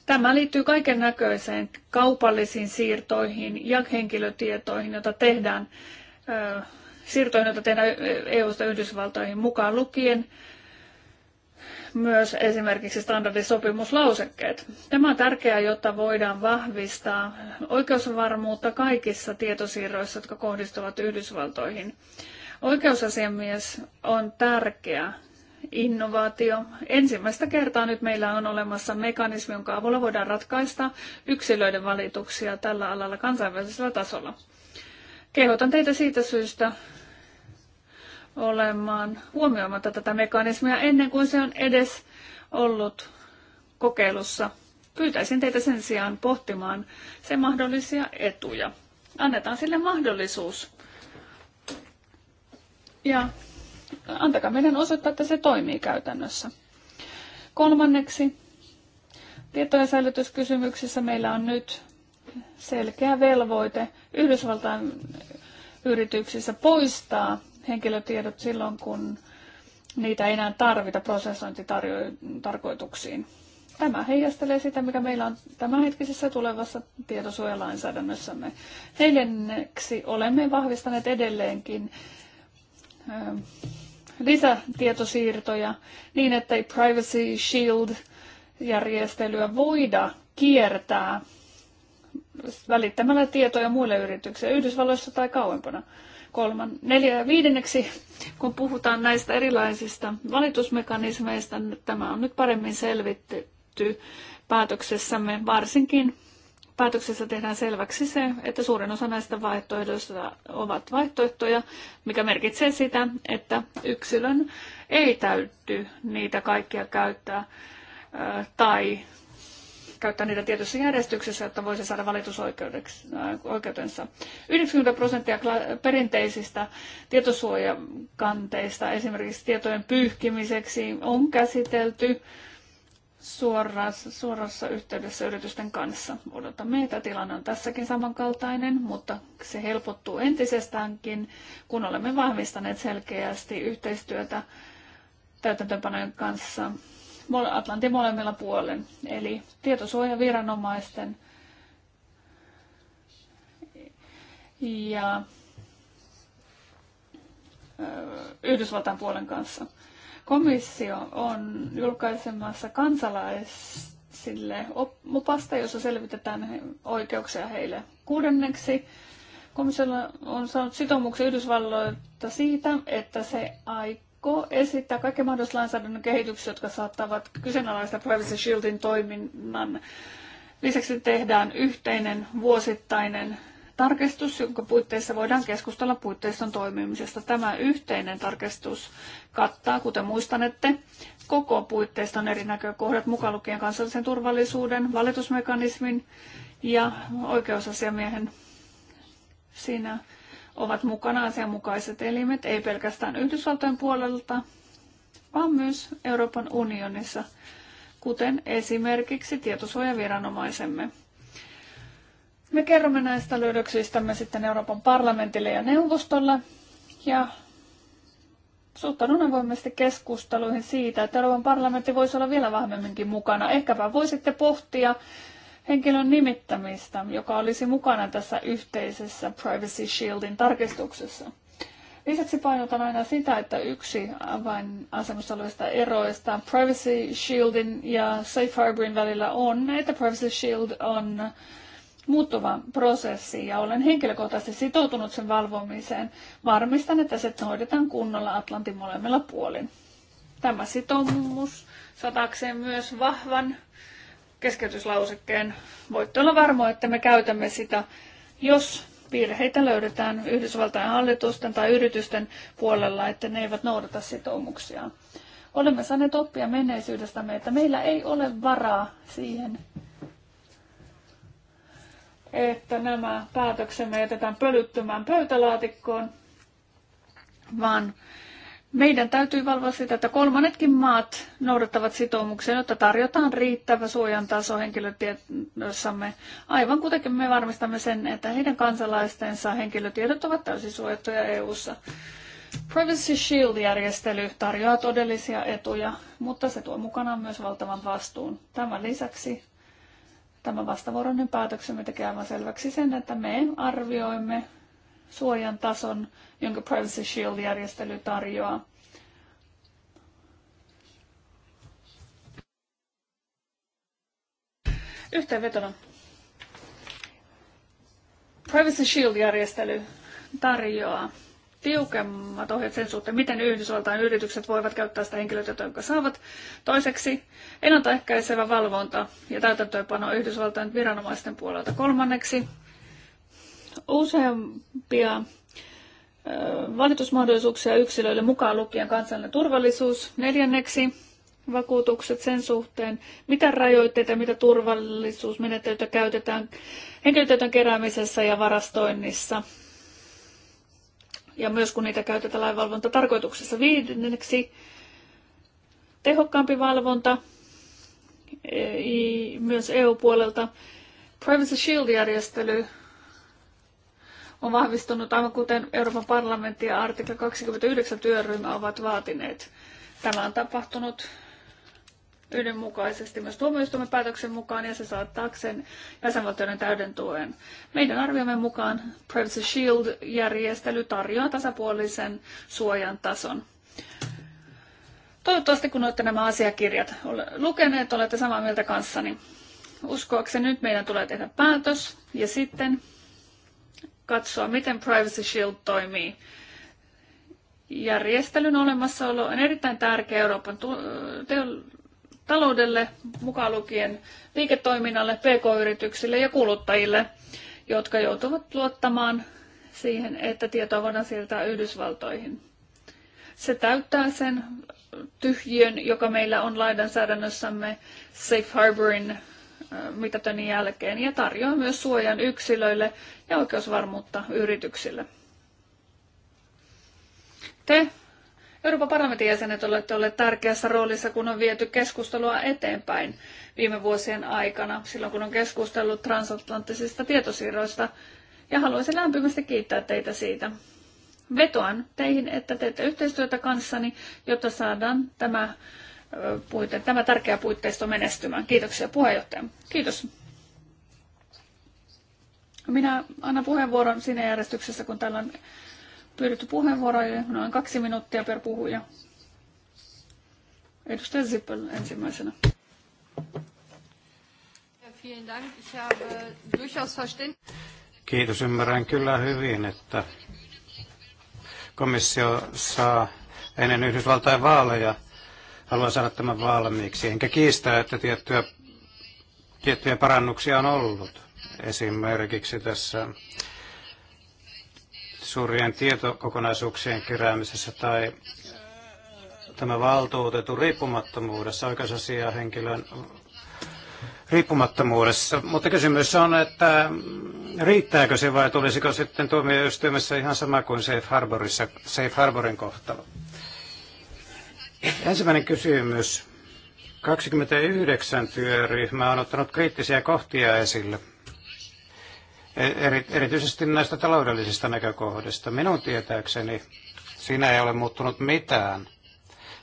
Tämä liittyy kaiken näköiseen kaupallisiin siirtoihin ja henkilötietoihin, joita tehdään siirtoihin, joita tehdään EU-sta Yhdysvaltoihin mukaan lukien myös esimerkiksi standardisopimuslausekkeet. Tämä on tärkeää, jotta voidaan vahvistaa oikeusvarmuutta kaikissa tietosiirroissa, jotka kohdistuvat Yhdysvaltoihin. Oikeusasiamies on tärkeä innovaatio. Ensimmäistä kertaa nyt meillä on olemassa mekanismi, jonka avulla voidaan ratkaista yksilöiden valituksia tällä alalla kansainvälisellä tasolla. Kehotan teitä siitä syystä olemaan huomioimatta tätä mekanismia ennen kuin se on edes ollut kokeilussa. Pyytäisin teitä sen sijaan pohtimaan sen mahdollisia etuja. Annetaan sille mahdollisuus. Ja antakaa meidän osoittaa, että se toimii käytännössä. Kolmanneksi, tietojen säilytyskysymyksissä meillä on nyt selkeä velvoite Yhdysvaltain yrityksissä poistaa henkilötiedot silloin, kun niitä ei enää tarvita prosessointitarkoituksiin. Tämä heijastelee sitä, mikä meillä on tämänhetkisessä tulevassa tietosuojalainsäädännössämme. Neljänneksi olemme vahvistaneet edelleenkin lisätietosiirtoja niin, että ei Privacy Shield-järjestelyä voida kiertää välittämällä tietoja muille yrityksille Yhdysvalloissa tai kauempana kolman, neljä ja viidenneksi, kun puhutaan näistä erilaisista valitusmekanismeista, tämä on nyt paremmin selvitetty päätöksessämme, varsinkin päätöksessä tehdään selväksi se, että suurin osa näistä vaihtoehdoista ovat vaihtoehtoja, mikä merkitsee sitä, että yksilön ei täytyy niitä kaikkia käyttää tai käyttää niitä tietyssä järjestyksessä, jotta voisi saada valitusoikeutensa. Äh, 90 prosenttia perinteisistä tietosuojakanteista, esimerkiksi tietojen pyyhkimiseksi, on käsitelty suorassa, suorassa yhteydessä yritysten kanssa. Odotamme, että tilanne on tässäkin samankaltainen, mutta se helpottuu entisestäänkin, kun olemme vahvistaneet selkeästi yhteistyötä täytäntöönpanojen kanssa Atlantin molemmilla puolen. Eli tietosuojaviranomaisten ja Yhdysvaltain puolen kanssa. Komissio on julkaisemassa kansalaisille opasta, jossa selvitetään oikeuksia heille. Kuudenneksi komissio on saanut sitoumuksen Yhdysvalloilta siitä, että se aikoo pakko esittää kaiken mahdolliset lainsäädännön kehitykset, jotka saattavat kyseenalaista Privacy Shieldin toiminnan. Lisäksi tehdään yhteinen vuosittainen tarkistus, jonka puitteissa voidaan keskustella puitteiston toimimisesta. Tämä yhteinen tarkistus kattaa, kuten muistanette, koko puitteiston eri näkökohdat, mukaan lukien kansallisen turvallisuuden, valitusmekanismin ja oikeusasiamiehen. Siinä ovat mukana asianmukaiset elimet, ei pelkästään Yhdysvaltojen puolelta, vaan myös Euroopan unionissa, kuten esimerkiksi tietosuojaviranomaisemme. Me kerromme näistä löydöksistämme sitten Euroopan parlamentille ja neuvostolle ja suhtaudun avoimesti keskusteluihin siitä, että Euroopan parlamentti voisi olla vielä vahvemminkin mukana. Ehkäpä voisitte pohtia henkilön nimittämistä, joka olisi mukana tässä yhteisessä Privacy Shieldin tarkistuksessa. Lisäksi painotan aina sitä, että yksi vain olevista eroista Privacy Shieldin ja Safe Harborin välillä on, että Privacy Shield on muuttuva prosessi ja olen henkilökohtaisesti sitoutunut sen valvomiseen. Varmistan, että se hoidetaan kunnolla Atlantin molemmilla puolin. Tämä sitoumus satakseen myös vahvan keskeytyslausekkeen. Voitte olla varmoja, että me käytämme sitä, jos virheitä löydetään Yhdysvaltain hallitusten tai yritysten puolella, että ne eivät noudata sitoumuksia. Olemme saaneet oppia menneisyydestämme, että meillä ei ole varaa siihen, että nämä päätöksemme jätetään pölyttymään pöytälaatikkoon, vaan meidän täytyy valvoa sitä, että kolmannetkin maat noudattavat sitoumuksia, jotta tarjotaan riittävä suojan taso henkilötiedossamme, aivan kuten me varmistamme sen, että heidän kansalaistensa henkilötiedot ovat täysin suojattuja EU-ssa. Privacy Shield-järjestely tarjoaa todellisia etuja, mutta se tuo mukanaan myös valtavan vastuun. Tämän lisäksi tämä vastavuoroinen päätöksemme tekee aivan selväksi sen, että me arvioimme suojan tason, jonka Privacy Shield-järjestely tarjoaa. Yhteenvetona. Privacy Shield-järjestely tarjoaa tiukemmat ohjeet sen suhteen, miten Yhdysvaltain yritykset voivat käyttää sitä henkilötietoa, jonka saavat. Toiseksi ennaltaehkäisevä valvonta ja täytäntöönpano Yhdysvaltain viranomaisten puolelta. Kolmanneksi useampia valitusmahdollisuuksia yksilöille mukaan lukien kansallinen turvallisuus. Neljänneksi vakuutukset sen suhteen, mitä rajoitteita, mitä turvallisuusmenettelyitä käytetään henkilötietojen keräämisessä ja varastoinnissa. Ja myös kun niitä käytetään lainvalvontatarkoituksessa. Viidenneksi tehokkaampi valvonta e, myös EU-puolelta. Privacy Shield-järjestely on vahvistunut, aivan kuten Euroopan parlamentti ja artikla 29 työryhmä ovat vaatineet. Tämä on tapahtunut yhdenmukaisesti myös tuomioistuimen päätöksen mukaan ja se saa taakseen jäsenvaltioiden täyden tuen. Meidän arviomme mukaan Privacy Shield-järjestely tarjoaa tasapuolisen suojan tason. Toivottavasti kun olette nämä asiakirjat lukeneet, olette samaa mieltä kanssani. Uskoakseni nyt meidän tulee tehdä päätös ja sitten katsoa, miten Privacy Shield toimii. Järjestelyn olemassaolo on erittäin tärkeä Euroopan taloudelle, mukaan lukien liiketoiminnalle, pk-yrityksille ja kuluttajille, jotka joutuvat luottamaan siihen, että tietoa voidaan siirtää Yhdysvaltoihin. Se täyttää sen tyhjön, joka meillä on laidansäädännössämme Safe Harborin mitätönin jälkeen ja tarjoaa myös suojan yksilöille ja oikeusvarmuutta yrityksille. Te Euroopan parlamentin jäsenet olette olleet tärkeässä roolissa, kun on viety keskustelua eteenpäin viime vuosien aikana, silloin kun on keskustellut transatlanttisista tietosiirroista. Ja haluaisin lämpimästi kiittää teitä siitä. Vetoan teihin, että teette yhteistyötä kanssani, jotta saadaan tämä puite, tämä tärkeä puitteisto menestymään. Kiitoksia puheenjohtaja. Kiitos. Minä annan puheenvuoron siinä järjestyksessä, kun täällä on pyydetty puheenvuoroja, noin kaksi minuuttia per puhuja. Edustaja Zippel ensimmäisenä. Äh, Kiitos. Ymmärrän kyllä hyvin, että komissio saa ennen Yhdysvaltain vaaleja Haluan saada tämän valmiiksi, enkä kiistä, että tiettyä, tiettyjä parannuksia on ollut. Esimerkiksi tässä suurien tietokokonaisuuksien keräämisessä tai äh, tämä valtuutettu riippumattomuudessa, oikeusasiahenkilön riippumattomuudessa. Mutta kysymys on, että riittääkö se vai tulisiko sitten tuomioistuimessa ihan sama kuin Safe, Harborissa, Safe Harborin kohtalo? Ensimmäinen kysymys. 29 työryhmä on ottanut kriittisiä kohtia esille, e, erityisesti näistä taloudellisista näkökohdista. Minun tietääkseni siinä ei ole muuttunut mitään.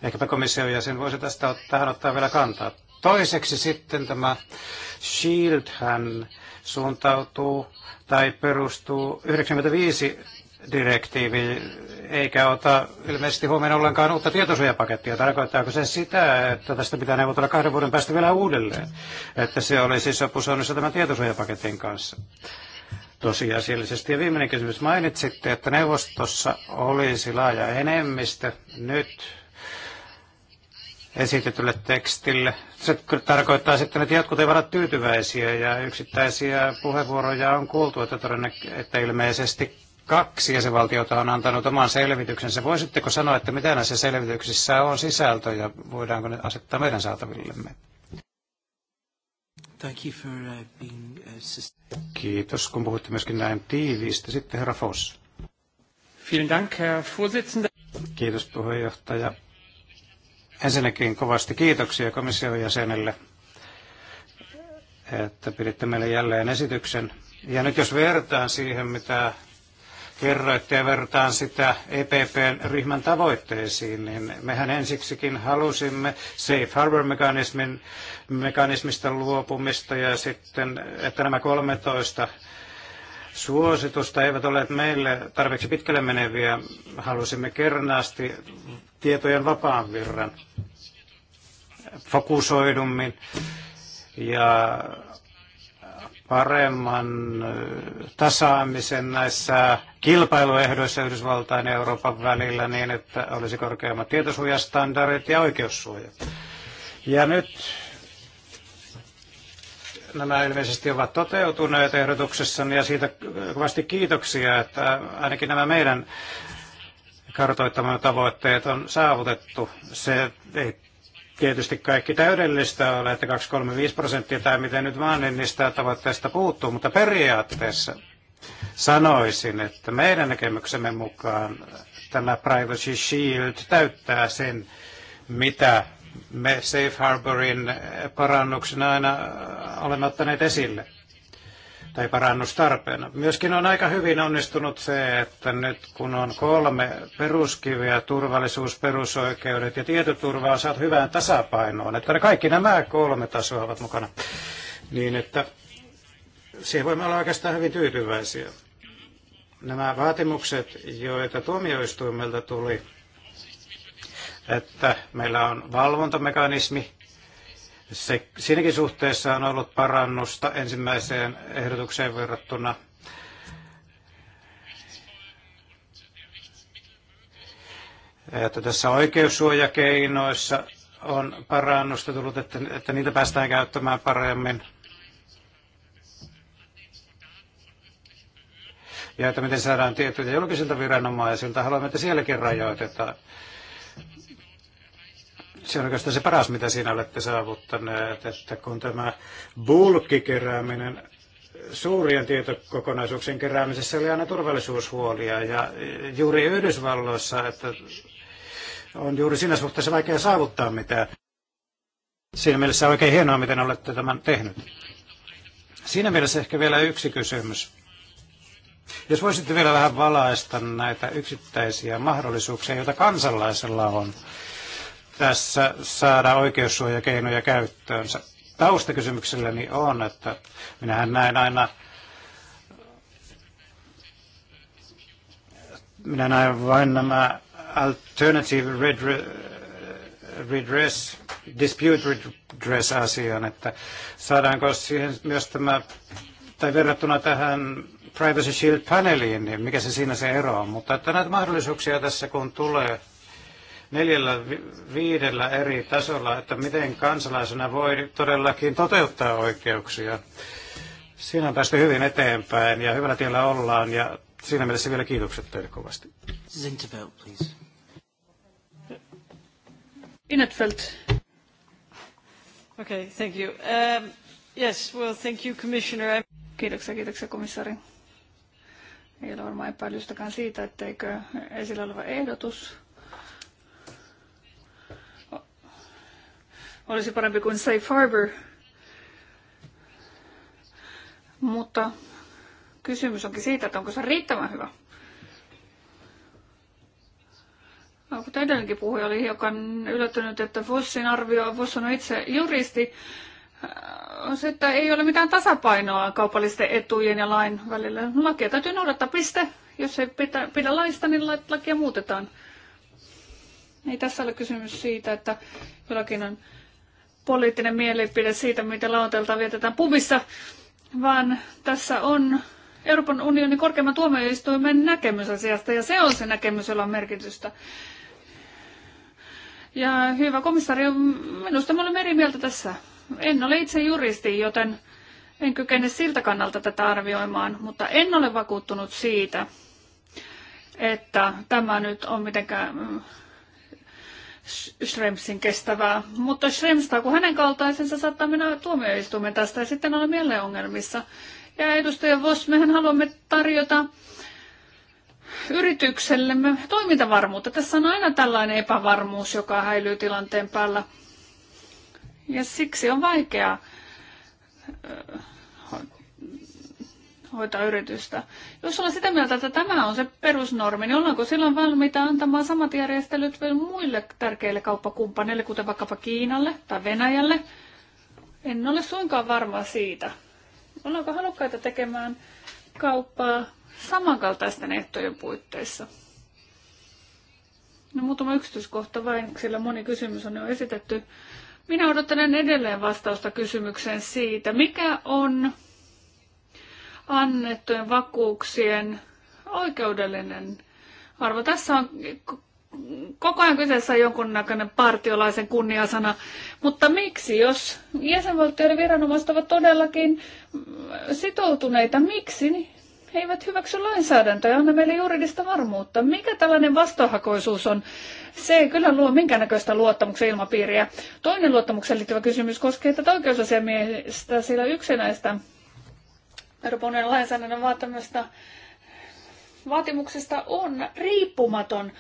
Ehkäpä komission jäsen voisi tästä tähän ottaa vielä kantaa. Toiseksi sitten tämä Shield hän suuntautuu tai perustuu 95 direktiivi, eikä ota ilmeisesti huomioon ollenkaan uutta tietosuojapakettia. Tarkoittaako se sitä, että tästä pitää neuvotella kahden vuoden päästä vielä uudelleen, että se olisi sopusoinnissa tämän tietosuojapaketin kanssa? Tosiasiallisesti. Ja viimeinen kysymys. Mainitsitte, että neuvostossa olisi laaja enemmistö nyt esitetylle tekstille. Se tarkoittaa sitten, että jotkut eivät ole tyytyväisiä ja yksittäisiä puheenvuoroja on kuultu, että, että ilmeisesti kaksi jäsenvaltiota on antanut oman selvityksensä. Voisitteko sanoa, että mitä näissä selvityksissä on sisältö ja voidaanko ne asettaa meidän saatavillemme? Uh, uh, Kiitos, kun puhutte myöskin näin tiiviistä. Sitten herra Foss. Kiitos puheenjohtaja. Ensinnäkin kovasti kiitoksia komission jäsenelle, että piditte meille jälleen esityksen. Ja nyt jos vertaan siihen, mitä kerroitte ja verrataan sitä EPPn ryhmän tavoitteisiin, niin mehän ensiksikin halusimme safe harbor-mekanismin mekanismista luopumista ja sitten, että nämä 13 suositusta eivät ole meille tarpeeksi pitkälle meneviä. Halusimme kernaasti tietojen vapaan virran fokusoidummin ja paremman tasaamisen näissä kilpailuehdoissa Yhdysvaltain ja Euroopan välillä niin, että olisi korkeammat tietosuojastandardit ja oikeussuoja. Ja nyt nämä ilmeisesti ovat toteutuneet ehdotuksessa, ja siitä kovasti kiitoksia, että ainakin nämä meidän kartoittamamme tavoitteet on saavutettu. Se ei tietysti kaikki täydellistä ole, että 235 prosenttia tai miten nyt vaan, niin niistä tavoitteista puuttuu, mutta periaatteessa sanoisin, että meidän näkemyksemme mukaan tämä Privacy Shield täyttää sen, mitä me Safe Harborin parannuksena aina olemme ottaneet esille tai parannustarpeena. Myöskin on aika hyvin onnistunut se, että nyt kun on kolme peruskiveä, turvallisuus, perusoikeudet ja tietoturva on saatu hyvään tasapainoon, että kaikki nämä kolme tasoa ovat mukana, niin että siihen voimme olla oikeastaan hyvin tyytyväisiä. Nämä vaatimukset, joita tuomioistuimelta tuli, että meillä on valvontamekanismi, se, siinäkin suhteessa on ollut parannusta ensimmäiseen ehdotukseen verrattuna. Että tässä oikeussuojakeinoissa on parannusta tullut, että, että niitä päästään käyttämään paremmin. Ja että miten saadaan tietoja julkisilta viranomaisilta. Haluamme, että sielläkin rajoitetaan se on oikeastaan se paras, mitä siinä olette saavuttaneet, että kun tämä bulkkikerääminen suurien tietokokonaisuuksien keräämisessä oli aina turvallisuushuolia ja juuri Yhdysvalloissa, että on juuri siinä suhteessa vaikea saavuttaa mitään. Siinä mielessä on oikein hienoa, miten olette tämän tehnyt. Siinä mielessä ehkä vielä yksi kysymys. Jos voisitte vielä vähän valaista näitä yksittäisiä mahdollisuuksia, joita kansalaisella on tässä saada oikeussuojakeinoja käyttöönsä. Taustakysymykselläni on, että minähän näen aina minä näen vain nämä alternative redress, dispute redress asian, että saadaanko siihen myös tämä, tai verrattuna tähän Privacy Shield-paneeliin, niin mikä se siinä se ero on, mutta että näitä mahdollisuuksia tässä kun tulee neljällä viidellä eri tasolla, että miten kansalaisena voi todellakin toteuttaa oikeuksia. Siinä on päästy hyvin eteenpäin ja hyvällä tiellä ollaan ja siinä mielessä vielä kiitokset teille kovasti. please. Inetfeld. Okay, thank you. Um, yes, well, thank you, Commissioner. Kiitoksia, kiitoksia komissaari. Ei ole varmaan epäilystäkään siitä, etteikö esillä oleva ehdotus olisi parempi kuin Safe Harbor. Mutta kysymys onkin siitä, että onko se riittävän hyvä. No, kuten edellinenkin puhuja oli hiukan yllättynyt, että Vossin arvio, Voss on itse juristi, äh, on se, että ei ole mitään tasapainoa kaupallisten etujen ja lain välillä. Lakia täytyy noudattaa, piste. Jos ei pitä, pidä laista, niin lakia muutetaan. Ei tässä ole kysymys siitä, että jollakin on poliittinen mielipide siitä, miten lauantailta vietetään pubissa, vaan tässä on Euroopan unionin korkeimman tuomioistuimen näkemys asiasta, ja se on se näkemys, jolla on merkitystä. Ja hyvä komissaari, minusta me olemme eri mieltä tässä. En ole itse juristi, joten en kykene siltä kannalta tätä arvioimaan, mutta en ole vakuuttunut siitä, että tämä nyt on mitenkään Schremsin kestävää. Mutta Schrems tai kun hänen kaltaisensa saattaa mennä tuomioistuimen tästä ja sitten olla jälleen ongelmissa. Ja edustaja Voss, mehän haluamme tarjota yrityksellemme toimintavarmuutta. Tässä on aina tällainen epävarmuus, joka häilyy tilanteen päällä. Ja siksi on vaikeaa hoitaa yritystä. Jos ollaan sitä mieltä, että tämä on se perusnormi, niin ollaanko silloin valmiita antamaan samat järjestelyt vielä muille tärkeille kauppakumppaneille, kuten vaikkapa Kiinalle tai Venäjälle? En ole suinkaan varma siitä. Ollaanko halukkaita tekemään kauppaa samankaltaisten ehtojen puitteissa? No muutama yksityiskohta vain, sillä moni kysymys on jo esitetty. Minä odottelen edelleen vastausta kysymykseen siitä, mikä on annettujen vakuuksien oikeudellinen arvo. Tässä on koko ajan kyseessä jonkunnäköinen partiolaisen kunniasana, mutta miksi, jos jäsenvaltioiden viranomaiset ovat todellakin mm, sitoutuneita, miksi niin he eivät hyväksy lainsäädäntöä ja anna meille juridista varmuutta. Mikä tällainen vastahakoisuus on? Se ei kyllä luo minkäännäköistä luottamuksen ilmapiiriä. Toinen luottamukseen liittyvä kysymys koskee tätä oikeusasiamiestä, sillä yksi näistä Euroopan unionin lainsäädännön vaatimasta vaatimuksesta on riippumaton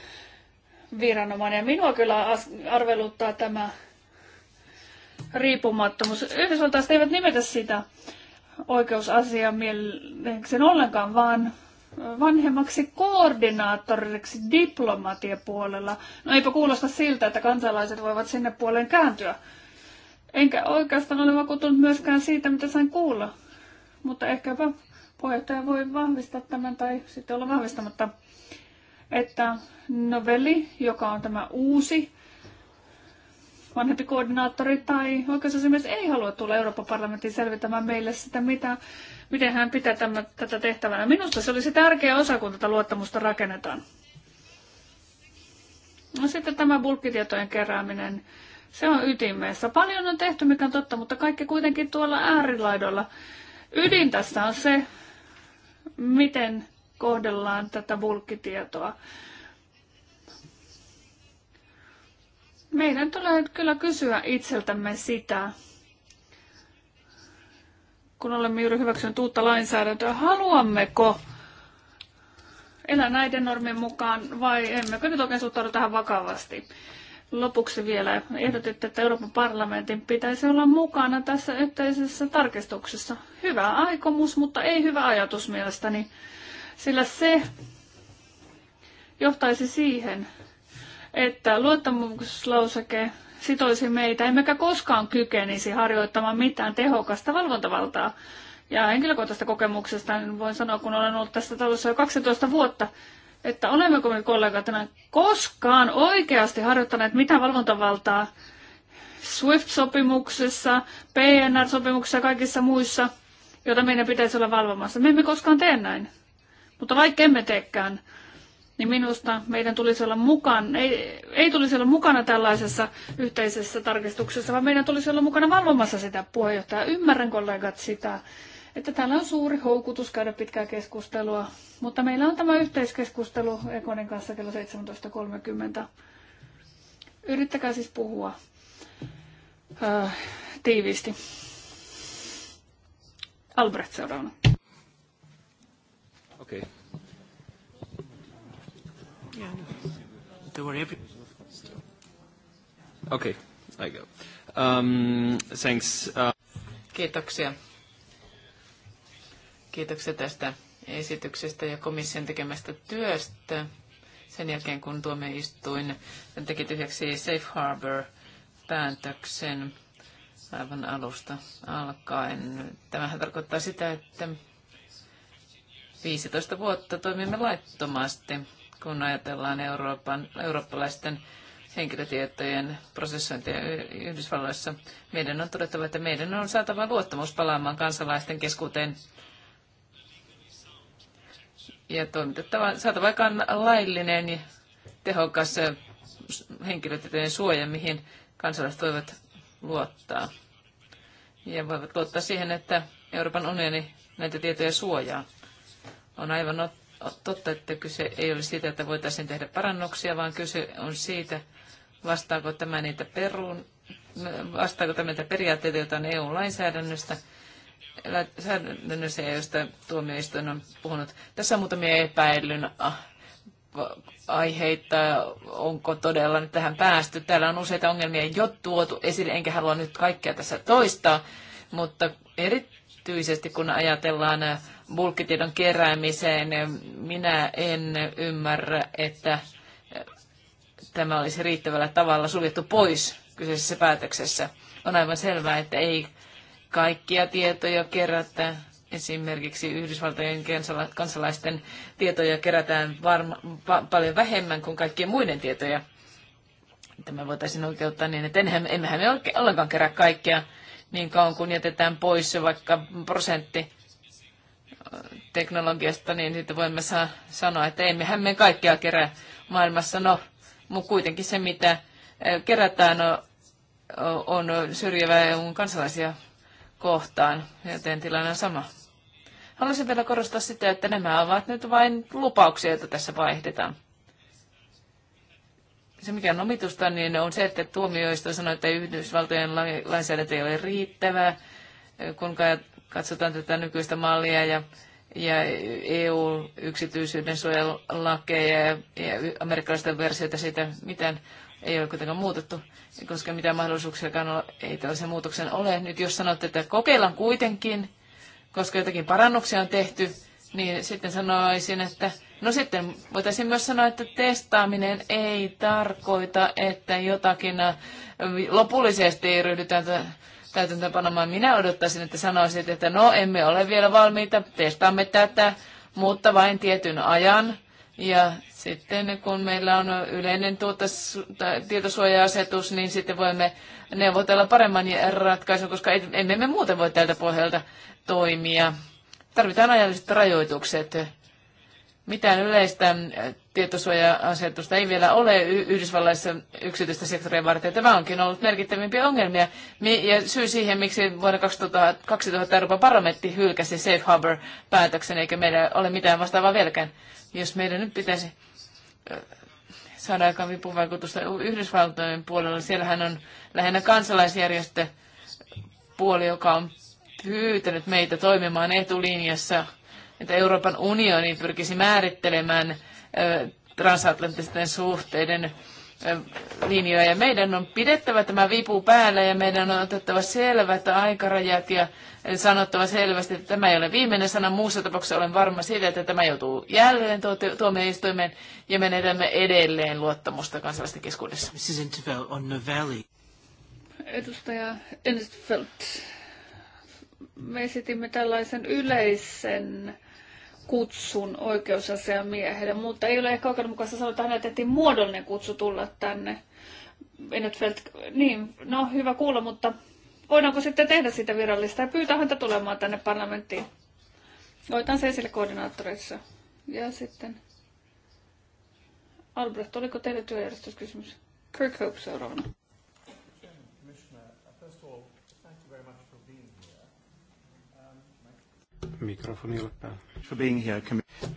viranomainen. Ja minua kyllä arveluttaa tämä riippumattomuus. Yhdysvaltaiset eivät nimetä sitä oikeusasiamieheksi ollenkaan, vaan vanhemmaksi koordinaattoriksi diplomatiapuolella. No eipä kuulosta siltä, että kansalaiset voivat sinne puoleen kääntyä. Enkä oikeastaan ole vakuuttunut myöskään siitä, mitä sain kuulla mutta ehkäpä puheenjohtaja voi vahvistaa tämän tai sitten olla vahvistamatta, että Novelli, joka on tämä uusi vanhempi koordinaattori tai oikeusasiamies ei halua tulla Euroopan parlamenttiin selvittämään meille sitä, mitä, miten hän pitää tämän, tätä tehtävänä. Minusta se olisi tärkeä osa, kun tätä luottamusta rakennetaan. No sitten tämä bulkkitietojen kerääminen. Se on ytimessä. Paljon on tehty, mikä on totta, mutta kaikki kuitenkin tuolla äärilaidolla. Ydin tässä on se, miten kohdellaan tätä bulkkitietoa. Meidän tulee kyllä kysyä itseltämme sitä, kun olemme juuri hyväksyneet uutta lainsäädäntöä, haluammeko elää näiden normien mukaan vai emmekö nyt oikein suhtaudu tähän vakavasti. Lopuksi vielä ehdotitte, että Euroopan parlamentin pitäisi olla mukana tässä yhteisessä tarkistuksessa. Hyvä aikomus, mutta ei hyvä ajatus mielestäni, sillä se johtaisi siihen, että luottamuslauseke sitoisi meitä, emmekä koskaan kykenisi harjoittamaan mitään tehokasta valvontavaltaa. Ja henkilökohtaisesta kokemuksesta niin voin sanoa, kun olen ollut tässä talossa jo 12 vuotta, että olemmeko me kollegatena koskaan oikeasti harjoittaneet mitä valvontavaltaa SWIFT-sopimuksessa, PNR-sopimuksessa ja kaikissa muissa, joita meidän pitäisi olla valvomassa. Me emme koskaan tee näin. Mutta vaikka emme teekään, niin minusta meidän tulisi olla mukana, ei, ei tulisi olla mukana tällaisessa yhteisessä tarkistuksessa, vaan meidän tulisi olla mukana valvomassa sitä puheenjohtajaa. Ymmärrän kollegat sitä, että täällä on suuri houkutus käydä pitkää keskustelua, mutta meillä on tämä yhteiskeskustelu Ekonen kanssa kello 17.30. Yrittäkää siis puhua öö, tiiviisti. Albert seuraavana. Okei. Okay. Okei, okay, I go. Um, thanks. Uh... Kiitoksia. Kiitoksia tästä esityksestä ja komission tekemästä työstä. Sen jälkeen, kun tuomioistuin teki tyhjäksi Safe Harbor-päätöksen aivan alusta alkaen. Tämähän tarkoittaa sitä, että 15 vuotta toimimme laittomasti, kun ajatellaan Euroopan, eurooppalaisten henkilötietojen prosessointia Yhdysvalloissa. Meidän on todettava, että meidän on saatava luottamus palaamaan kansalaisten keskuuteen ja toimitettava, saatava aikaan laillinen ja tehokas henkilötietojen suoja, mihin kansalaiset voivat luottaa. Ja voivat luottaa siihen, että Euroopan unioni näitä tietoja suojaa. On aivan totta, että kyse ei ole siitä, että voitaisiin tehdä parannuksia, vaan kyse on siitä, vastaako tämä niitä peruun, vastaako tämä niitä periaatteita, joita on EU-lainsäädännöstä – se, josta tuomioistuin on puhunut. Tässä on muutamia epäilyn ah, aiheita, onko todella nyt tähän päästy. Täällä on useita ongelmia jo tuotu esille, enkä halua nyt kaikkea tässä toistaa, mutta erityisesti kun ajatellaan bulkkitiedon keräämiseen, minä en ymmärrä, että tämä olisi riittävällä tavalla suljettu pois kyseisessä päätöksessä. On aivan selvää, että ei kaikkia tietoja kerätä. Esimerkiksi Yhdysvaltojen kansalaisten tietoja kerätään varma, pa, paljon vähemmän kuin kaikkien muiden tietoja. Tämä voitaisiin oikeuttaa niin, että enhän, emmehän me oikein, ollenkaan kerää kaikkea niin kauan kun jätetään pois se vaikka prosentti teknologiasta, niin sitten voimme saa, sanoa, että emmehän me kaikkea kerää maailmassa. No, mutta kuitenkin se, mitä eh, kerätään, on, on syrjivää EUn kansalaisia kohtaan, joten tilanne on sama. Haluaisin vielä korostaa sitä, että nämä ovat nyt vain lupauksia, joita tässä vaihdetaan. Se, mikä on omitusta, niin on se, että tuomioisto sanoi, että Yhdysvaltojen lainsäädäntö ei ole riittävää, kun katsotaan tätä nykyistä mallia ja ja EU-yksityisyyden suojalakeja ja, ja amerikkalaista versiota siitä, miten ei ole kuitenkaan muutettu, koska mitään mahdollisuuksiakaan ei tällaisen muutoksen ole. Nyt jos sanotte, että kokeillaan kuitenkin, koska jotakin parannuksia on tehty, niin sitten sanoisin, että no sitten voitaisiin myös sanoa, että testaaminen ei tarkoita, että jotakin äh, lopullisesti ryhdytään täytäntöönpanomaan. Minä odottaisin, että sanoisit, että no emme ole vielä valmiita, testaamme tätä, mutta vain tietyn ajan. Ja sitten kun meillä on yleinen tietosuoja-asetus, niin sitten voimme neuvotella paremman ratkaisun, koska emme me muuten voi tältä pohjalta toimia. Tarvitaan ajalliset rajoitukset. Mitään yleistä tietosuoja-asetusta ei vielä ole Yhdysvalloissa yksityistä sektoria varten. Tämä onkin ollut merkittävimpiä ongelmia ja syy siihen, miksi vuonna 2000 Euroopan parlamentti hylkäsi Safe Harbor-päätöksen, eikä meillä ole mitään vastaavaa vieläkään. Jos meidän nyt pitäisi saada aikaan vipuvaikutusta Yhdysvaltojen puolella, siellähän on lähinnä kansalaisjärjestö puoli, joka on pyytänyt meitä toimimaan etulinjassa, että Euroopan unioni pyrkisi määrittelemään – transatlanttisten suhteiden linjoja. Ja meidän on pidettävä tämä vipu päällä ja meidän on otettava selvät aikarajat ja sanottava selvästi, että tämä ei ole viimeinen sana. Muussa tapauksessa olen varma siitä, että tämä joutuu jälleen tuomioistuimeen ja menetämme edelleen luottamusta kansalaisten keskuudessa. Mrs. Intervell on Novelli. Edustaja Enstfeldt, me esitimme tällaisen yleisen kutsun oikeusasiamiehelle, mutta ei ole ehkä oikeudenmukaista sanoa, että hänelle tehtiin muodollinen kutsu tulla tänne. Enetfeld, niin, no hyvä kuulla, mutta voidaanko sitten tehdä sitä virallista ja pyytää häntä tulemaan tänne parlamenttiin? Oitan se esille koordinaattoreissa. Ja sitten... Albrecht, oliko teille työjärjestyskysymys? Kirk Hope seuraavana. Mikrofoni päällä.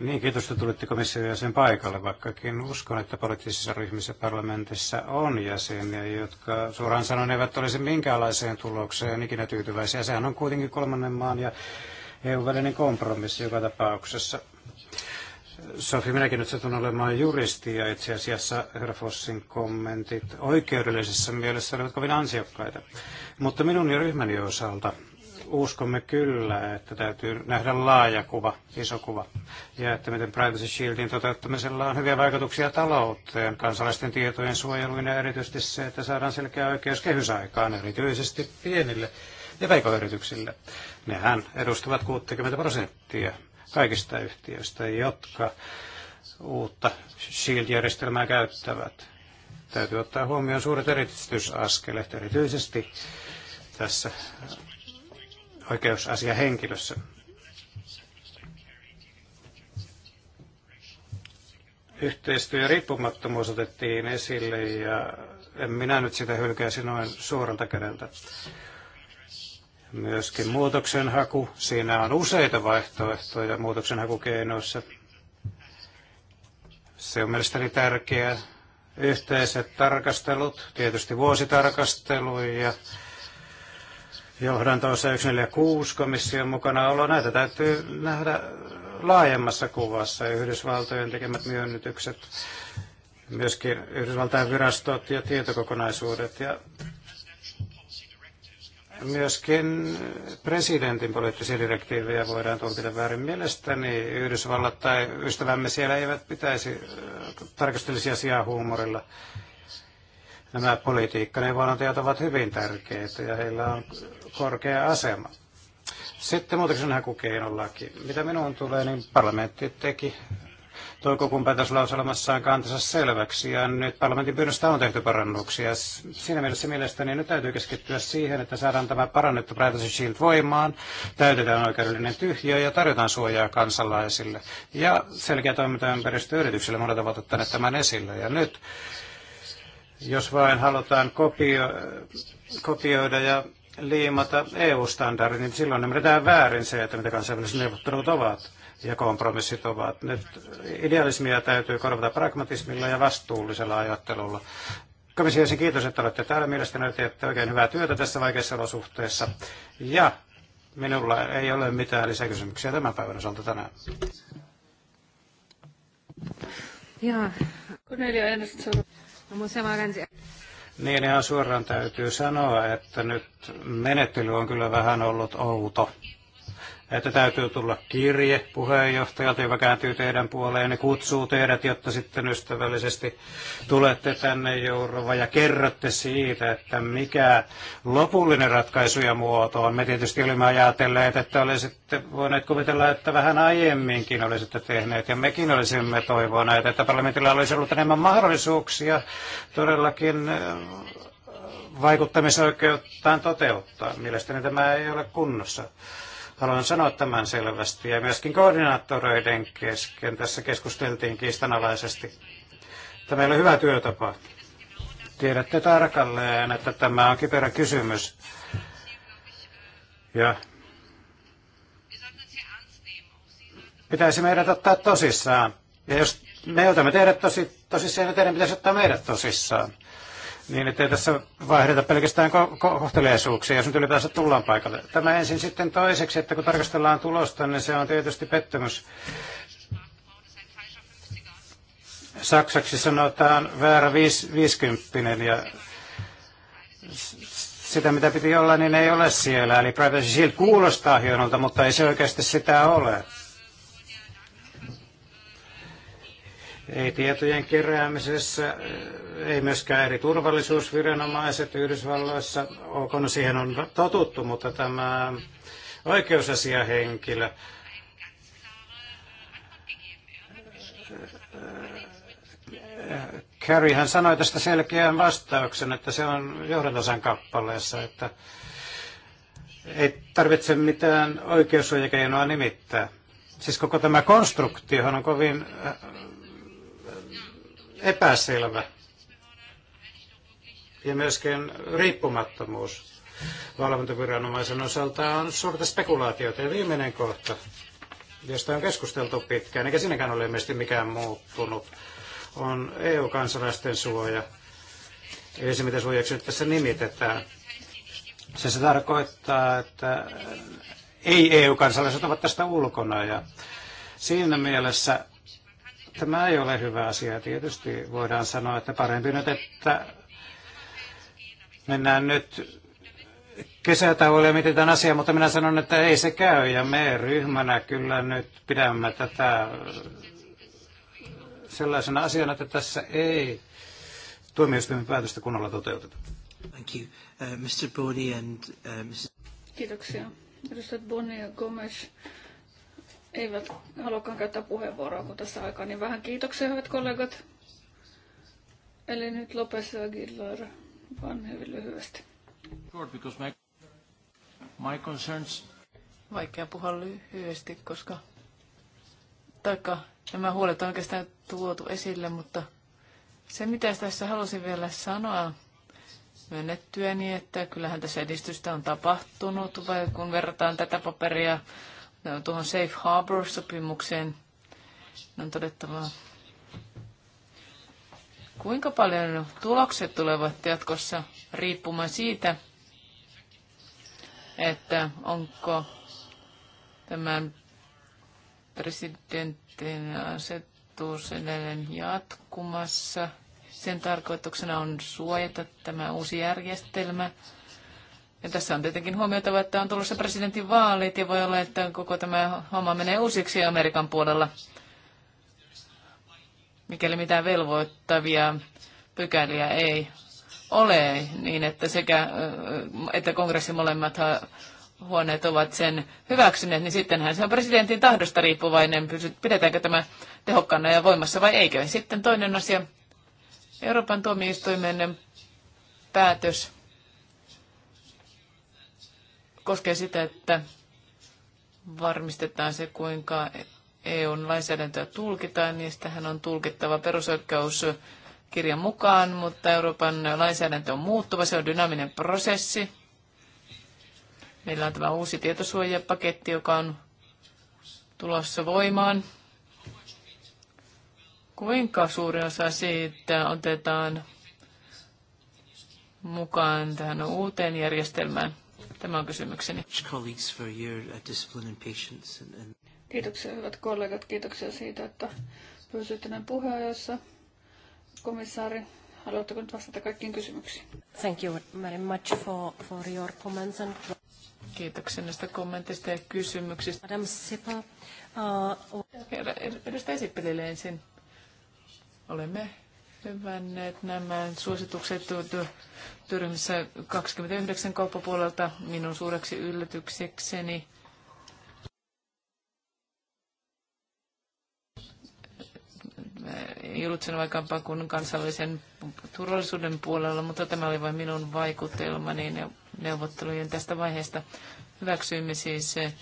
Niin, kiitos, että tulitte komission jäsen paikalle, vaikkakin uskon, että poliittisissa ryhmissä parlamentissa on jäseniä, jotka suoraan sanoen eivät olisi minkäänlaiseen tulokseen ikinä tyytyväisiä. Sehän on kuitenkin kolmannen maan ja EU-välinen kompromissi joka tapauksessa. Sofi, minäkin nyt satun olemaan juristi ja itse asiassa herra Fossin kommentit oikeudellisessa mielessä olivat kovin ansiokkaita. Mutta minun ja ryhmäni osalta uskomme kyllä, että täytyy nähdä laaja kuva, iso kuva, ja että miten Privacy Shieldin toteuttamisella on hyviä vaikutuksia talouteen, kansalaisten tietojen suojeluun ja erityisesti se, että saadaan selkeä oikeus kehysaikaan, erityisesti pienille ja pk-yrityksille. Nehän edustavat 60 prosenttia kaikista yhtiöistä, jotka uutta Shield-järjestelmää käyttävät. Täytyy ottaa huomioon suuret eritystysaskeleet, erityisesti tässä oikeusasiahenkilössä. Yhteistyö ja riippumattomuus otettiin esille ja en minä nyt sitä hylkäisi noin suoralta kädeltä. Myöskin muutoksenhaku. Siinä on useita vaihtoehtoja muutoksenhakukeinoissa. Se on mielestäni tärkeää. Yhteiset tarkastelut, tietysti vuositarkastelu ja johdantoosa 146 komission mukana olo. Näitä täytyy nähdä laajemmassa kuvassa. Yhdysvaltojen tekemät myönnytykset, myöskin Yhdysvaltain virastot ja tietokokonaisuudet ja myöskin presidentin poliittisia direktiivejä voidaan tulkita väärin. Mielestäni Yhdysvallat tai ystävämme siellä eivät pitäisi äh, tarkastellisia asiaa huumorilla. Nämä politiikkaneuvonantajat ovat hyvin tärkeitä ja heillä on korkea asema. Sitten hakukeinollakin. Mitä minuun tulee, niin parlamentti teki toukokuun päätöslauselmassaan kantansa selväksi, ja nyt parlamentin pyynnöstä on tehty parannuksia. Siinä mielessä mielestäni nyt täytyy keskittyä siihen, että saadaan tämä parannettu Privacy Shield voimaan, täytetään oikeudellinen tyhjiö ja tarjotaan suojaa kansalaisille. Ja selkeä toimintaympäristö yrityksille, monet ovat ottaneet tämän esille. Ja nyt, jos vain halutaan kopio, kopioida ja liimata EU-standardit, niin silloin ymmärretään väärin se, että mitä kansainväliset neuvottelut ovat ja kompromissit ovat. Nyt idealismia täytyy korvata pragmatismilla ja vastuullisella ajattelulla. Komissio, kiitos, että olette täällä. Mielestäni teette oikein hyvää työtä tässä vaikeassa olosuhteessa. Ja minulla ei ole mitään lisäkysymyksiä tämän päivän osalta tänään. Ja, niin ihan suoraan täytyy sanoa, että nyt menettely on kyllä vähän ollut outo että täytyy tulla kirje puheenjohtajalta, joka kääntyy teidän ja kutsuu teidät, jotta sitten ystävällisesti tulette tänne Jourova ja kerrotte siitä, että mikä lopullinen ratkaisu ja muoto on. Me tietysti olimme ajatelleet, että olisitte voineet kuvitella, että vähän aiemminkin olisitte tehneet ja mekin olisimme toivoneet, että parlamentilla olisi ollut enemmän mahdollisuuksia todellakin äh, vaikuttamisoikeuttaan toteuttaa. Mielestäni tämä ei ole kunnossa. Haluan sanoa tämän selvästi ja myöskin koordinaattoreiden kesken. Tässä keskusteltiin kiistanalaisesti. Tämä on hyvä työtapa. Tiedätte tarkalleen, että tämä on kiperä kysymys. Ja pitäisi meidät ottaa tosissaan. Ja jos me otamme teidät tosi, tosissaan, niin teidän pitäisi ottaa meidät tosissaan niin ettei tässä vaihdeta pelkästään ko- ko- kohteliaisuuksia, jos nyt ylipäänsä tullaan paikalle. Tämä ensin sitten toiseksi, että kun tarkastellaan tulosta, niin se on tietysti pettymys. Saksaksi sanotaan väärä viis, ja sitä mitä piti olla, niin ei ole siellä. Eli Privacy Shield kuulostaa hienolta, mutta ei se oikeasti sitä ole. ei tietojen keräämisessä, ei myöskään eri turvallisuusviranomaiset Yhdysvalloissa. Ok, no siihen on totuttu, mutta tämä oikeusasiahenkilö, Carrie hän sanoi tästä selkeän vastauksen, että se on johdantosan kappaleessa, että ei tarvitse mitään oikeussuojakeinoa nimittää. Siis koko tämä konstruktiohan on kovin epäselvä ja myöskin riippumattomuus valvontaviranomaisen osalta on suurta spekulaatiota. Ja viimeinen kohta, josta on keskusteltu pitkään, eikä sinäkään ole ilmeisesti mikään muuttunut, on EU-kansalaisten suoja. Eli se, mitä suojaksi nyt tässä nimitetään. Se, se tarkoittaa, että ei-EU-kansalaiset ovat tästä ulkona ja siinä mielessä Tämä ei ole hyvä asia. Tietysti voidaan sanoa, että parempi nyt, että mennään nyt kesätauolle ja mietitään asiaa, mutta minä sanon, että ei se käy. Ja me ryhmänä kyllä nyt pidämme tätä sellaisena asiana, että tässä ei tuomioistuimen päätöstä kunnolla toteuteta. Thank you. Uh, Mr. Boni and, uh, Mrs. Kiitoksia. Edustajat Boni ja Gomes eivät halukaan käyttää puheenvuoroa, kun tässä aikaa, niin vähän kiitoksia, hyvät kollegat. Eli nyt Lopes Gillard, vaan hyvin lyhyesti. My concerns... Vaikea puhua lyhyesti, koska taikka nämä huolet on oikeastaan tuotu esille, mutta se mitä tässä halusin vielä sanoa myönnettyäni, niin että kyllähän tässä edistystä on tapahtunut, vai kun verrataan tätä paperia tuohon Safe Harbor-sopimukseen on todettava, kuinka paljon tulokset tulevat jatkossa riippumaan siitä, että onko tämän presidentin asetus edelleen jatkumassa. Sen tarkoituksena on suojata tämä uusi järjestelmä ja tässä on tietenkin huomioitava, että on tulossa presidentin vaalit ja voi olla, että koko tämä homma menee uusiksi Amerikan puolella. Mikäli mitään velvoittavia pykäliä ei ole, niin että sekä että kongressin molemmat huoneet ovat sen hyväksyneet, niin sittenhän se on presidentin tahdosta riippuvainen, pidetäänkö tämä tehokkaana ja voimassa vai eikö. Sitten toinen asia, Euroopan tuomioistuimen päätös koskee sitä, että varmistetaan se, kuinka EUn lainsäädäntöä tulkitaan. Niistähän on tulkittava kirjan mukaan, mutta Euroopan lainsäädäntö on muuttuva, se on dynaaminen prosessi. Meillä on tämä uusi tietosuojapaketti, joka on tulossa voimaan. Kuinka suuri osa siitä otetaan mukaan tähän uuteen järjestelmään? Tämä on kysymykseni. Uh, kiitoksia hyvät kollegat, kiitoksia siitä, että pysyitte näin puheenjohtajassa. Komissaari, haluatteko nyt vastata kaikkiin kysymyksiin? Thank you very much for, for your comments and... Kiitoksia näistä kommenteista ja kysymyksistä. Madam Sipa, uh, edustaja Sippelille ensin. Olemme hyvänneet nämä suositukset työryhmässä 29 kauppapuolelta minun suureksi yllätyksekseni. Ei ollut sen vaikeampaa kuin kansallisen turvallisuuden puolella, mutta tämä oli vain minun vaikutelmani neuvottelujen tästä vaiheesta. Hyväksyimme siis eh,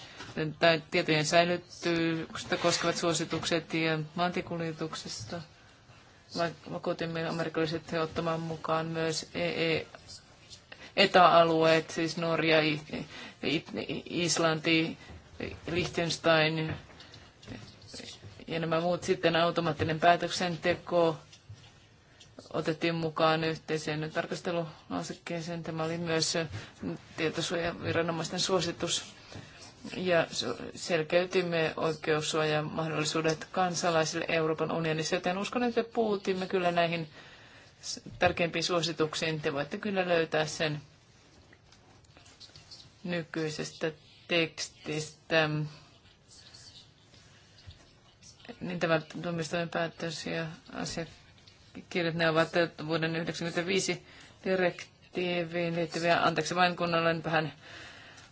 tai tietojen säilyttyystä koskevat suositukset ja maantikuljetuksesta Vakuutimme amerikkalaiset ottamaan mukaan myös EE e etäalueet, siis Norja, Islanti, Liechtenstein ja nämä muut sitten automaattinen päätöksenteko otettiin mukaan yhteiseen tarkastelulausekkeeseen. Tämä oli myös tietosuojaviranomaisten suositus ja selkeytimme mahdollisuudet kansalaisille Euroopan unionissa, joten uskon, että puutimme kyllä näihin tärkeimpiin suosituksiin. Te voitte kyllä löytää sen nykyisestä tekstistä. Niin tämä tuomistojen päätös ja asiakirjat, ne ovat vuoden 1995 direktiiviin liittyviä. Anteeksi vain, kun olen vähän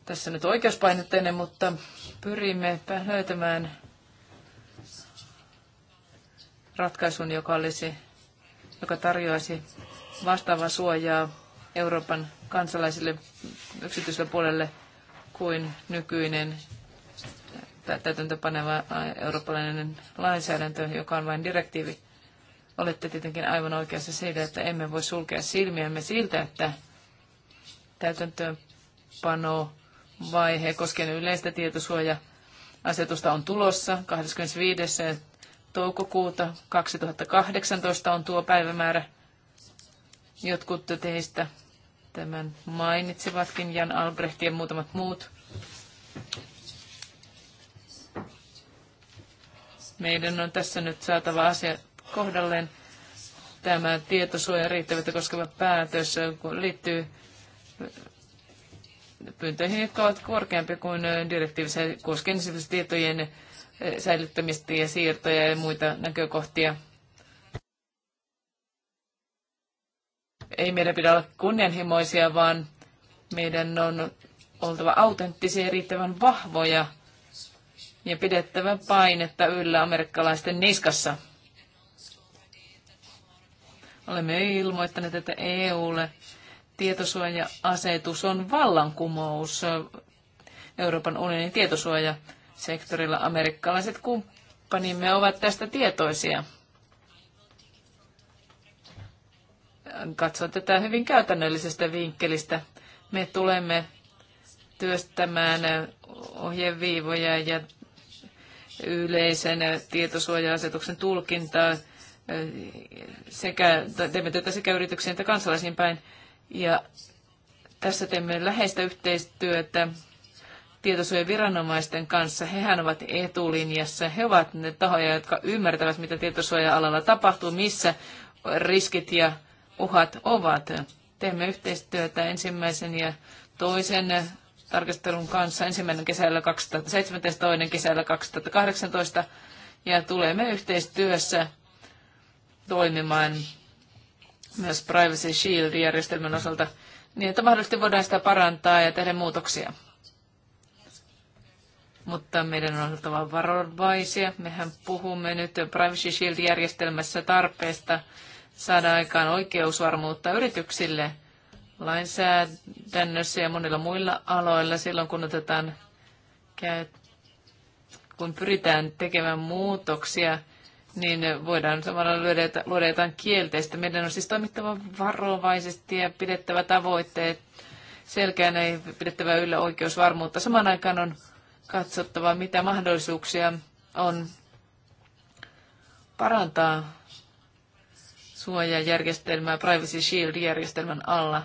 tässä nyt oikeuspainotteinen, mutta pyrimme löytämään ratkaisun, joka, olisi, joka tarjoaisi vastaavaa suojaa Euroopan kansalaisille yksityiselle puolelle kuin nykyinen täytäntöpaneva eurooppalainen lainsäädäntö, joka on vain direktiivi. Olette tietenkin aivan oikeassa siitä, että emme voi sulkea silmiämme siltä, että täytäntöönpano vaihe koskien yleistä tietosuoja-asetusta on tulossa 25. toukokuuta 2018 on tuo päivämäärä. Jotkut teistä tämän mainitsivatkin, Jan Albrecht ja muutamat muut. Meidän on tässä nyt saatava asia kohdalleen. Tämä tietosuojan riittävyyttä koskeva päätös liittyy pyyntöihin, jotka ovat korkeampia kuin direktiivissä koskien esimerkiksi tietojen säilyttämistä ja siirtoja ja muita näkökohtia. Ei meidän pidä olla kunnianhimoisia, vaan meidän on oltava autenttisia ja riittävän vahvoja ja pidettävä painetta yllä amerikkalaisten niskassa. Olemme ilmoittaneet, että EUlle tietosuoja-asetus on vallankumous Euroopan unionin tietosuojasektorilla. Amerikkalaiset kumppanimme ovat tästä tietoisia. Katson tätä hyvin käytännöllisestä vinkkelistä. Me tulemme työstämään ohjeviivoja ja yleisen tietosuoja-asetuksen tulkintaa sekä teemme työtä sekä yrityksiin että kansalaisiin päin ja tässä teemme läheistä yhteistyötä tietosuojaviranomaisten kanssa. Hehän ovat etulinjassa. He ovat ne tahoja, jotka ymmärtävät, mitä tietosuoja-alalla tapahtuu, missä riskit ja uhat ovat. Teemme yhteistyötä ensimmäisen ja toisen tarkastelun kanssa ensimmäinen kesällä 2017, toinen kesällä 2018 ja tulemme yhteistyössä toimimaan myös Privacy Shield-järjestelmän osalta, niin että mahdollisesti voidaan sitä parantaa ja tehdä muutoksia. Mutta meidän on oltava varovaisia. Mehän puhumme nyt Privacy Shield-järjestelmässä tarpeesta saada aikaan oikeusvarmuutta yrityksille lainsäädännössä ja monilla muilla aloilla silloin, kun otetaan kun pyritään tekemään muutoksia – niin voidaan samalla luoda, luoda jotain kielteistä. Meidän on siis toimittava varovaisesti ja pidettävä tavoitteet selkeänä ja pidettävä yllä oikeusvarmuutta. Saman aikaan on katsottava, mitä mahdollisuuksia on parantaa suojajärjestelmää Privacy Shield-järjestelmän alla,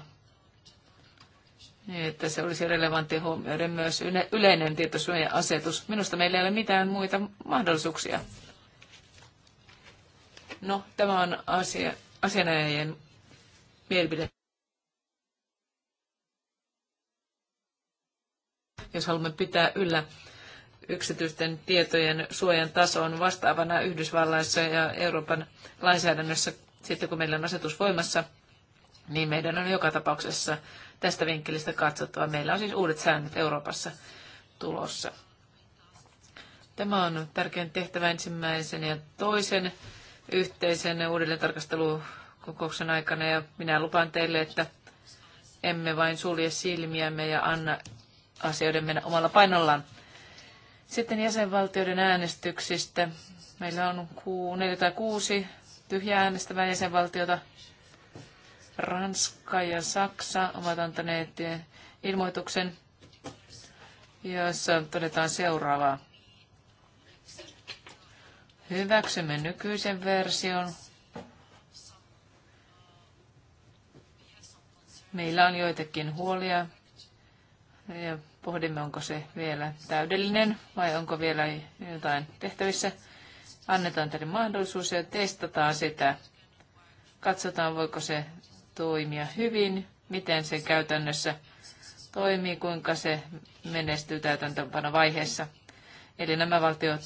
niin että se olisi relevantti huomioiden myös yleinen tietosuoja-asetus. Minusta meillä ei ole mitään muita mahdollisuuksia. No, tämä on asia, asianajajien mielipide. Jos haluamme pitää yllä yksityisten tietojen suojan tasoon vastaavana Yhdysvalloissa ja Euroopan lainsäädännössä, sitten kun meillä on asetus voimassa, niin meidän on joka tapauksessa tästä vinkkelistä katsottava. Meillä on siis uudet säännöt Euroopassa tulossa. Tämä on tärkein tehtävä ensimmäisen ja toisen yhteisen uudelleentarkastelukokouksen aikana ja minä lupaan teille, että emme vain sulje silmiämme ja anna asioiden mennä omalla painollaan. Sitten jäsenvaltioiden äänestyksistä. Meillä on neljä tai kuusi tyhjää äänestävää jäsenvaltiota. Ranska ja Saksa ovat antaneet ilmoituksen, jossa todetaan seuraavaa. Hyväksymme nykyisen version. Meillä on joitakin huolia ja pohdimme, onko se vielä täydellinen vai onko vielä jotain tehtävissä. Annetaan teille mahdollisuus ja testataan sitä. Katsotaan, voiko se toimia hyvin, miten se käytännössä toimii, kuinka se menestyy täytäntöönpanovaiheessa. Eli nämä valtiot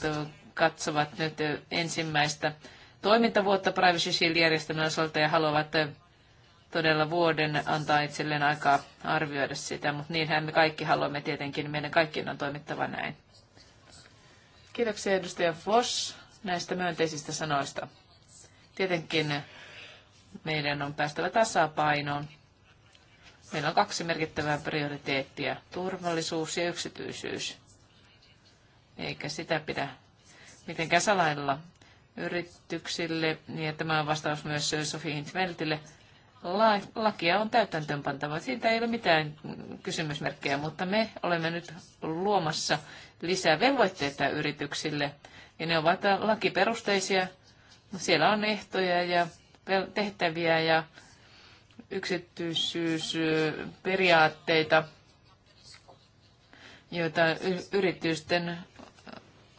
katsovat nyt ensimmäistä toimintavuotta Privacy Shield-järjestelmän osalta ja haluavat todella vuoden antaa itselleen aikaa arvioida sitä, mutta niinhän me kaikki haluamme tietenkin, meidän kaikkien on toimittava näin. Kiitoksia edustaja Voss näistä myönteisistä sanoista. Tietenkin meidän on päästävä tasapainoon. Meillä on kaksi merkittävää prioriteettia, turvallisuus ja yksityisyys. Eikä sitä pidä Miten salailla yrityksille. Niin että tämä on vastaus myös Sofi Hintveltille. La- lakia on täytäntöönpantava. Siitä ei ole mitään kysymysmerkkejä, mutta me olemme nyt luomassa lisää velvoitteita yrityksille. Ja ne ovat lakiperusteisia. Siellä on ehtoja ja tehtäviä ja yksityisyysperiaatteita, joita yritysten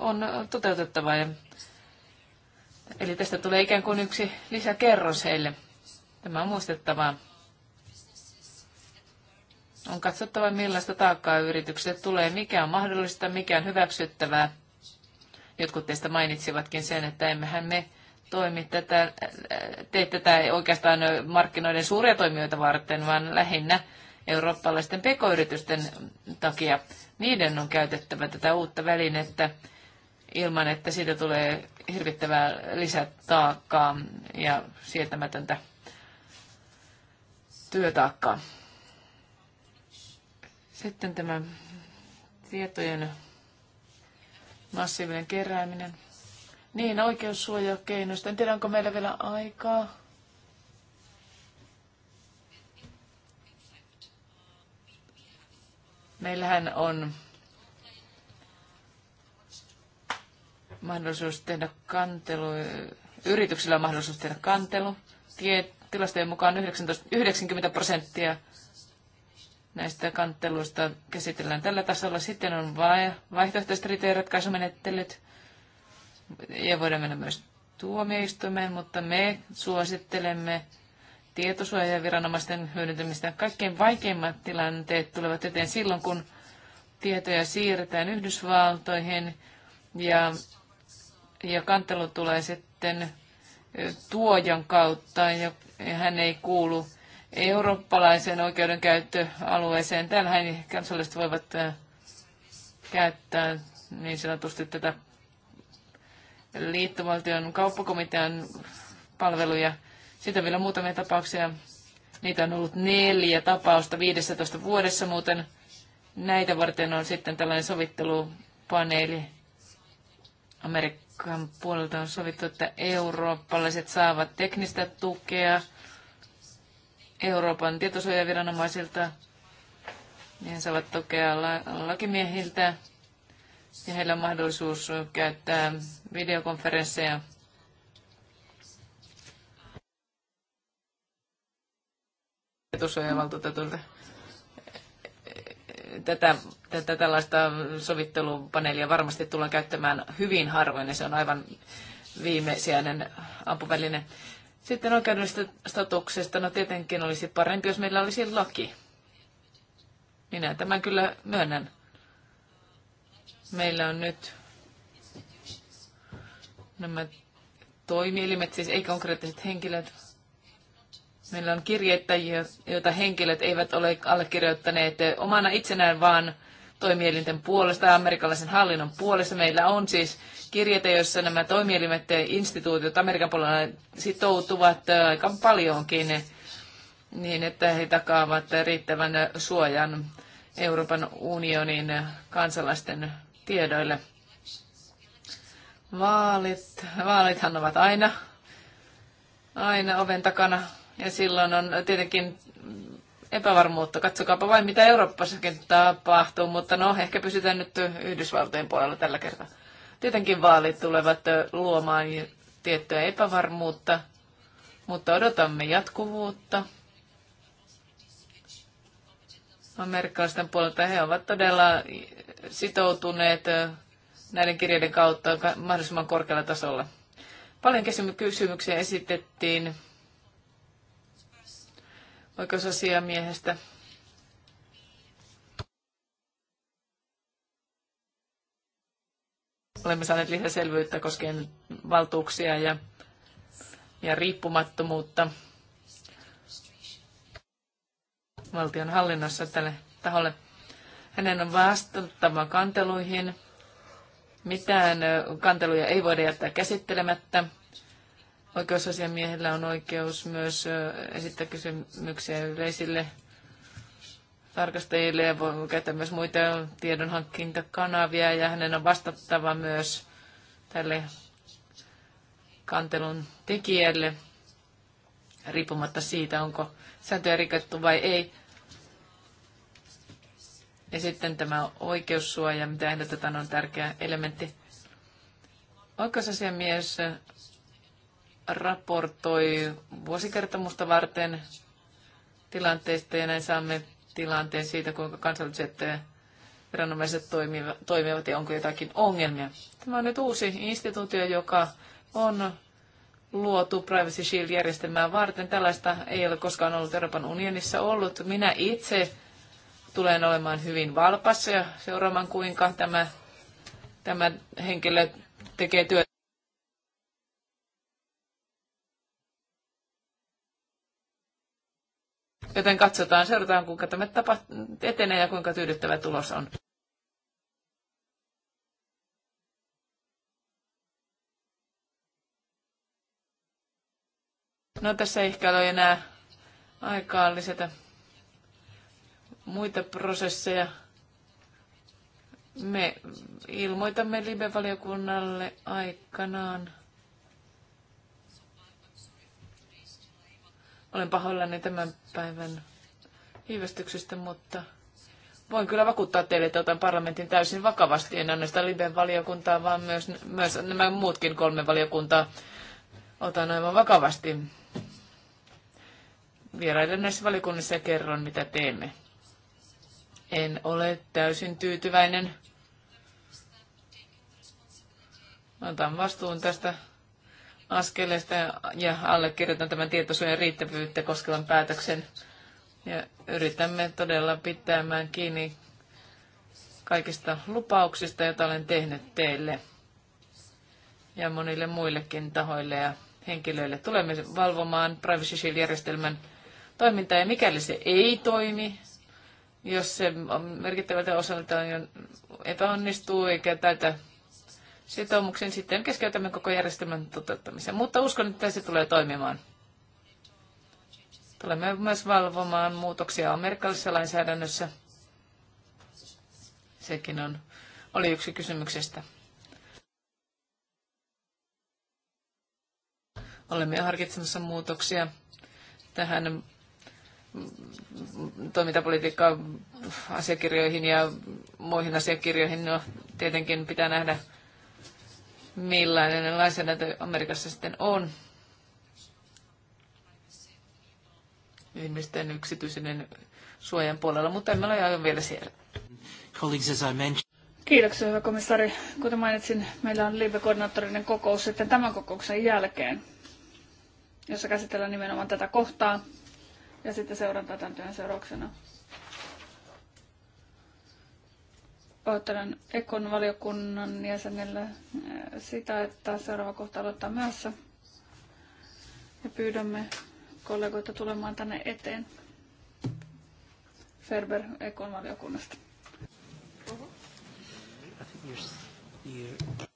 on toteutettava. Ja, eli tästä tulee ikään kuin yksi lisäkerros heille. Tämä on muistettavaa. On katsottava, millaista taakkaa yrityksille tulee, mikä on mahdollista, mikä on hyväksyttävää. Jotkut teistä mainitsivatkin sen, että emmehän me toimi tätä, tee tätä oikeastaan markkinoiden suuria toimijoita varten, vaan lähinnä eurooppalaisten pekoyritysten takia. Niiden on käytettävä tätä uutta välinettä ilman, että siitä tulee hirvittävää lisätaakkaa ja sietämätöntä työtaakkaa. Sitten tämä tietojen massiivinen kerääminen. Niin, oikeussuojakeinoista. En tiedä, onko meillä vielä aikaa. Meillähän on mahdollisuus tehdä kantelu, yrityksillä on mahdollisuus tehdä kantelu. tiet tilastojen mukaan 19, 90 prosenttia näistä kanteluista käsitellään tällä tasolla. Sitten on vaihtoehtoiset riitojenratkaisumenettelyt ja voidaan mennä myös tuomioistuimeen, mutta me suosittelemme tietosuojaviranomaisten hyödyntämistä. Kaikkein vaikeimmat tilanteet tulevat eteen silloin, kun tietoja siirretään Yhdysvaltoihin ja ja kantelu tulee sitten tuojan kautta ja hän ei kuulu eurooppalaiseen oikeudenkäyttöalueeseen. Täällähän kansalaiset voivat käyttää niin sanotusti tätä liittovaltion kauppakomitean palveluja. Sitä vielä muutamia tapauksia. Niitä on ollut neljä tapausta 15 vuodessa muuten. Näitä varten on sitten tällainen sovittelupaneeli Amerikka. Troikan puolelta on sovittu, että eurooppalaiset saavat teknistä tukea Euroopan tietosuojaviranomaisilta. He niin saavat tukea lakimiehiltä ja heillä on mahdollisuus käyttää videokonferensseja. Tietosuojavaltuutetulta. Mm tätä, tätä tällaista sovittelupaneelia varmasti tullaan käyttämään hyvin harvoin, ja se on aivan viimesijainen apuväline. Sitten oikeudellisesta statuksesta, no tietenkin olisi parempi, jos meillä olisi laki. Minä tämän kyllä myönnän. Meillä on nyt nämä toimielimet, siis ei konkreettiset henkilöt, Meillä on kirjeittäjiä, joita henkilöt eivät ole allekirjoittaneet omana itsenään, vaan toimielinten puolesta ja amerikkalaisen hallinnon puolesta. Meillä on siis kirjeitä, joissa nämä toimielimet ja instituutiot Amerikan puolella sitoutuvat äh, aika paljonkin niin, että he takaavat riittävän suojan Euroopan unionin kansalaisten tiedoille. Vaalit, vaalithan ovat aina, aina oven takana ja silloin on tietenkin epävarmuutta. Katsokaapa vain, mitä Euroopassakin tapahtuu, mutta no, ehkä pysytään nyt Yhdysvaltojen puolella tällä kertaa. Tietenkin vaalit tulevat luomaan tiettyä epävarmuutta, mutta odotamme jatkuvuutta. Amerikkalaisten puolelta he ovat todella sitoutuneet näiden kirjeiden kautta mahdollisimman korkealla tasolla. Paljon kysymyksiä esitettiin oikeusasiamiehestä. Olemme saaneet lisäselvyyttä koskien valtuuksia ja, ja riippumattomuutta valtion hallinnossa tälle taholle. Hänen on vastattava kanteluihin. Mitään kanteluja ei voida jättää käsittelemättä. Oikeusasiamiehellä on oikeus myös esittää kysymyksiä yleisille tarkastajille ja voi käyttää myös muita tiedonhankintakanavia ja hänen on vastattava myös tälle kantelun tekijälle riippumatta siitä, onko sääntöjä rikottu vai ei. Ja sitten tämä oikeussuoja, mitä ehdotetaan, on tärkeä elementti. Oikeusasiamies raportoi vuosikertomusta varten tilanteesta ja näin saamme tilanteen siitä, kuinka kansalliset viranomaiset toimivat ja onko jotakin ongelmia. Tämä on nyt uusi instituutio, joka on luotu Privacy Shield-järjestelmää varten. Tällaista ei ole koskaan ollut Euroopan unionissa ollut. Minä itse tulen olemaan hyvin valpas ja seuraamaan, kuinka tämä, tämä henkilö tekee työtä. Joten katsotaan, seurataan kuinka tämä tapa etenee ja kuinka tyydyttävä tulos on. No tässä ei ehkä ole enää aikaa lisätä muita prosesseja. Me ilmoitamme libevaliokunnalle valiokunnalle aikanaan. Olen pahoillani tämän päivän viivästyksestä, mutta voin kyllä vakuuttaa teille, että otan parlamentin täysin vakavasti. En sitä Liben valiokuntaa, vaan myös, myös nämä muutkin kolme valiokuntaa otan aivan vakavasti. Vierailen näissä valiokunnissa ja kerron, mitä teemme. En ole täysin tyytyväinen. Otan vastuun tästä askeleista ja allekirjoitan tämän tietosuojan riittävyyttä koskevan päätöksen. Ja yritämme todella pitämään kiinni kaikista lupauksista, joita olen tehnyt teille ja monille muillekin tahoille ja henkilöille. Tulemme valvomaan Privacy Shield-järjestelmän toimintaa ja mikäli se ei toimi, jos se merkittävältä osalta epäonnistuu eikä täytä sitoumuksen, sitten keskeytämme koko järjestelmän toteuttamisen. Mutta uskon, että se tulee toimimaan. Tulemme myös valvomaan muutoksia amerikkalaisessa lainsäädännössä. Sekin on, oli yksi kysymyksestä. Olemme harkitsemassa muutoksia tähän toimintapolitiikka asiakirjoihin ja muihin asiakirjoihin. No, tietenkin pitää nähdä, millainen lainsäädäntö Amerikassa sitten on. Ihmisten yksityisen suojan puolella, mutta emme ole aivan vielä siellä. Kiitoksia, hyvä komissaari. Kuten mainitsin, meillä on live-koordinaattorinen kokous sitten tämän kokouksen jälkeen, jossa käsitellään nimenomaan tätä kohtaa ja sitten seurantaa tämän työn seurauksena. pahoittelen Ekon valiokunnan jäsenille äh, sitä, että seuraava kohta aloittaa myössä. Ja pyydämme kollegoita tulemaan tänne eteen. Ferber Ekon valiokunnasta. Uh-huh.